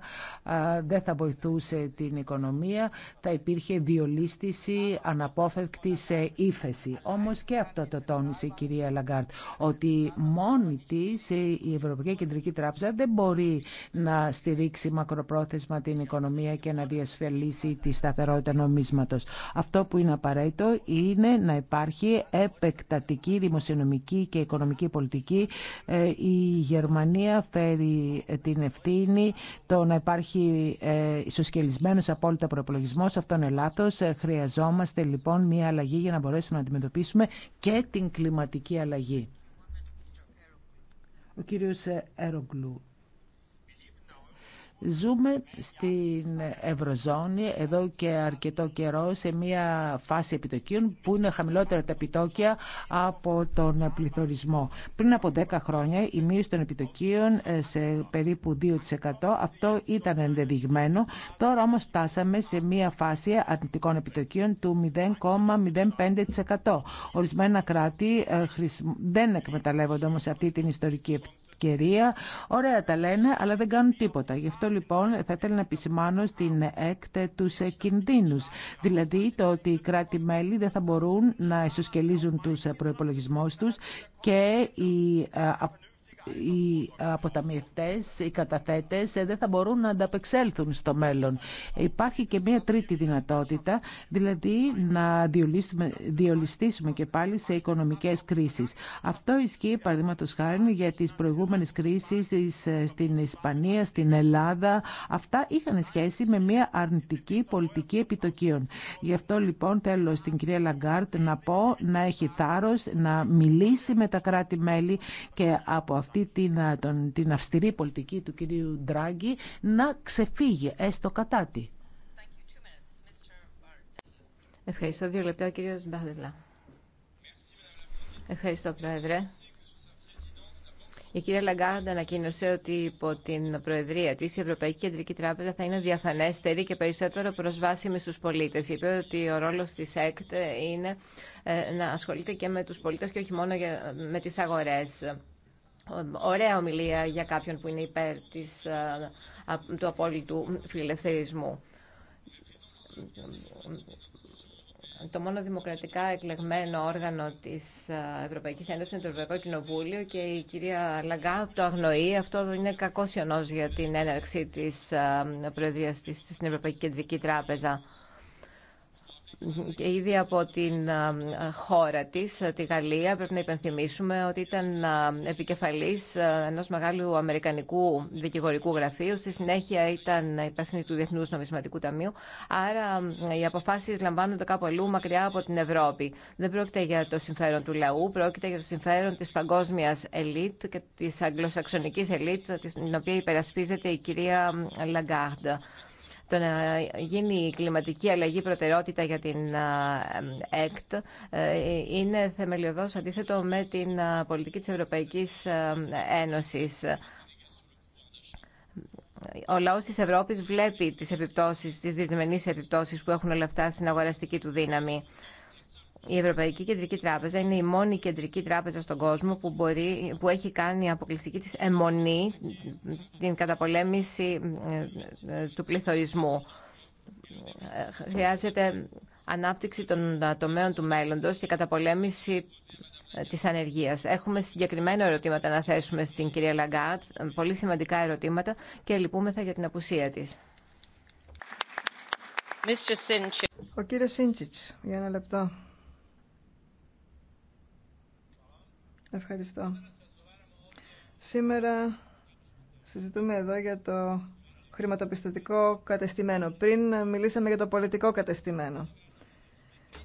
δεν θα βοηθούσε την οικονομία, θα υπήρχε διολίστηση αναπόφευκτη σε ύφεση. Όμως και αυτό το τόνισε η κυρία Λαγκάρτ, ότι μόνη της ε, η Ευρωπαϊκή Κεντρική Τράπεζα δεν μπορεί να στηρίξει μακροπρόθεσμα την οικονομία και να διασφαλίσει τη σταθερότητα νομίσματος. Αυτό που είναι απαραίτητο είναι να υπάρχει επεκτατική δημοσιονομική και οικονομική πολιτική. Ε, η Γερμανία φέρει την ευθύνη. Το να υπάρχει ε, ισοσκελισμένος απόλυτα προπολογισμό, αυτό είναι λάθος. Ε, χρειαζόμαστε λοιπόν μια αλλαγή για να μπορέσουμε να αντιμετωπίσουμε και την κλιματική αλλαγή. Ο κύριος ε, Ζούμε στην Ευρωζώνη εδώ και αρκετό καιρό σε μια φάση επιτοκίων που είναι χαμηλότερα τα επιτόκια από τον πληθωρισμό. Πριν από 10 χρόνια η μείωση των επιτοκίων ε, σε περίπου 2% αυτό ήταν ενδεδειγμένο. Τώρα όμως φτάσαμε σε μια φάση αρνητικών επιτοκίων του 0,05%. Ορισμένα κράτη ε, δεν εκμεταλλεύονται όμως αυτή την ιστορική ευκαιρία. Ωραία τα λένε, αλλά δεν κάνουν τίποτα. Γι' αυτό λοιπόν θα ήθελα να επισημάνω στην ΕΚΤ του κινδύνου. Δηλαδή το ότι οι κράτη-μέλη δεν θα μπορούν να ισοσκελίζουν του προπολογισμού του και οι ε, οι αποταμιευτές, οι καταθέτες ε, δεν θα μπορούν να ανταπεξέλθουν στο μέλλον. Υπάρχει και μία τρίτη δυνατότητα, δηλαδή να διολυστήσουμε και πάλι σε οικονομικές κρίσεις. Αυτό ισχύει παραδείγματο χάρη για τις προηγούμενες κρίσεις ε, στην Ισπανία, στην Ελλάδα. Αυτά είχαν σχέση με μία αρνητική πολιτική επιτοκίων. Γι' αυτό λοιπόν θέλω στην κυρία Λαγκάρτ να πω να έχει θάρρος, να μιλήσει με τα κράτη-μέλη και από αυτή ε, την, αυστηρή πολιτική του κυρίου Ντράγκη να ξεφύγει έστω κατά τη. Ευχαριστώ. Δύο λεπτά ο κύριος Μπαδελά. Ευχαριστώ, Πρόεδρε. Η κυρία Λαγκάρντα ανακοίνωσε ότι υπό την Προεδρία τη η Ευρωπαϊκή Κεντρική Τράπεζα θα είναι διαφανέστερη και περισσότερο προσβάσιμη στου πολίτε. Είπε ότι ο ρόλο τη ΕΚΤ είναι ε, να ασχολείται και με του πολίτε και όχι μόνο με τι αγορέ. Ωραία ομιλία για κάποιον που είναι υπέρ της, ε, του απόλυτου φιλελευθερισμού. Το μόνο δημοκρατικά εκλεγμένο όργανο της ε, Ευρωπαϊκής Ένωσης είναι το Ευρωπαϊκό Κοινοβούλιο και η κυρία Λαγκά το αγνοεί. Αυτό είναι κακό ιονός για την έναρξη της ε, Προεδρίας της, στην Ευρωπαϊκή Κεντρική Τράπεζα και ήδη από την χώρα της, τη Γαλλία, πρέπει να υπενθυμίσουμε ότι ήταν επικεφαλής ενός μεγάλου αμερικανικού δικηγορικού γραφείου. Στη συνέχεια ήταν υπεύθυνη του Διεθνούς Νομισματικού Ταμείου. Άρα οι αποφάσεις λαμβάνονται κάπου αλλού μακριά από την Ευρώπη. Δεν πρόκειται για το συμφέρον του λαού, πρόκειται για το συμφέρον της παγκόσμιας ελίτ και της αγγλοσαξονικής ελίτ, την οποία υπερασπίζεται η κυρία Λαγκάρντα. Το να γίνει η κλιματική αλλαγή προτεραιότητα για την ε, ΕΚΤ ε, είναι θεμελιωδώς αντίθετο με την πολιτική της Ευρωπαϊκής Ένωσης. Ο λαός της Ευρώπης βλέπει τις επιπτώσεις, τις δυσμενείς επιπτώσεις που έχουν όλα αυτά στην αγοραστική του δύναμη. Η Ευρωπαϊκή Κεντρική Τράπεζα είναι η μόνη κεντρική τράπεζα στον κόσμο που, μπορεί, που έχει κάνει αποκλειστική της αιμονή την καταπολέμηση ε, ε, του πληθωρισμού. Χρειάζεται ανάπτυξη των τομέων του μέλλοντος και καταπολέμηση ε, της ανεργίας. Έχουμε συγκεκριμένα ερωτήματα να θέσουμε στην κυρία Λαγκάτ, πολύ σημαντικά ερωτήματα και λυπούμεθα για την απουσία της. Ο κύριος Σίντσιτς, για ένα λεπτό. Ευχαριστώ. Σήμερα συζητούμε εδώ για το χρηματοπιστωτικό κατεστημένο. Πριν μιλήσαμε για το πολιτικό κατεστημένο.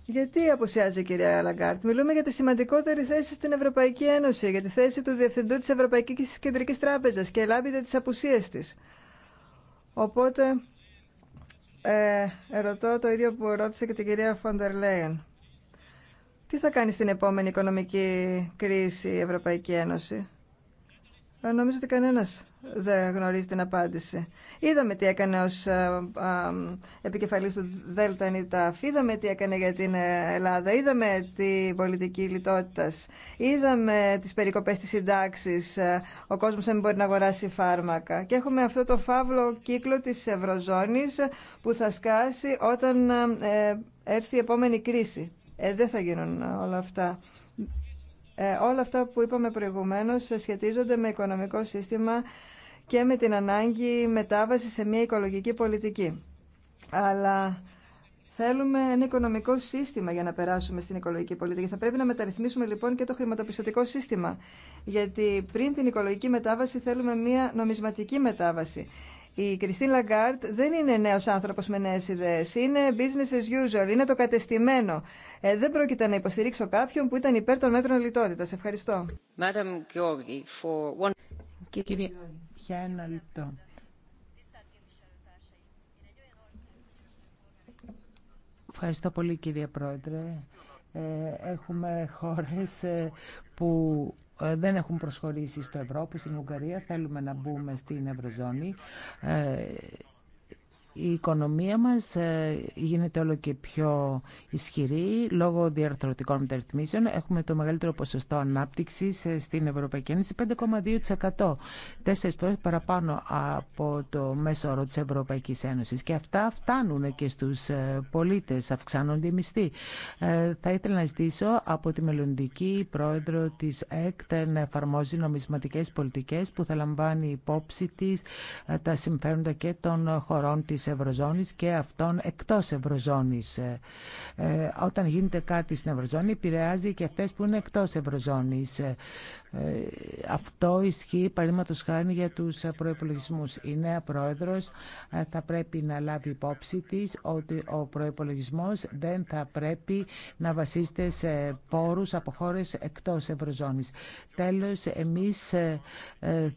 Γιατί αποσιάζει η κυρία Λαγκάρτ. Μιλούμε για τη σημαντικότερη θέση στην Ευρωπαϊκή Ένωση, για τη θέση του Διευθυντού της Ευρωπαϊκής Κεντρικής Τράπεζας και ελάβει τις απουσίες της. Οπότε, ε, ερωτώ το ίδιο που ρώτησε και την κυρία Φοντερ Λέιεν. Τι θα κάνει στην επόμενη οικονομική κρίση η Ευρωπαϊκή Ένωση. Ε, νομίζω ότι κανένας δεν γνωρίζει την απάντηση. Είδαμε τι έκανε ως ε, επικεφαλής του Δέλτα Νιτάφ, είδαμε τι έκανε για την ε, Ελλάδα, είδαμε την πολιτική λιτότητας, είδαμε τις περικοπές της συντάξης, ο κόσμος δεν μπορεί να αγοράσει φάρμακα. Και έχουμε αυτό το φαύλο κύκλο της Ευρωζώνης που θα σκάσει όταν έρθει η επόμενη κρίση. Ε, δεν θα γίνουν όλα αυτά. Ε, όλα αυτά που είπαμε προηγουμένως σχετίζονται με οικονομικό σύστημα και με την ανάγκη μετάβαση σε μια οικολογική πολιτική. Αλλά θέλουμε ένα οικονομικό σύστημα για να περάσουμε στην οικολογική πολιτική. Θα πρέπει να μεταρρυθμίσουμε λοιπόν και το χρηματοπιστωτικό σύστημα. Γιατί πριν την οικολογική μετάβαση θέλουμε μια νομισματική μετάβαση. Η Κριστίν Λαγκάρτ δεν είναι νέο άνθρωπο με νέε ιδέε. Είναι business as usual, είναι το κατεστημένο. Ε, δεν πρόκειται να υποστηρίξω κάποιον που ήταν υπέρ των μέτρων λιτότητα. Ευχαριστώ. Ευχαριστώ πολύ κυρία Πρόεδρε. Ε, έχουμε χώρες ε, που ε, δεν έχουν προσχωρήσει στο Ευρώπη, στην Ουγγαρία θέλουμε να μπούμε στην Ευρωζώνη. Ε, η οικονομία μας ε, γίνεται όλο και πιο ισχυρή λόγω διαρθρωτικών μεταρρυθμίσεων. Έχουμε το μεγαλύτερο ποσοστό ανάπτυξης ε, στην Ευρωπαϊκή Ένωση, 5,2%. Τέσσερις φορές παραπάνω από το μέσο όρο της Ευρωπαϊκής Ένωσης. Και αυτά φτάνουν και στους ε, πολίτες, αυξάνονται οι μισθοί. Θα ήθελα να ζητήσω από τη μελλοντική πρόεδρο της ΕΚΤ να εφαρμόζει νομισματικές πολιτικές που θα λαμβάνει υπόψη της τα συμφέροντα και των χωρών της Ευρωζώνης και αυτών εκτός Ευρωζώνης. Ε, ε, όταν γίνεται κάτι στην Ευρωζώνη επηρεάζει και αυτές που είναι εκτός Ευρωζώνης. Ε, ε, αυτό ισχύει παραδείγματο χάρη για του προπολογισμού. Η νέα πρόεδρος ε, θα πρέπει να λάβει υπόψη τη ότι ο προπολογισμό δεν θα πρέπει να βασίζεται σε πόρους από χώρε εκτός Ευρωζώνη. Τέλο, εμεί ε,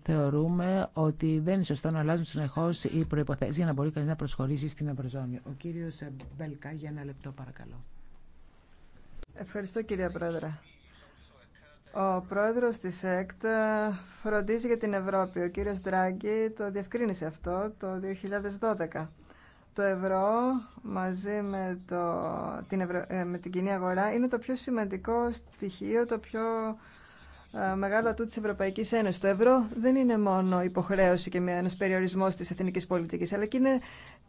θεωρούμε ότι δεν είναι σωστό να αλλάζουν συνεχώ οι προποθέσει για να μπορεί κανεί να προσχωρήσει στην Ευρωζώνη. Ο κύριο Μπέλκα, για ένα λεπτό παρακαλώ. Ευχαριστώ κυρία Πρόεδρε. Ο πρόεδρος της ΕΚΤ ε, φροντίζει για την Ευρώπη. Ο κύριος Ντράγκη το διευκρίνησε αυτό το 2012. Το ευρώ μαζί με, το, την, ε, με την κοινή αγορά είναι το πιο σημαντικό στοιχείο, το πιο ε, μεγάλο ατού της Ευρωπαϊκής Ένωσης. Το ευρώ δεν είναι μόνο υποχρέωση και ένας περιορισμός της εθνικής πολιτικής, αλλά και είναι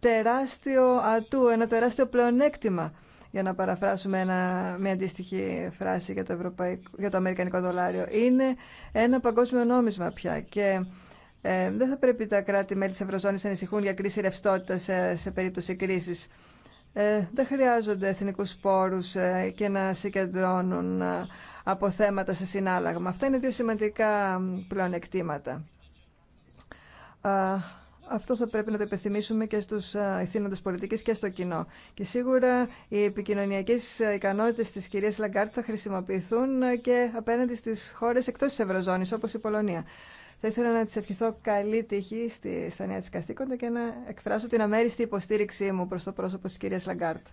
τεράστιο ατού, ένα τεράστιο πλεονέκτημα για να παραφράσουμε ένα, μια αντίστοιχη φράση για το, ευρωπαϊκό, για το αμερικανικό δολάριο. Είναι ένα παγκόσμιο νόμισμα πια και ε, δεν θα πρέπει τα κράτη-μέλη της Ευρωζώνης να ανησυχούν για κρίση ρευστότητα σε, περίπτωση κρίσης. Ε, δεν χρειάζονται εθνικούς πόρους ε, και να συγκεντρώνουν από θέματα σε συνάλλαγμα. Αυτά είναι δύο σημαντικά πλεονεκτήματα. Αυτό θα πρέπει να το επιθυμίσουμε και στους ηθήνοντε πολιτική και στο κοινό. Και σίγουρα οι επικοινωνιακέ ικανότητε της κυρίας Λαγκάρτ θα χρησιμοποιηθούν και απέναντι στις χώρες εκτός τη Ευρωζώνης, όπως η Πολωνία. Θα ήθελα να της ευχηθώ καλή τύχη στη, στα νέα της καθήκοντα και να εκφράσω την αμέριστη υποστήριξή μου προ το πρόσωπο τη κυρία Λαγκάρτ.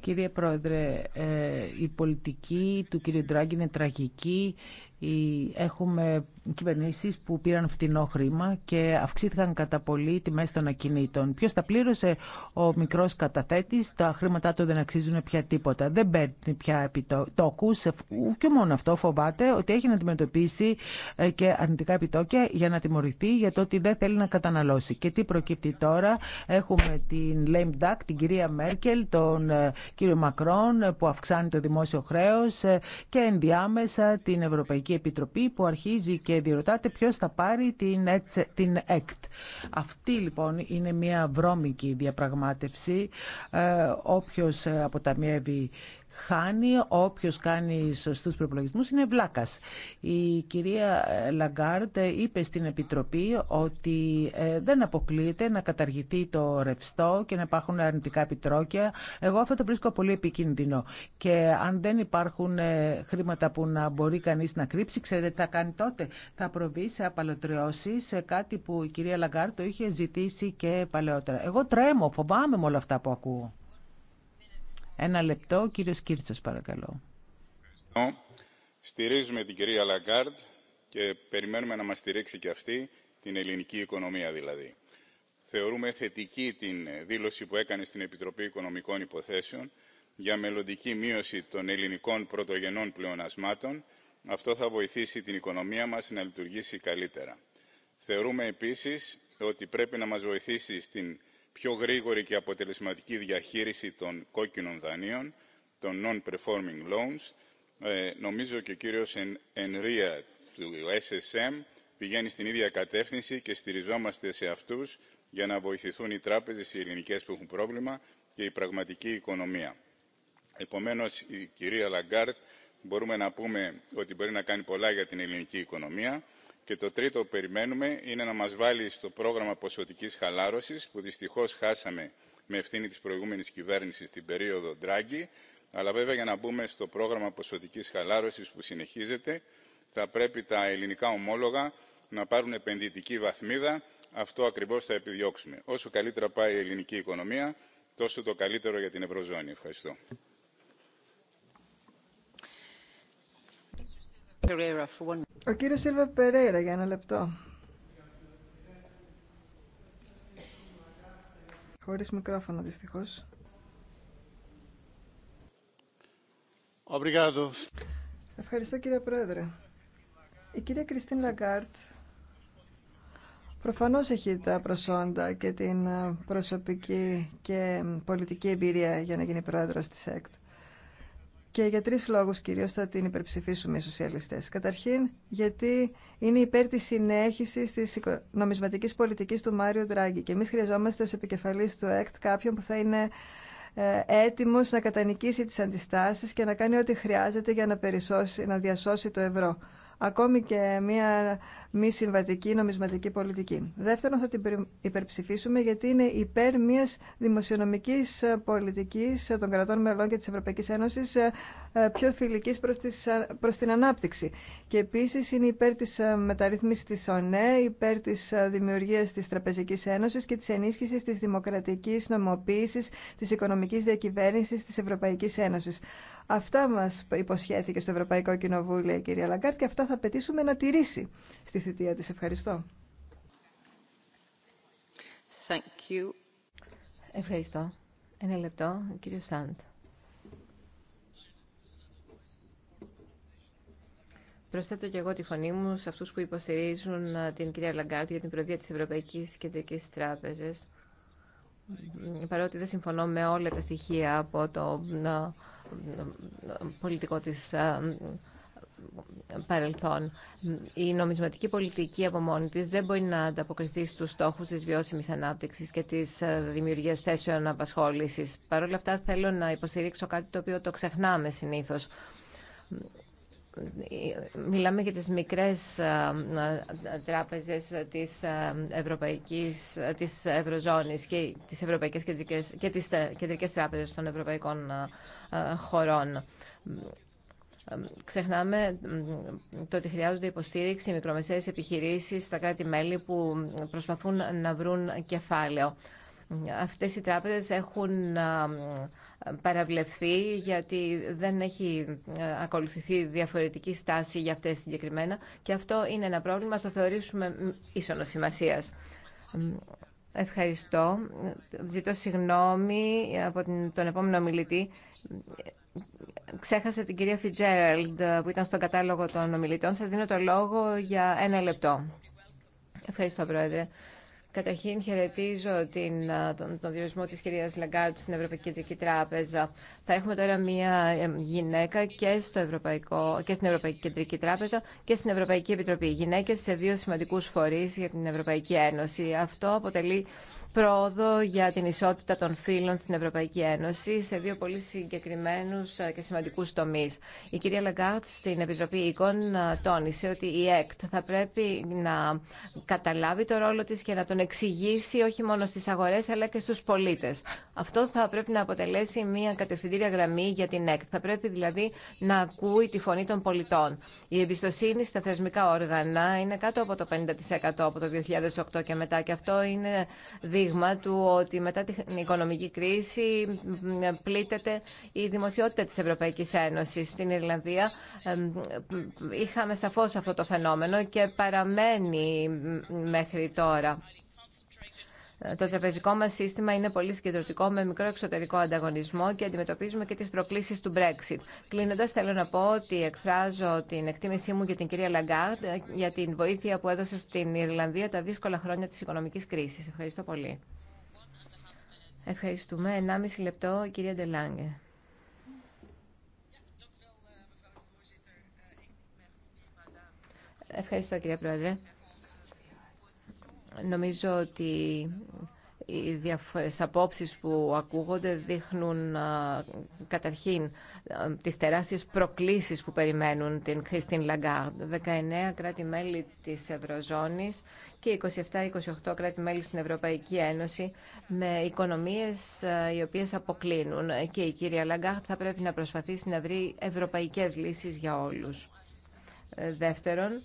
Κύριε Πρόεδρε, ε, η πολιτική του κύριου Ντράγκη είναι τραγική. Έχουμε κυβερνήσει που πήραν φτηνό χρήμα και αυξήθηκαν κατά πολύ τιμέ των ακινήτων. Ποιο τα πλήρωσε, ο μικρό καταθέτης, τα χρήματά του δεν αξίζουν πια τίποτα. Δεν παίρνει πια επιτόκου. και μόνο αυτό φοβάται ότι έχει να αντιμετωπίσει ε, και αρνητικά επιτόκια για να τιμωρηθεί για το ότι δεν θέλει να καταναλώσει. Και τι προκύπτει τώρα, έχουμε την lame duck, την κυρία Μέρκελ, τον ε, κύριο Μακρόν που αυξάνει το δημόσιο χρέο ε, και ενδιάμεσα την Ευρωπαϊκή Ευρωπαϊκή Επιτροπή που αρχίζει και διερωτάται ποιος θα πάρει την, την ΕΚΤ. Αυτή λοιπόν είναι μια βρώμικη διαπραγμάτευση. Ε, όποιος ε, αποταμιεύει χάνει, όποιο κάνει σωστού προπολογισμού είναι βλάκας. Η κυρία Λαγκάρτ είπε στην Επιτροπή ότι ε, δεν αποκλείεται να καταργηθεί το ρευστό και να υπάρχουν αρνητικά επιτρόκια. Εγώ αυτό το βρίσκω πολύ επικίνδυνο. Και αν δεν υπάρχουν ε, χρήματα που να μπορεί κανεί να κρύψει, ξέρετε τι θα κάνει τότε. Θα προβεί σε απαλωτριώσει σε κάτι που η κυρία Λαγκάρτ το είχε ζητήσει και παλαιότερα. Εγώ τρέμω, φοβάμαι με όλα αυτά που ακούω. Ένα λεπτό, Κύριο Κίρτσο, παρακαλώ. Στηρίζουμε την κυρία Λαγκάρντ και περιμένουμε να μα στηρίξει και αυτή, την ελληνική οικονομία δηλαδή. Θεωρούμε θετική την δήλωση που έκανε στην Επιτροπή Οικονομικών Υποθέσεων για μελλοντική μείωση των ελληνικών πρωτογενών πλεονασμάτων. Αυτό θα βοηθήσει την οικονομία μας να λειτουργήσει καλύτερα. Θεωρούμε επίσης ότι πρέπει να μας βοηθήσει στην πιο γρήγορη και αποτελεσματική διαχείριση των κόκκινων δανείων, των non-performing loans. Ε, νομίζω και ο κύριος Ενρία του SSM πηγαίνει στην ίδια κατεύθυνση και στηριζόμαστε σε αυτούς για να βοηθηθούν οι τράπεζες οι ελληνικές που έχουν πρόβλημα και η πραγματική οικονομία. Επομένως, η κυρία Λαγκάρτ μπορούμε να πούμε ότι μπορεί να κάνει πολλά για την ελληνική οικονομία και το τρίτο που περιμένουμε είναι να μας βάλει στο πρόγραμμα ποσοτικής χαλάρωσης που δυστυχώς χάσαμε με ευθύνη της προηγούμενης κυβέρνησης την περίοδο Ντράγκη αλλά βέβαια για να μπούμε στο πρόγραμμα ποσοτικής χαλάρωσης που συνεχίζεται θα πρέπει τα ελληνικά ομόλογα να πάρουν επενδυτική βαθμίδα. Αυτό ακριβώς θα επιδιώξουμε. Όσο καλύτερα πάει η ελληνική οικονομία, τόσο το καλύτερο για την Ευρωζώνη. Ευχαριστώ. Ο κύριος Σίλβα Περέιρα για ένα λεπτό. Χωρίς μικρόφωνο δυστυχώς. Obrigado. Ευχαριστώ κύριε Πρόεδρε. Η κυρία Κριστίν Λαγκάρτ προφανώς έχει τα προσόντα και την προσωπική και πολιτική εμπειρία για να γίνει πρόεδρος της ΕΚΤ. Και για τρεις λόγους κυρίως θα την υπερψηφίσουμε οι σοσιαλιστές. Καταρχήν, γιατί είναι υπέρ της συνέχιση της νομισματικής πολιτικής του Μάριο Ντράγκη και εμείς χρειαζόμαστε ως επικεφαλής του ΕΚΤ κάποιον που θα είναι ε, έτοιμος να κατανικήσει τις αντιστάσεις και να κάνει ό,τι χρειάζεται για να, να διασώσει το ευρώ ακόμη και μια μη συμβατική νομισματική πολιτική. Δεύτερον, θα την υπερψηφίσουμε γιατί είναι υπέρ μια δημοσιονομική πολιτική των κρατών μελών και τη Ευρωπαϊκή Ένωση ε, ε, πιο φιλική προ ε, την ανάπτυξη. Και επίση είναι υπέρ τη μεταρρύθμιση τη ΩΝΕ, υπέρ τη δημιουργία τη Τραπεζική Ένωση και τη ενίσχυση τη δημοκρατική νομοποίηση τη οικονομική διακυβέρνηση τη Ευρωπαϊκή Ένωση. Αυτά μας υποσχέθηκε στο Ευρωπαϊκό Κοινοβούλιο η κυρία Λαγκάρτ και αυτά θα απαιτήσουμε να τηρήσει στη θητεία της. Ευχαριστώ. Thank you. Ευχαριστώ. Ένα λεπτό, κύριο Σάντ. Προσθέτω και εγώ τη φωνή μου σε αυτούς που υποστηρίζουν ε, την κυρία Λαγκάρτ για την προεδρία της Ευρωπαϊκής Κεντρικής Τράπεζας. Παρότι δεν συμφωνώ με όλα τα στοιχεία από το ε, πολιτικό της ε, παρελθόν. Η νομισματική πολιτική από μόνη της δεν μπορεί να ανταποκριθεί στους στόχους της βιώσιμης ανάπτυξης και της ε, δημιουργίας θέσεων απασχόλησης. Παρ' όλα αυτά θέλω να υποστηρίξω κάτι το οποίο το ξεχνάμε συνήθως Μιλάμε για τις μικρές ε, ε, τράπεζες της ε, Ευρωπαϊκής, της Ευρωζώνης και τις Ευρωπαϊκές και τις Κεντρικές Τράπεζες των Ευρωπαϊκών χωρών. Ξεχνάμε το ότι χρειάζονται υποστήριξη μικρομεσαίες επιχειρήσεις στα κράτη-μέλη που προσπαθούν να βρουν κεφάλαιο. Αυτές οι τράπεζες έχουν παραβλεφθεί γιατί δεν έχει ε, ακολουθηθεί διαφορετική στάση για αυτές συγκεκριμένα και αυτό είναι ένα πρόβλημα, Θα θεωρήσουμε ίσονο σημασία. Ευχαριστώ. Ζητώ συγγνώμη από τον επόμενο μιλητή. Ξέχασα την κυρία Φιτζέραλντ που ήταν στον κατάλογο των ομιλητών. Σας δίνω το λόγο για ένα λεπτό. Ευχαριστώ, Πρόεδρε. Καταρχήν χαιρετίζω την, τον, τον διορισμό της κυρίας Λαγκάρτ στην Ευρωπαϊκή Κεντρική Τράπεζα. Θα έχουμε τώρα μια ε, γυναίκα και, στο Ευρωπαϊκό, και στην Ευρωπαϊκή Κεντρική Τράπεζα και στην Ευρωπαϊκή Επιτροπή. Γυναίκες σε δύο σημαντικούς φορείς για την Ευρωπαϊκή Ένωση. Αυτό αποτελεί πρόοδο για την ισότητα των φύλων στην Ευρωπαϊκή Ένωση σε δύο πολύ συγκεκριμένου ε, και σημαντικού τομεί. Η κυρία Λαγκάτ στην Επιτροπή Οίκων ε, τόνισε ότι η ΕΚΤ θα πρέπει να καταλάβει το ρόλο τη και να τον εξηγήσει όχι μόνο στι αγορέ αλλά και στου πολίτε. Αυτό θα πρέπει να αποτελέσει μια κατευθυντήρια γραμμή για την ΕΚΤ. Θα πρέπει δηλαδή να ακούει τη φωνή των πολιτών. Η εμπιστοσύνη στα θεσμικά όργανα είναι κάτω από το 50% από το 2008 και μετά και αυτό είναι δείγμα του ότι μετά την οικονομική κρίση πλήττεται η δημοσιότητα της Ευρωπαϊκής Ένωσης. Στην Ιρλανδία είχαμε σαφώς αυτό το φαινόμενο και παραμένει μέχρι τώρα. Ε, το τραπεζικό μα σύστημα είναι πολύ συγκεντρωτικό με μικρό εξωτερικό ανταγωνισμό και αντιμετωπίζουμε και τι προκλήσει του Brexit. Κλείνοντας, θέλω να πω ότι εκφράζω την εκτίμησή μου για την κυρία Λαγκάρτ ε, για την βοήθεια που έδωσε στην Ιρλανδία τα δύσκολα χρόνια τη οικονομική κρίση. Ευχαριστώ πολύ. Ευχαριστούμε. 1,5 λεπτό, κυρία Ντελάνγκε. Ευχαριστώ, κυρία Πρόεδρε. Νομίζω ότι οι διάφορες απόψεις που ακούγονται δείχνουν καταρχήν τις τεράστιες προκλήσεις που περιμένουν την Χριστίν Λαγκάρντ. 19 κράτη-μέλη της Ευρωζώνης και 27-28 κράτη-μέλη στην Ευρωπαϊκή Ένωση με οικονομίες οι οποίες αποκλίνουν και η κυρία Λαγκάρντ θα πρέπει να προσπαθήσει να βρει ευρωπαϊκές λύσεις για όλους. Ε, δεύτερον,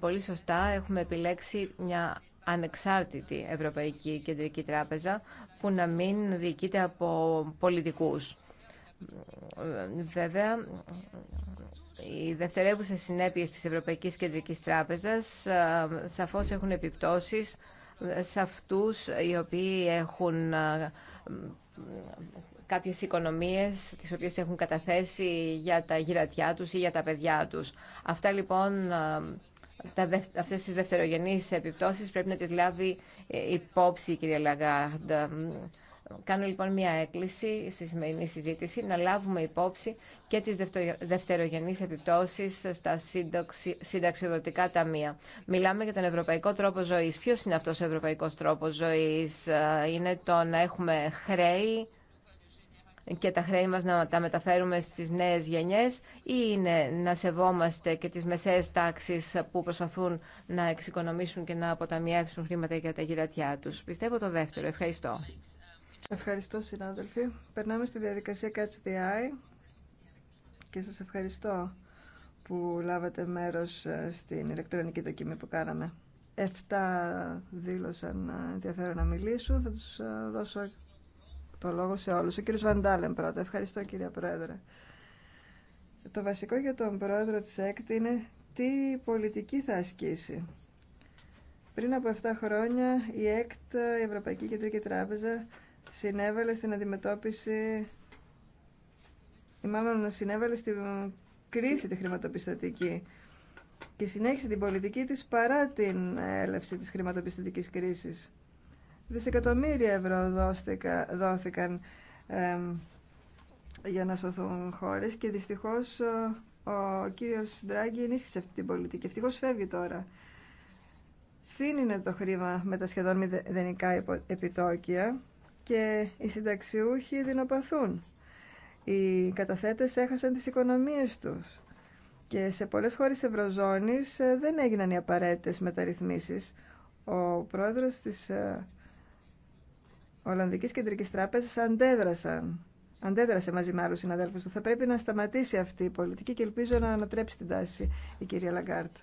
πολύ σωστά έχουμε επιλέξει μια ανεξάρτητη Ευρωπαϊκή Κεντρική Τράπεζα που να μην διοικείται από πολιτικούς. Βέβαια, οι δευτερεύουσες συνέπειες της Ευρωπαϊκής Κεντρικής Τράπεζας ε, σαφώς έχουν επιπτώσεις σε αυτούς οι οποίοι έχουν ε, κάποιες οικονομίες τις οποίες έχουν καταθέσει για τα γυρατιά τους ή για τα παιδιά τους. Αυτά λοιπόν, ε, τα, αυτές τις δευτερογενείς επιπτώσεις πρέπει να τις λάβει ε, υπόψη η κυρία Λαγκάρντα. Κάνω λοιπόν μια έκκληση στη σημερινή συζήτηση να λάβουμε υπόψη και τις δευτερογενείς επιπτώσεις στα συνταξιοδοτικά ταμεία. Μιλάμε για τον ευρωπαϊκό τρόπο ζωής. Ποιος είναι αυτός ο ευρωπαϊκός τρόπος ζωής? Ε, είναι το να έχουμε χρέη και τα χρέη μας να τα μεταφέρουμε στις νέες γενιές ή είναι να σεβόμαστε και τις μεσαίες τάξεις που προσπαθούν να εξοικονομήσουν και να αποταμιεύσουν χρήματα για τα γυρατιά τους. Πιστεύω το δεύτερο. Ευχαριστώ. Ευχαριστώ συνάδελφοι. Περνάμε στη διαδικασία Catch the Eye και σας ευχαριστώ που λάβατε μέρος ε, στην ηλεκτρονική δοκιμή που κάναμε. Εφτά δήλωσαν ε, ενδιαφέρον να μιλήσουν. Θα τους ε, δώσω το λόγο σε όλους. Ο κύριος Βαντάλεν πρώτα. Ευχαριστώ κύριε Πρόεδρε. Το βασικό για τον Πρόεδρο της ΕΚΤ είναι τι πολιτική θα ασκήσει. Πριν από 7 χρόνια η ΕΚΤ, η Ευρωπαϊκή Κεντρική Τράπεζα, συνέβαλε στην αντιμετώπιση ή μάλλον συνέβαλε στην κρίση τη χρηματοπιστωτική και συνέχισε την πολιτική της παρά την έλευση της χρηματοπιστωτικής κρίσης δισεκατομμύρια ευρώ δώστηκα, δόθηκαν για να σωθούν χώρες και δυστυχώς ο, ε, ο κύριος Ντράγκη ενίσχυσε αυτή την πολιτική. Ευτυχώς φεύγει τώρα. Φθήν το χρήμα με τα σχεδόν μηδενικά επιτόκια και οι συνταξιούχοι δεινοπαθούν. Οι καταθέτες έχασαν τις οικονομίες τους και σε πολλές χώρες Ευρωζώνης ε, δεν έγιναν οι απαραίτητες μεταρρυθμίσεις. Ο πρόεδρος της ε, Ολλανδικής Κεντρικής Τράπεζας αντέδρασαν. Αντέδρασε μαζί με άλλου συναδέλφου του. Θα πρέπει να σταματήσει αυτή η πολιτική και ελπίζω να ανατρέψει την τάση η κυρία Λαγκάρτ.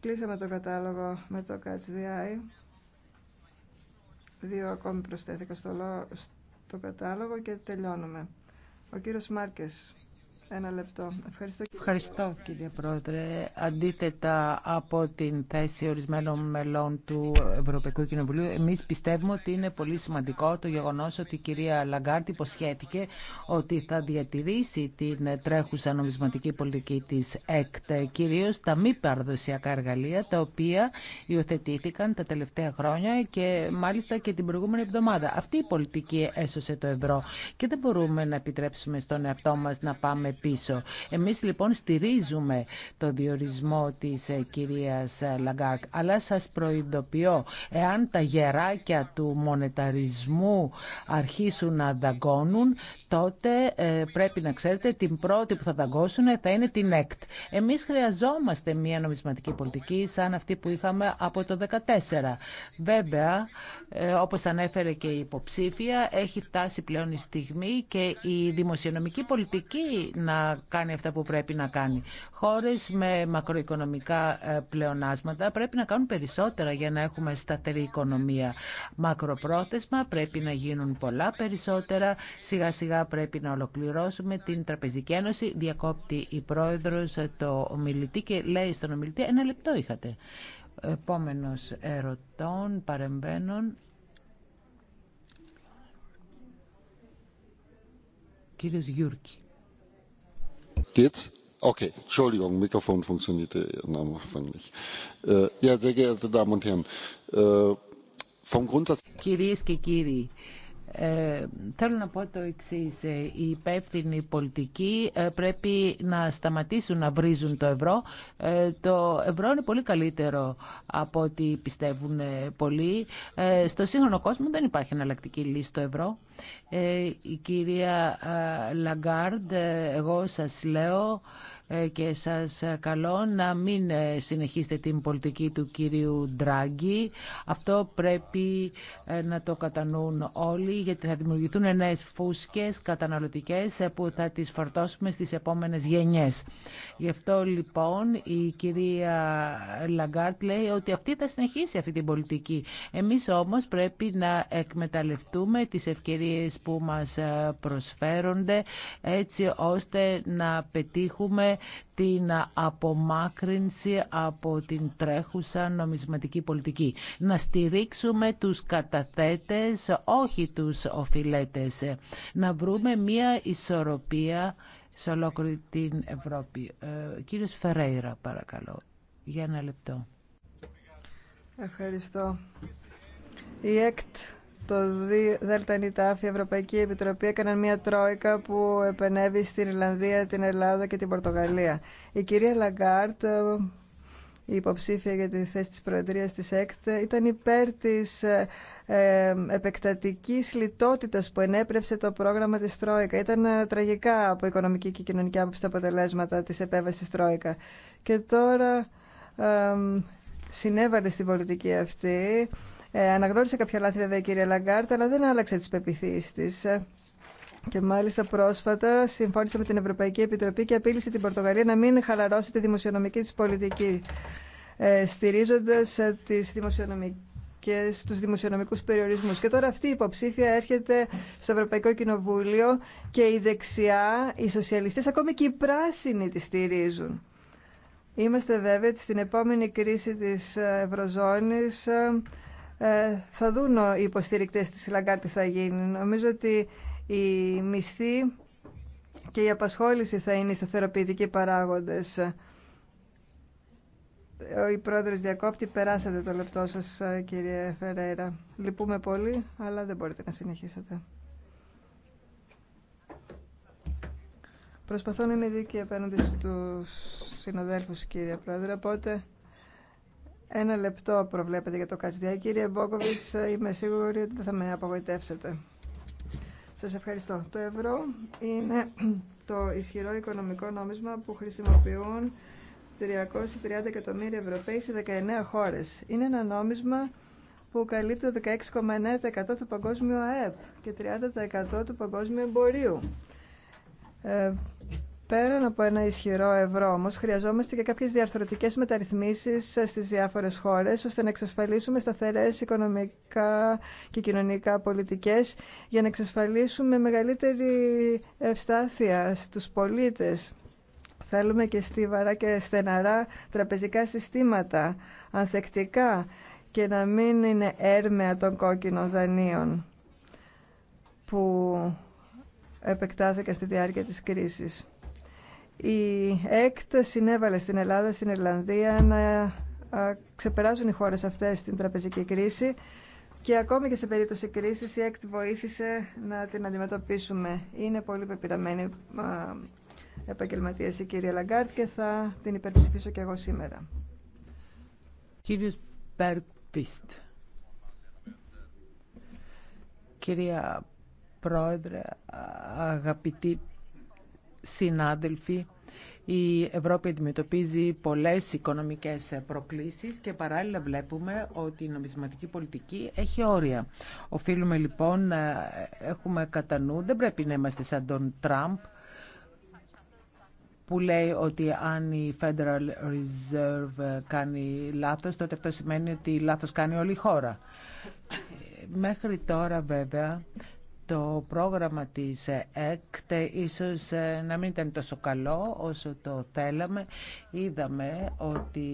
Κλείσαμε το κατάλογο με το Catch the Eye. Δύο ακόμη προσθέθηκα στο, στο κατάλογο και τελειώνουμε. Ο κύριος Μάρκες. Ένα λεπτό. Ευχαριστώ κύριε, Ευχαριστώ, κύριε Πρόεδρε. Αντίθετα από την θέση ορισμένων μελών του Ευρωπαϊκού Κοινοβουλίου, εμείς πιστεύουμε ότι είναι πολύ σημαντικό το γεγονός ότι η κυρία Λαγκάρτ υποσχέθηκε ότι θα διατηρήσει την τρέχουσα νομισματική πολιτική της ΕΚΤ, κυρίως τα μη παραδοσιακά εργαλεία, τα οποία υιοθετήθηκαν τα τελευταία χρόνια και μάλιστα και την προηγούμενη εβδομάδα. Αυτή η πολιτική έσωσε το ευρώ και δεν μπορούμε να επιτρέψουμε στον εαυτό μας να πάμε πίσω. Εμείς λοιπόν στηρίζουμε το διορισμό της ε, κυρίας ε, Λαγκάρκ, αλλά σας προειδοποιώ, εάν τα γεράκια του μονεταρισμού αρχίσουν να δαγκώνουν, τότε ε, πρέπει να ξέρετε την πρώτη που θα δαγκώσουν θα είναι την ΕΚΤ. Εμείς χρειαζόμαστε μια νομισματική πολιτική σαν αυτή που είχαμε από το 2014. Βέβαια, όπως ανέφερε και η υποψήφια, έχει φτάσει πλέον η στιγμή και η δημοσιονομική πολιτική να κάνει αυτά που πρέπει να κάνει. Χώρε με μακροοικονομικά ε, πλεονάσματα πρέπει να κάνουν περισσότερα για να έχουμε σταθερή οικονομία. Μακροπρόθεσμα πρέπει να γίνουν πολλά περισσότερα. Σιγά σιγά πρέπει να ολοκληρώσουμε την Τραπεζική Ένωση. Διακόπτει η πρόεδρος ε, το ομιλητή και λέει στον ομιλητή ένα λεπτό είχατε. Επόμενο ερωτών, παρεμβαίνων. Κύριος Γιούρκη. Geht's? Okay, Entschuldigung, Mikrofon funktionierte am Anfang nicht. Ja, sehr geehrte Damen und Herren, äh, vom Grundsatz... Κυρίες και κύριοι, ε, θέλω να πω το εξή. Ε, οι υπεύθυνοι πολιτικοί ε, πρέπει να σταματήσουν να βρίζουν το ευρώ. Ε, το ευρώ είναι πολύ καλύτερο από ό,τι πιστεύουν πολλοί. στο σύγχρονο κόσμο δεν υπάρχει εναλλακτική λύση στο ευρώ. Η κυρία Λαγκάρντ, εγώ σας λέω, ε, και σας καλώ να μην ε, συνεχίσετε την πολιτική του κυρίου Ντράγκη. Αυτό πρέπει ε, να το κατανοούν όλοι γιατί θα δημιουργηθούν νέες φούσκες καταναλωτικές που θα τις φορτώσουμε στις επόμενες γενιές. Γι' αυτό λοιπόν η κυρία Λαγκάρτ λέει ότι αυτή θα συνεχίσει αυτή την πολιτική. Εμείς όμως πρέπει να εκμεταλλευτούμε τις ευκαιρίες που μας προσφέρονται έτσι ώστε να πετύχουμε την απομάκρυνση από την τρέχουσα νομισματική πολιτική. Να στηρίξουμε τους καταθέτες, όχι τους οφειλέτες. Να βρούμε μία ισορροπία σε ολόκληρη την Ευρώπη. Ε, κύριος Φερέιρα, παρακαλώ, για ένα λεπτό. Ευχαριστώ. Η ΕΚΤ το ΔΝΤ η Ευρωπαϊκή Επιτροπή έκαναν μια τρόικα που επενέβη στην Ιρλανδία, την Ελλάδα και την Πορτογαλία. Η κυρία Λαγκάρτ, ε, η υποψήφια για τη θέση της Προεδρίας της ΕΚΤ, ήταν υπέρ της ε, ε επεκτατικής λιτότητας που ενέπρευσε το πρόγραμμα της Τρόικα. Ήταν ε, τραγικά από οικονομική και κοινωνική άποψη τα αποτελέσματα της επέμβασης Τρόικα. Και τώρα... συνέβαλε στην πολιτική αυτή ε, αναγνώρισε κάποια λάθη βέβαια η κυρία Λαγκάρτα, αλλά δεν άλλαξε τις πεπιθήσεις της. Ε, και μάλιστα πρόσφατα συμφώνησε με την Ευρωπαϊκή Επιτροπή και απείλησε την Πορτογαλία να μην χαλαρώσει τη δημοσιονομική της πολιτική, ε, στηρίζοντας τις δημοσιονομικές και δημοσιονομικούς περιορισμούς. Και τώρα αυτή η υποψήφια έρχεται στο Ευρωπαϊκό Κοινοβούλιο και η δεξιά, οι σοσιαλιστές, ακόμη και οι πράσινοι τη στηρίζουν. Είμαστε βέβαια στην επόμενη κρίση της Ευρωζώνης ε, θα δουν οι υποστηρικτές της Λαγκάρτη θα γίνει. Νομίζω ότι η μισθή και η απασχόληση θα είναι οι σταθεροποιητικοί παράγοντες. Ο πρόεδρος διακόπτη, περάσατε το λεπτό σας ε, κύριε Φεραίρα. Λυπούμε πολύ, αλλά δεν μπορείτε να συνεχίσετε. Προσπαθώ να είμαι δίκαιη απέναντι στους συναδέλφους κύριε Πρόεδρε, οπότε ένα λεπτό προβλέπετε για το Κατσδιά. Κύριε Μπόκοβιτς, είμαι σίγουρη ότι δεν θα με απογοητεύσετε. Σας ευχαριστώ. Το ευρώ είναι το ισχυρό οικονομικό νόμισμα που χρησιμοποιούν 330 εκατομμύρια Ευρωπαίοι σε 19 χώρες. Είναι ένα νόμισμα που καλύπτει το 16,9% του παγκόσμιου ΑΕΠ και 30% του παγκόσμιου εμπορίου. Ε, Πέραν από ένα ισχυρό ευρώ όμω, χρειαζόμαστε και κάποιε διαρθρωτικέ μεταρρυθμίσει στι διάφορε χώρε, ώστε να εξασφαλίσουμε σταθερέ οικονομικά και κοινωνικά πολιτικέ, για να εξασφαλίσουμε μεγαλύτερη ευστάθεια στου πολίτε. Θέλουμε και στιβαρά και στεναρά τραπεζικά συστήματα, ανθεκτικά και να μην είναι έρμεα των κόκκινων δανείων που επεκτάθηκαν στη διάρκεια της κρίσης. Η ΕΚΤ συνέβαλε στην Ελλάδα, στην Ιρλανδία να ξεπεράσουν οι χώρες αυτές την τραπεζική κρίση και ακόμη και σε περίπτωση κρίσης η ΕΚΤ βοήθησε να την αντιμετωπίσουμε. Είναι πολύ πεπειραμένη επαγγελματία η κυρία Λαγκάρτ και θα την υπερψηφίσω και εγώ σήμερα. Κύριος Κυρία Πρόεδρε, αγαπητοί συνάδελφοι, η Ευρώπη αντιμετωπίζει πολλές οικονομικές προκλήσεις και παράλληλα βλέπουμε ότι η νομισματική πολιτική έχει όρια. Οφείλουμε λοιπόν να έχουμε κατά νου, δεν πρέπει να είμαστε σαν τον Τραμπ, που λέει ότι αν η Federal Reserve κάνει λάθος, τότε αυτό σημαίνει ότι λάθος κάνει όλη η χώρα. Μέχρι τώρα βέβαια το πρόγραμμα της ΕΚΤ ίσως ε, να μην ήταν τόσο καλό όσο το θέλαμε. Είδαμε ότι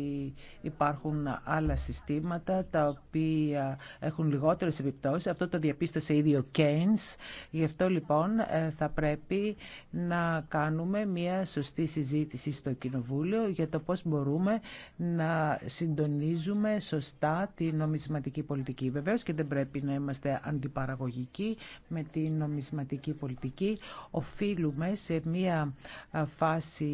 υπάρχουν άλλα συστήματα τα οποία έχουν λιγότερες επιπτώσεις. Αυτό το διαπίστωσε ήδη ο Κέινς. Γι' αυτό λοιπόν ε, θα πρέπει να κάνουμε μια σωστή συζήτηση στο Κοινοβούλιο για το πώς μπορούμε να συντονίζουμε σωστά τη νομισματική πολιτική. Βεβαίως και δεν πρέπει να είμαστε αντιπαραγωγικοί με την νομισματική πολιτική. Οφείλουμε σε μία φάση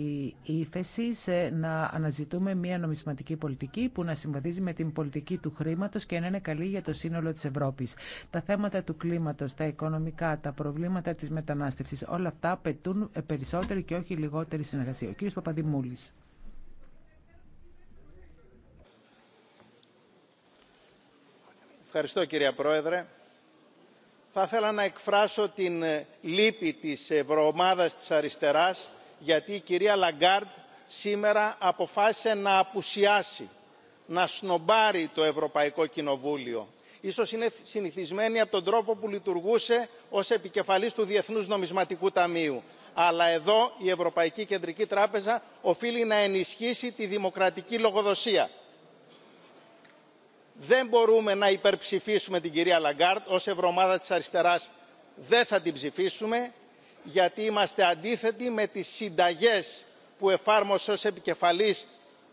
ύφεση ε, να αναζητούμε μία νομισματική πολιτική που να συμβαδίζει με την πολιτική του χρήματο και να είναι καλή για το σύνολο τη Ευρώπη. Τα θέματα του κλίματο, τα οικονομικά, τα προβλήματα τη μετανάστευση, όλα αυτά απαιτούν ε, περισσότερη και όχι λιγότερη συνεργασία. Ο κ. Παπαδημούλη. Ευχαριστώ κύριε Πρόεδρε θα ήθελα να εκφράσω την ε, λύπη της ευρωομάδας της αριστεράς γιατί η κυρία λαγκάρντ σήμερα αποφάσισε να απουσιάσει να σνομπάρει το ευρωπαϊκό κοινοβούλιο. ίσως είναι συνηθισμένη από τον τρόπο που λειτουργούσε ως επικεφαλής του διεθνούς νομισματικού ταμείου αλλά εδώ η ευρωπαϊκή κεντρική τράπεζα οφείλει να ενισχύσει τη δημοκρατική λογοδοσία δεν μπορούμε να υπερψηφίσουμε την κυρία Λαγκάρτ, ως ευρωομάδα της Αριστεράς δεν θα την ψηφίσουμε, γιατί είμαστε αντίθετοι με τις συνταγές που εφάρμοσε ως επικεφαλής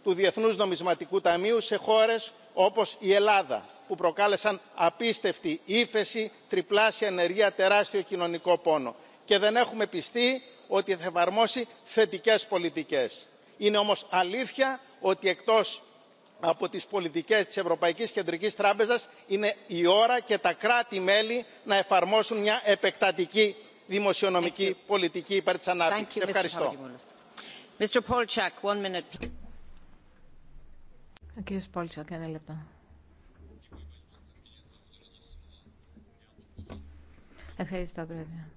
του Διεθνούς Νομισματικού Ταμείου σε χώρες όπως η Ελλάδα, που προκάλεσαν απίστευτη ύφεση, τριπλάσια ενεργεία, τεράστιο κοινωνικό πόνο. Και δεν έχουμε πιστεί ότι θα εφαρμόσει θετικές πολιτικές. Είναι όμως αλήθεια ότι εκτός από τις πολιτικές της Ευρωπαϊκής Κεντρικής Τράπεζας είναι η ώρα και τα κράτη-μέλη να εφαρμόσουν μια επεκτατική δημοσιονομική πολιτική υπέρ της ανάπτυξης. Ευχαριστώ. Mr. Polchak, minute. Ο ένα λεπτό. Ευχαριστώ, Πρόεδρε.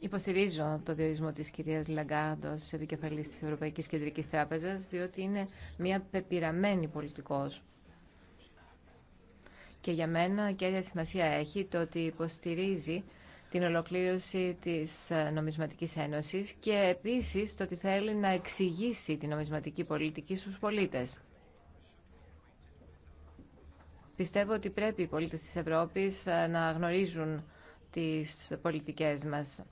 Υποστηρίζω το διορισμό της κυρίας Λαγκάντο σε επικεφαλής της Ευρωπαϊκής Κεντρικής Τράπεζας, διότι είναι μια πεπειραμένη πολιτικός. Και για μένα κέρια σημασία έχει το ότι υποστηρίζει την ολοκλήρωση της Νομισματικής Ένωσης και επίσης το ότι θέλει να εξηγήσει τη νομισματική πολιτική στους πολίτες. Πιστεύω ότι πρέπει οι πολίτες της Ευρώπης να γνωρίζουν τις πολιτικές μας.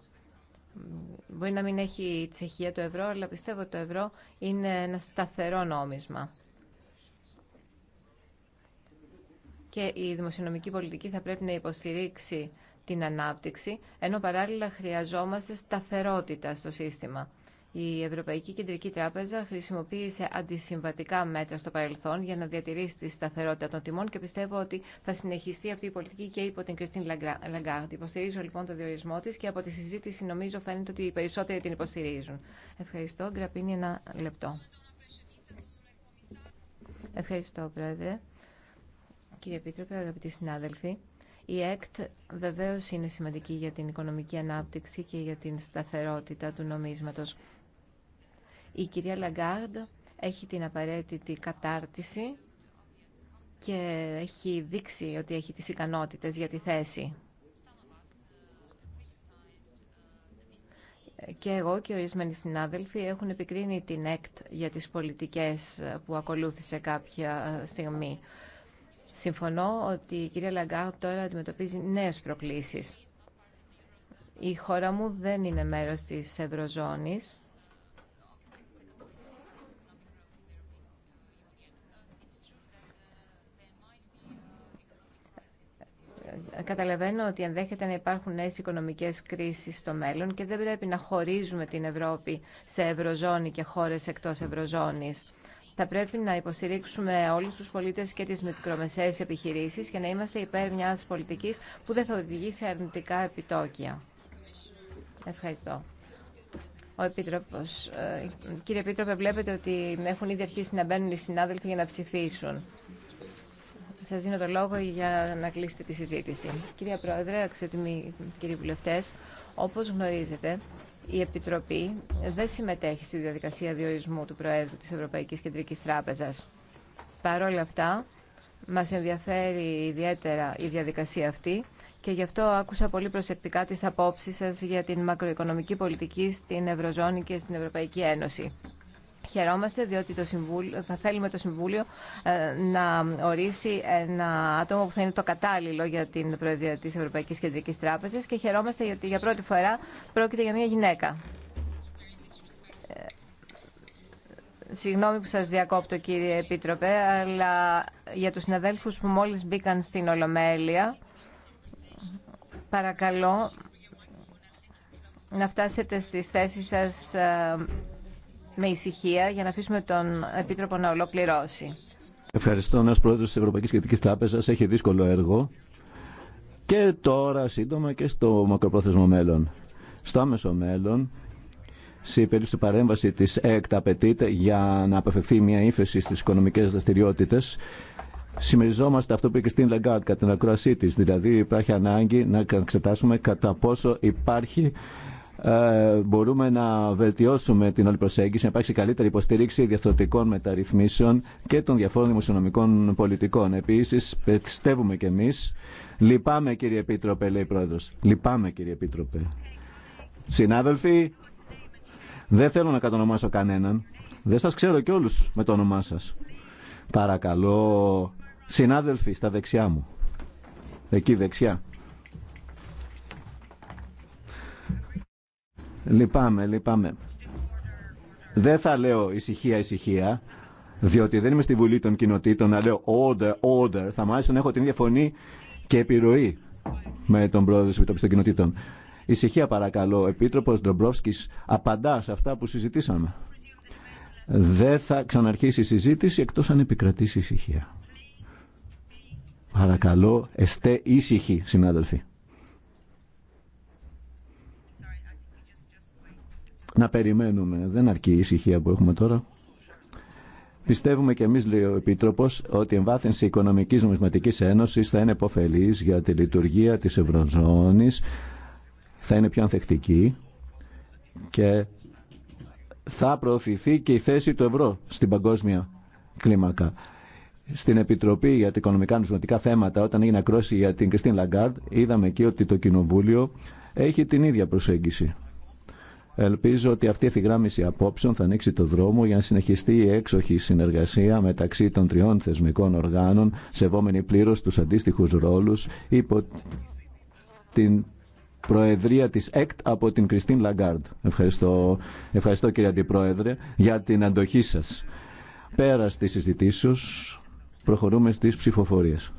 Μπορεί να μην έχει η Τσεχία το ευρώ, αλλά πιστεύω ότι το ευρώ είναι ένα σταθερό νόμισμα. Και η δημοσιονομική πολιτική θα πρέπει να υποστηρίξει την ανάπτυξη, ενώ παράλληλα χρειαζόμαστε σταθερότητα στο σύστημα. Η Ευρωπαϊκή Κεντρική Τράπεζα χρησιμοποίησε αντισυμβατικά μέτρα στο παρελθόν για να διατηρήσει τη σταθερότητα των τιμών και πιστεύω ότι θα συνεχιστεί αυτή η πολιτική και υπό την Κριστίν Λαγκάρντ. Υποστηρίζω λοιπόν το διορισμό τη και από τη συζήτηση νομίζω φαίνεται ότι οι περισσότεροι την υποστηρίζουν. Ευχαριστώ. Γκραπίνη, ένα λεπτό. Ευχαριστώ, Πρόεδρε. Κύριε Επίτροπε, αγαπητοί συνάδελφοι. Η ΕΚΤ βεβαίως είναι σημαντική για την οικονομική ανάπτυξη και για την σταθερότητα του νομίσματος. Η κυρία Λαγκάρντ έχει την απαραίτητη κατάρτιση και έχει δείξει ότι έχει τις ικανότητες για τη θέση. Και εγώ και ορισμένοι συνάδελφοι έχουν επικρίνει την ΕΚΤ για τις πολιτικές που ακολούθησε κάποια στιγμή. Συμφωνώ ότι η κυρία Λαγκάρντ τώρα αντιμετωπίζει νέες προκλήσεις. Η χώρα μου δεν είναι μέρος της Ευρωζώνης καταλαβαίνω ότι ενδέχεται να υπάρχουν νέε οικονομικέ κρίσει στο μέλλον και δεν πρέπει να χωρίζουμε την Ευρώπη σε ευρωζώνη και χώρε εκτό Ευρωζώνη. Θα πρέπει να υποστηρίξουμε όλου του πολίτε και τι μικρομεσαίες επιχειρήσει και να είμαστε υπέρ μια πολιτικής που δεν θα οδηγεί σε αρνητικά επιτόκια. Ευχαριστώ. Ο Επίτροπος. Ε, κύριε Επίτροπε, βλέπετε ότι έχουν ήδη αρχίσει να μπαίνουν οι συνάδελφοι για να ψηφίσουν. Σα δίνω το λόγο για να κλείσετε τη συζήτηση. Κυρία Πρόεδρε, αξιότιμοι κύριοι βουλευτέ, όπως γνωρίζετε, η Επιτροπή δεν συμμετέχει στη διαδικασία διορισμού του Προέδρου της Ευρωπαϊκής Κεντρικής Τράπεζας. Παρ' όλα αυτά, μας ενδιαφέρει ιδιαίτερα η διαδικασία αυτή και γι' αυτό άκουσα πολύ προσεκτικά τις απόψεις σας για την μακροοικονομική πολιτική στην Ευρωζώνη και στην Ευρωπαϊκή Ένωση. Χαιρόμαστε διότι το Συμβούλιο, θα θέλουμε το Συμβούλιο ε, να ορίσει ένα άτομο που θα είναι το κατάλληλο για την Προεδρία της Ευρωπαϊκής Κεντρικής Τράπεζας και χαιρόμαστε γιατί για πρώτη φορά πρόκειται για μια γυναίκα. Ε, συγγνώμη που σας διακόπτω κύριε Επίτροπε, αλλά για τους συναδέλφους που μόλις μπήκαν στην Ολομέλεια, παρακαλώ να φτάσετε στις θέσεις σας ε, με ησυχία για να αφήσουμε τον Επίτροπο να ολοκληρώσει. Ευχαριστώ. νέο πρόεδρο τη Ευρωπαϊκή Κεντρική Τράπεζα, έχει δύσκολο έργο και τώρα σύντομα και στο μακροπρόθεσμο μέλλον. Στο άμεσο μέλλον, σε περίπτωση παρέμβαση τη ΕΚΤ απαιτείται για να απευθυνθεί μια ύφεση στι οικονομικέ δραστηριότητε. Συμμεριζόμαστε αυτό που είπε και στην Λαγκάρτ κατά την ακροασή τη. Δηλαδή, υπάρχει ανάγκη να εξετάσουμε κατά πόσο υπάρχει ε, μπορούμε να βελτιώσουμε την όλη προσέγγιση, να υπάρξει καλύτερη υποστήριξη διαφορετικών μεταρρυθμίσεων και των διαφόρων δημοσιονομικών πολιτικών. Επίση, πιστεύουμε κι εμεί. Λυπάμαι, κύριε Επίτροπε, λέει η πρόεδρο. Λυπάμαι, κύριε Επίτροπε. Συνάδελφοι, δεν θέλω να κατονομάσω κανέναν. Δεν σας ξέρω κι όλους με το όνομά σα. Παρακαλώ, συνάδελφοι στα δεξιά μου. Εκεί δεξιά. Λυπάμαι, λυπάμαι. Δεν θα λέω ησυχία, ησυχία, διότι δεν είμαι στη Βουλή των Κοινοτήτων να λέω order, order. Θα μου άρεσε να έχω την ίδια φωνή και επιρροή με τον πρόεδρο τη Επιτροπή των Κοινοτήτων. Ησυχία, παρακαλώ. Ο Επίτροπο Ντομπρόφσκη απαντά σε αυτά που συζητήσαμε. Δεν θα ξαναρχίσει η συζήτηση εκτό αν επικρατήσει ησυχία. Παρακαλώ, εστέ ήσυχοι, συνάδελφοι. να περιμένουμε. Δεν αρκεί η ησυχία που έχουμε τώρα. Πιστεύουμε και εμεί λέει ο επίτροπο ότι η εμβάθυνση οικονομικής νομισματικής ένωσης θα είναι υποφελή για τη λειτουργία τη Ευρωζώνης, θα είναι πιο ανθεκτική και θα προωθηθεί και η θέση του ευρώ στην παγκόσμια κλίμακα. Στην Επιτροπή για τα Οικονομικά νομισματικά Θέματα, όταν έγινε ακρόση για την Κριστίν Λαγκάρντ, είδαμε εκεί ότι το Κοινοβούλιο έχει την ίδια προσέγγιση. Ελπίζω ότι αυτή η ευθυγράμμιση απόψεων θα ανοίξει το δρόμο για να συνεχιστεί η έξοχη συνεργασία μεταξύ των τριών θεσμικών οργάνων, σεβόμενοι πλήρως τους αντίστοιχους ρόλους υπό την Προεδρία της ΕΚΤ από την Κριστίν Λαγκάρντ. Ευχαριστώ, ευχαριστώ κύριε Αντιπρόεδρε για την αντοχή σας. Πέρα στις συζητήσεις προχωρούμε στις ψηφοφορίες.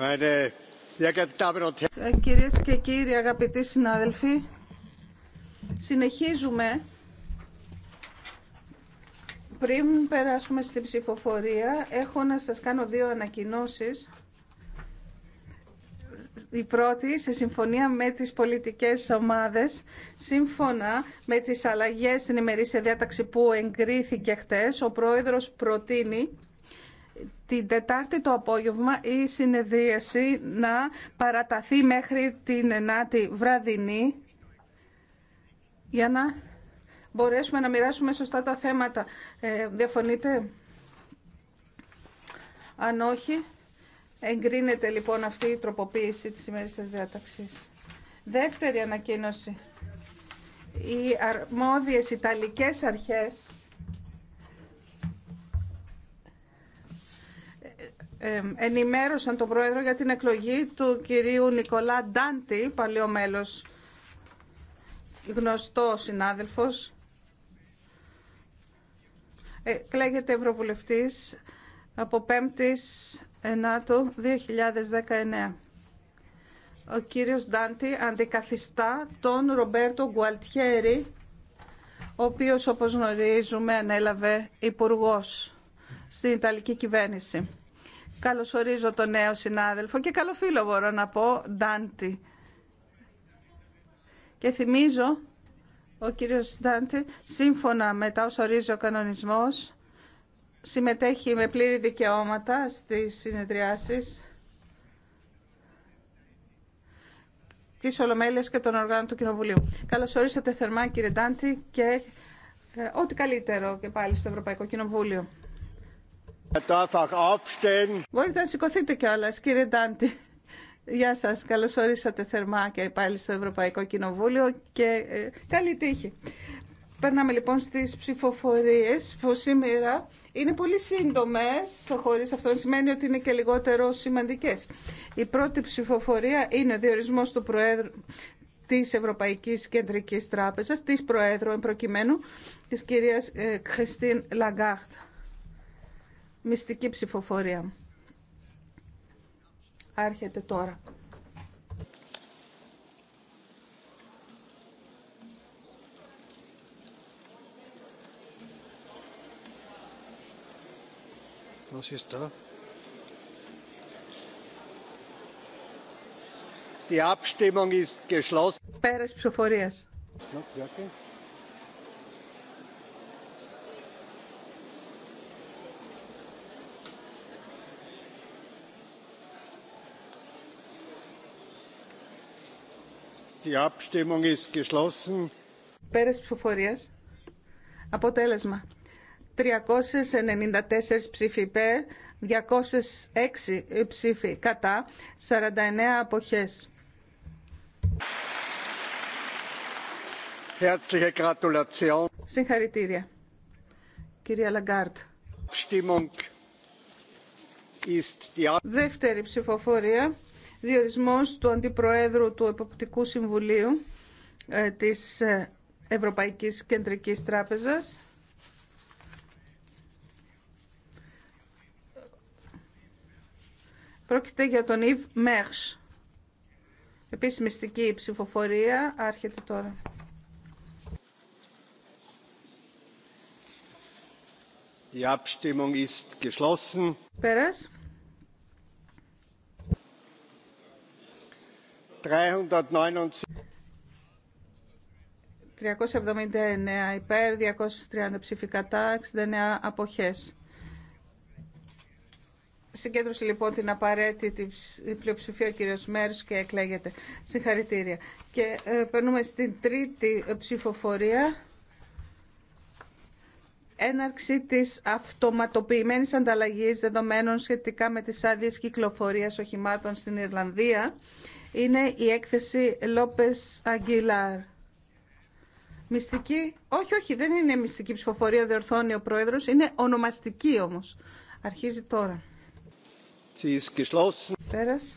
Ε, κυρίες και κύριοι, αγαπητοί συνάδελφοι, συνεχίζουμε πριν περάσουμε στην ψηφοφορία, έχω να σας κάνω δύο ανακοινώσεις. Η πρώτη, σε συμφωνία με τις πολιτικές ομάδες, σύμφωνα με τις αλλαγές στην ημερήσια διάταξη που εγκρίθηκε χτες, ο πρόεδρος προτείνει την Τετάρτη το απόγευμα η συνεδρίαση να παραταθεί μέχρι την Ενάτη βραδινή για να μπορέσουμε να μοιράσουμε σωστά τα θέματα. Ε, διαφωνείτε? Αν όχι, εγκρίνεται λοιπόν αυτή η τροποποίηση της ημέρης της διάταξης. Δεύτερη ανακοίνωση. Οι αρμόδιες Ιταλικές αρχές ενημέρωσαν τον Πρόεδρο για την εκλογή του κυρίου Νικολά Ντάντι, παλιό μέλος, γνωστό συνάδελφος. Ε, εκλέγεται Ευρωβουλευτής από η Ενάτου 2019. Ο κύριος Ντάντι αντικαθιστά τον Ρομπέρτο Γκουαλτιέρη, ο οποίος όπως γνωρίζουμε ανέλαβε υπουργός στην Ιταλική κυβέρνηση. Καλωσορίζω τον νέο συνάδελφο και καλό φίλο μπορώ να πω, Ντάντι. Και θυμίζω, ο κύριος Ντάντι, σύμφωνα με τα όσα ορίζει ο κανονισμός, συμμετέχει με πλήρη δικαιώματα στις συνεδριάσεις της Ολομέλειας και των οργάνων του Κοινοβουλίου. Καλωσορίσατε θερμά κύριε Ντάντι και ε, ό,τι καλύτερο και πάλι στο Ευρωπαϊκό Κοινοβούλιο. Er Μπορείτε να σηκωθείτε κιόλα, κύριε Ντάντι. Γεια σα. καλώς ορίσατε θερμά και πάλι στο Ευρωπαϊκό Κοινοβούλιο και ε, καλή τύχη. Περνάμε λοιπόν στι ψηφοφορίε που σήμερα είναι πολύ σύντομέ χωρίς αυτό σημαίνει ότι είναι και λιγότερο σημαντικέ. Η πρώτη ψηφοφορία είναι ο διορισμός του Προέδρου της Ευρωπαϊκής Κεντρική Τράπεζα, τη Προέδρου, εν προκειμένου, της κυρίας Κριστίν ε, Λαγκάρτ. Μυστική ψηφοφορία. Άρχεται τώρα. Was ist da? Die Abstimmung ist geschlossen. Peres ψηφοφορίας. It's not working. Die Abstimmung ψηφοφορίας. Αποτέλεσμα. 394 ψήφοι υπέρ, 206 ψήφοι κατά, 49 αποχές. Συγχαρητήρια. Κυρία Λαγκάρτ. Δεύτερη ψηφοφορία διορισμός του Αντιπροέδρου του Εποπτικού Συμβουλίου ε, της ε, Ευρωπαϊκής Κεντρικής Τράπεζας. Πρόκειται για τον Ιβ Μέρς. Επίσης μυστική ψηφοφορία άρχεται τώρα. Die Πέρας. 379 υπέρ, 230 κατά, 69 αποχές. Συγκέντρωσε λοιπόν την απαραίτητη πλειοψηφία ο κύριος Μέρους και εκλέγεται. Συγχαρητήρια. Και ε, περνούμε στην τρίτη ε, ψηφοφορία. Έναρξη της αυτοματοποιημένης ανταλλαγής δεδομένων σχετικά με τις άδειες κυκλοφορίας οχημάτων στην Ιρλανδία είναι η έκθεση Λόπες Αγγιλάρ. Μυστική, όχι, όχι, δεν είναι μυστική ψηφοφορία, διορθώνει ο πρόεδρος, είναι ονομαστική όμως. Αρχίζει τώρα. Πέρας.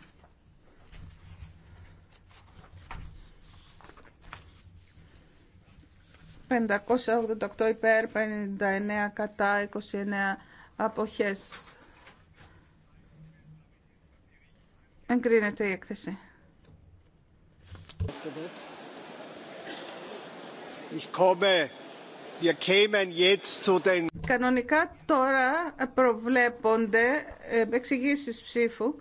...588 υπέρ, 59 κατά, 29 αποχές. Εγκρίνεται η έκθεση. Κανονικά τώρα προβλέπονται ε, εξηγήσει ψήφου,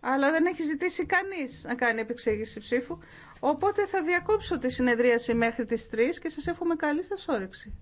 αλλά δεν έχει ζητήσει κανεί να κάνει επεξήγηση ψήφου, οπότε θα διακόψω τη συνεδρίαση μέχρι τι 3 και σα εύχομαι καλή σα όρεξη.